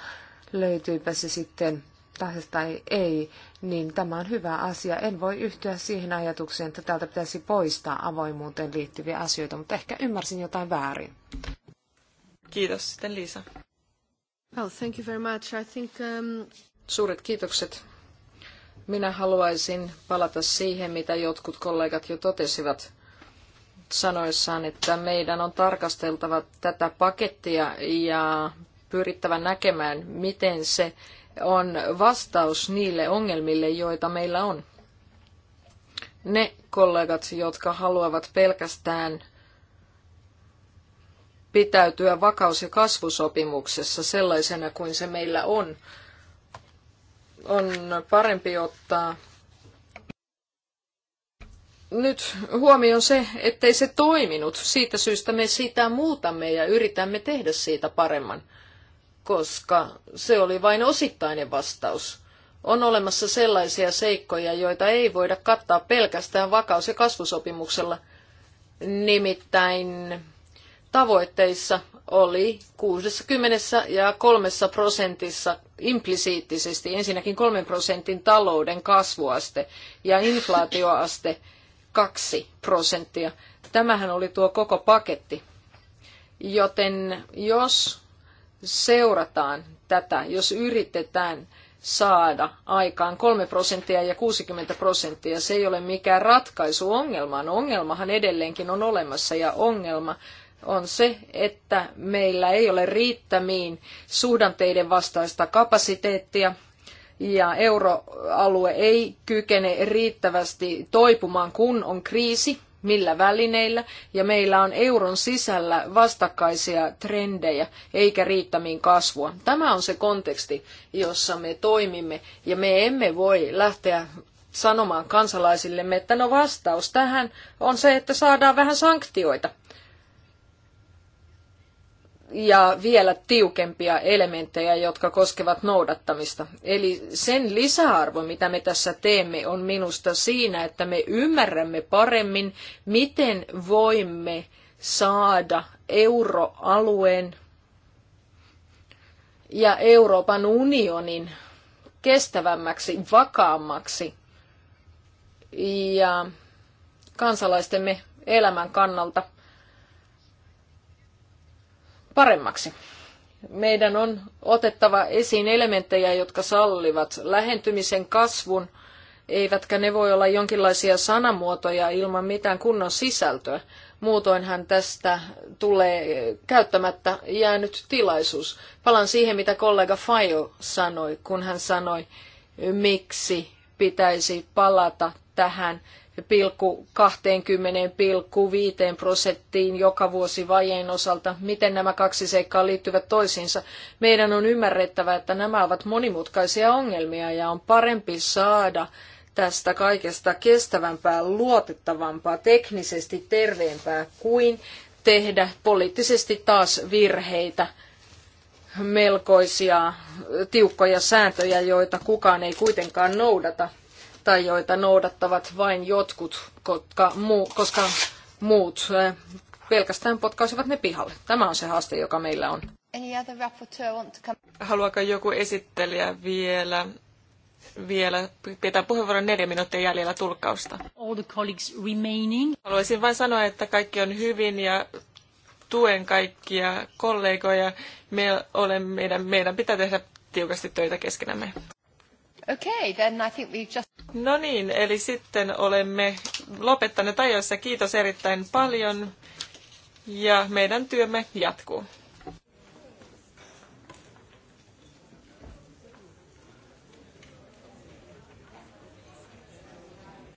löytyypä se sitten tahdosta tai ei, niin tämä on hyvä asia. En voi yhtyä siihen ajatukseen, että täältä pitäisi poistaa avoimuuteen liittyviä asioita, mutta ehkä ymmärsin jotain väärin. Kiitos. Sitten Liisa. Well, thank you very much. I think, um... Suuret kiitokset. Minä haluaisin palata siihen, mitä jotkut kollegat jo totesivat sanoissaan, että meidän on tarkasteltava tätä pakettia ja pyrittävä näkemään, miten se on vastaus niille ongelmille, joita meillä on. Ne kollegat, jotka haluavat pelkästään pitäytyä vakaus- ja kasvusopimuksessa sellaisena kuin se meillä on, on parempi ottaa nyt huomioon se, ettei se toiminut. Siitä syystä me sitä muutamme ja yritämme tehdä siitä paremman koska se oli vain osittainen vastaus. On olemassa sellaisia seikkoja, joita ei voida kattaa pelkästään vakaus- ja kasvusopimuksella. Nimittäin tavoitteissa oli 60 ja 3 prosentissa implisiittisesti ensinnäkin 3 prosentin talouden kasvuaste ja inflaatioaste 2 prosenttia. Tämähän oli tuo koko paketti. Joten jos seurataan tätä, jos yritetään saada aikaan 3 prosenttia ja 60 prosenttia. Se ei ole mikään ratkaisu ongelmaan. Ongelmahan edelleenkin on olemassa ja ongelma on se, että meillä ei ole riittämiin suhdanteiden vastaista kapasiteettia ja euroalue ei kykene riittävästi toipumaan, kun on kriisi millä välineillä, ja meillä on euron sisällä vastakkaisia trendejä, eikä riittämiin kasvua. Tämä on se konteksti, jossa me toimimme, ja me emme voi lähteä sanomaan kansalaisillemme, että no vastaus tähän on se, että saadaan vähän sanktioita ja vielä tiukempia elementtejä, jotka koskevat noudattamista. Eli sen lisäarvo, mitä me tässä teemme, on minusta siinä, että me ymmärrämme paremmin, miten voimme saada euroalueen ja Euroopan unionin kestävämmäksi, vakaammaksi ja kansalaistemme elämän kannalta paremmaksi. Meidän on otettava esiin elementtejä, jotka sallivat lähentymisen kasvun, eivätkä ne voi olla jonkinlaisia sanamuotoja ilman mitään kunnon sisältöä. Muutoinhan tästä tulee käyttämättä jäänyt tilaisuus. Palaan siihen, mitä kollega Fajo sanoi, kun hän sanoi, miksi pitäisi palata tähän 20,5 prosenttiin joka vuosi vajeen osalta. Miten nämä kaksi seikkaa liittyvät toisiinsa? Meidän on ymmärrettävä, että nämä ovat monimutkaisia ongelmia ja on parempi saada tästä kaikesta kestävämpää, luotettavampaa, teknisesti terveempää kuin tehdä poliittisesti taas virheitä melkoisia tiukkoja sääntöjä, joita kukaan ei kuitenkaan noudata tai joita noudattavat vain jotkut, koska, koska muut pelkästään potkaisivat ne pihalle. Tämä on se haaste, joka meillä on. Haluaako joku esittelijä vielä, vielä pitää puheenvuoron neljä minuuttia jäljellä tulkkausta? All the colleagues remaining. Haluaisin vain sanoa, että kaikki on hyvin ja tuen kaikkia kollegoja. Me olemme, meidän, meidän pitää tehdä tiukasti töitä keskenämme. Okay, then I think we've just... No niin, eli sitten olemme lopettaneet ajoissa. Kiitos erittäin paljon ja meidän työmme jatkuu.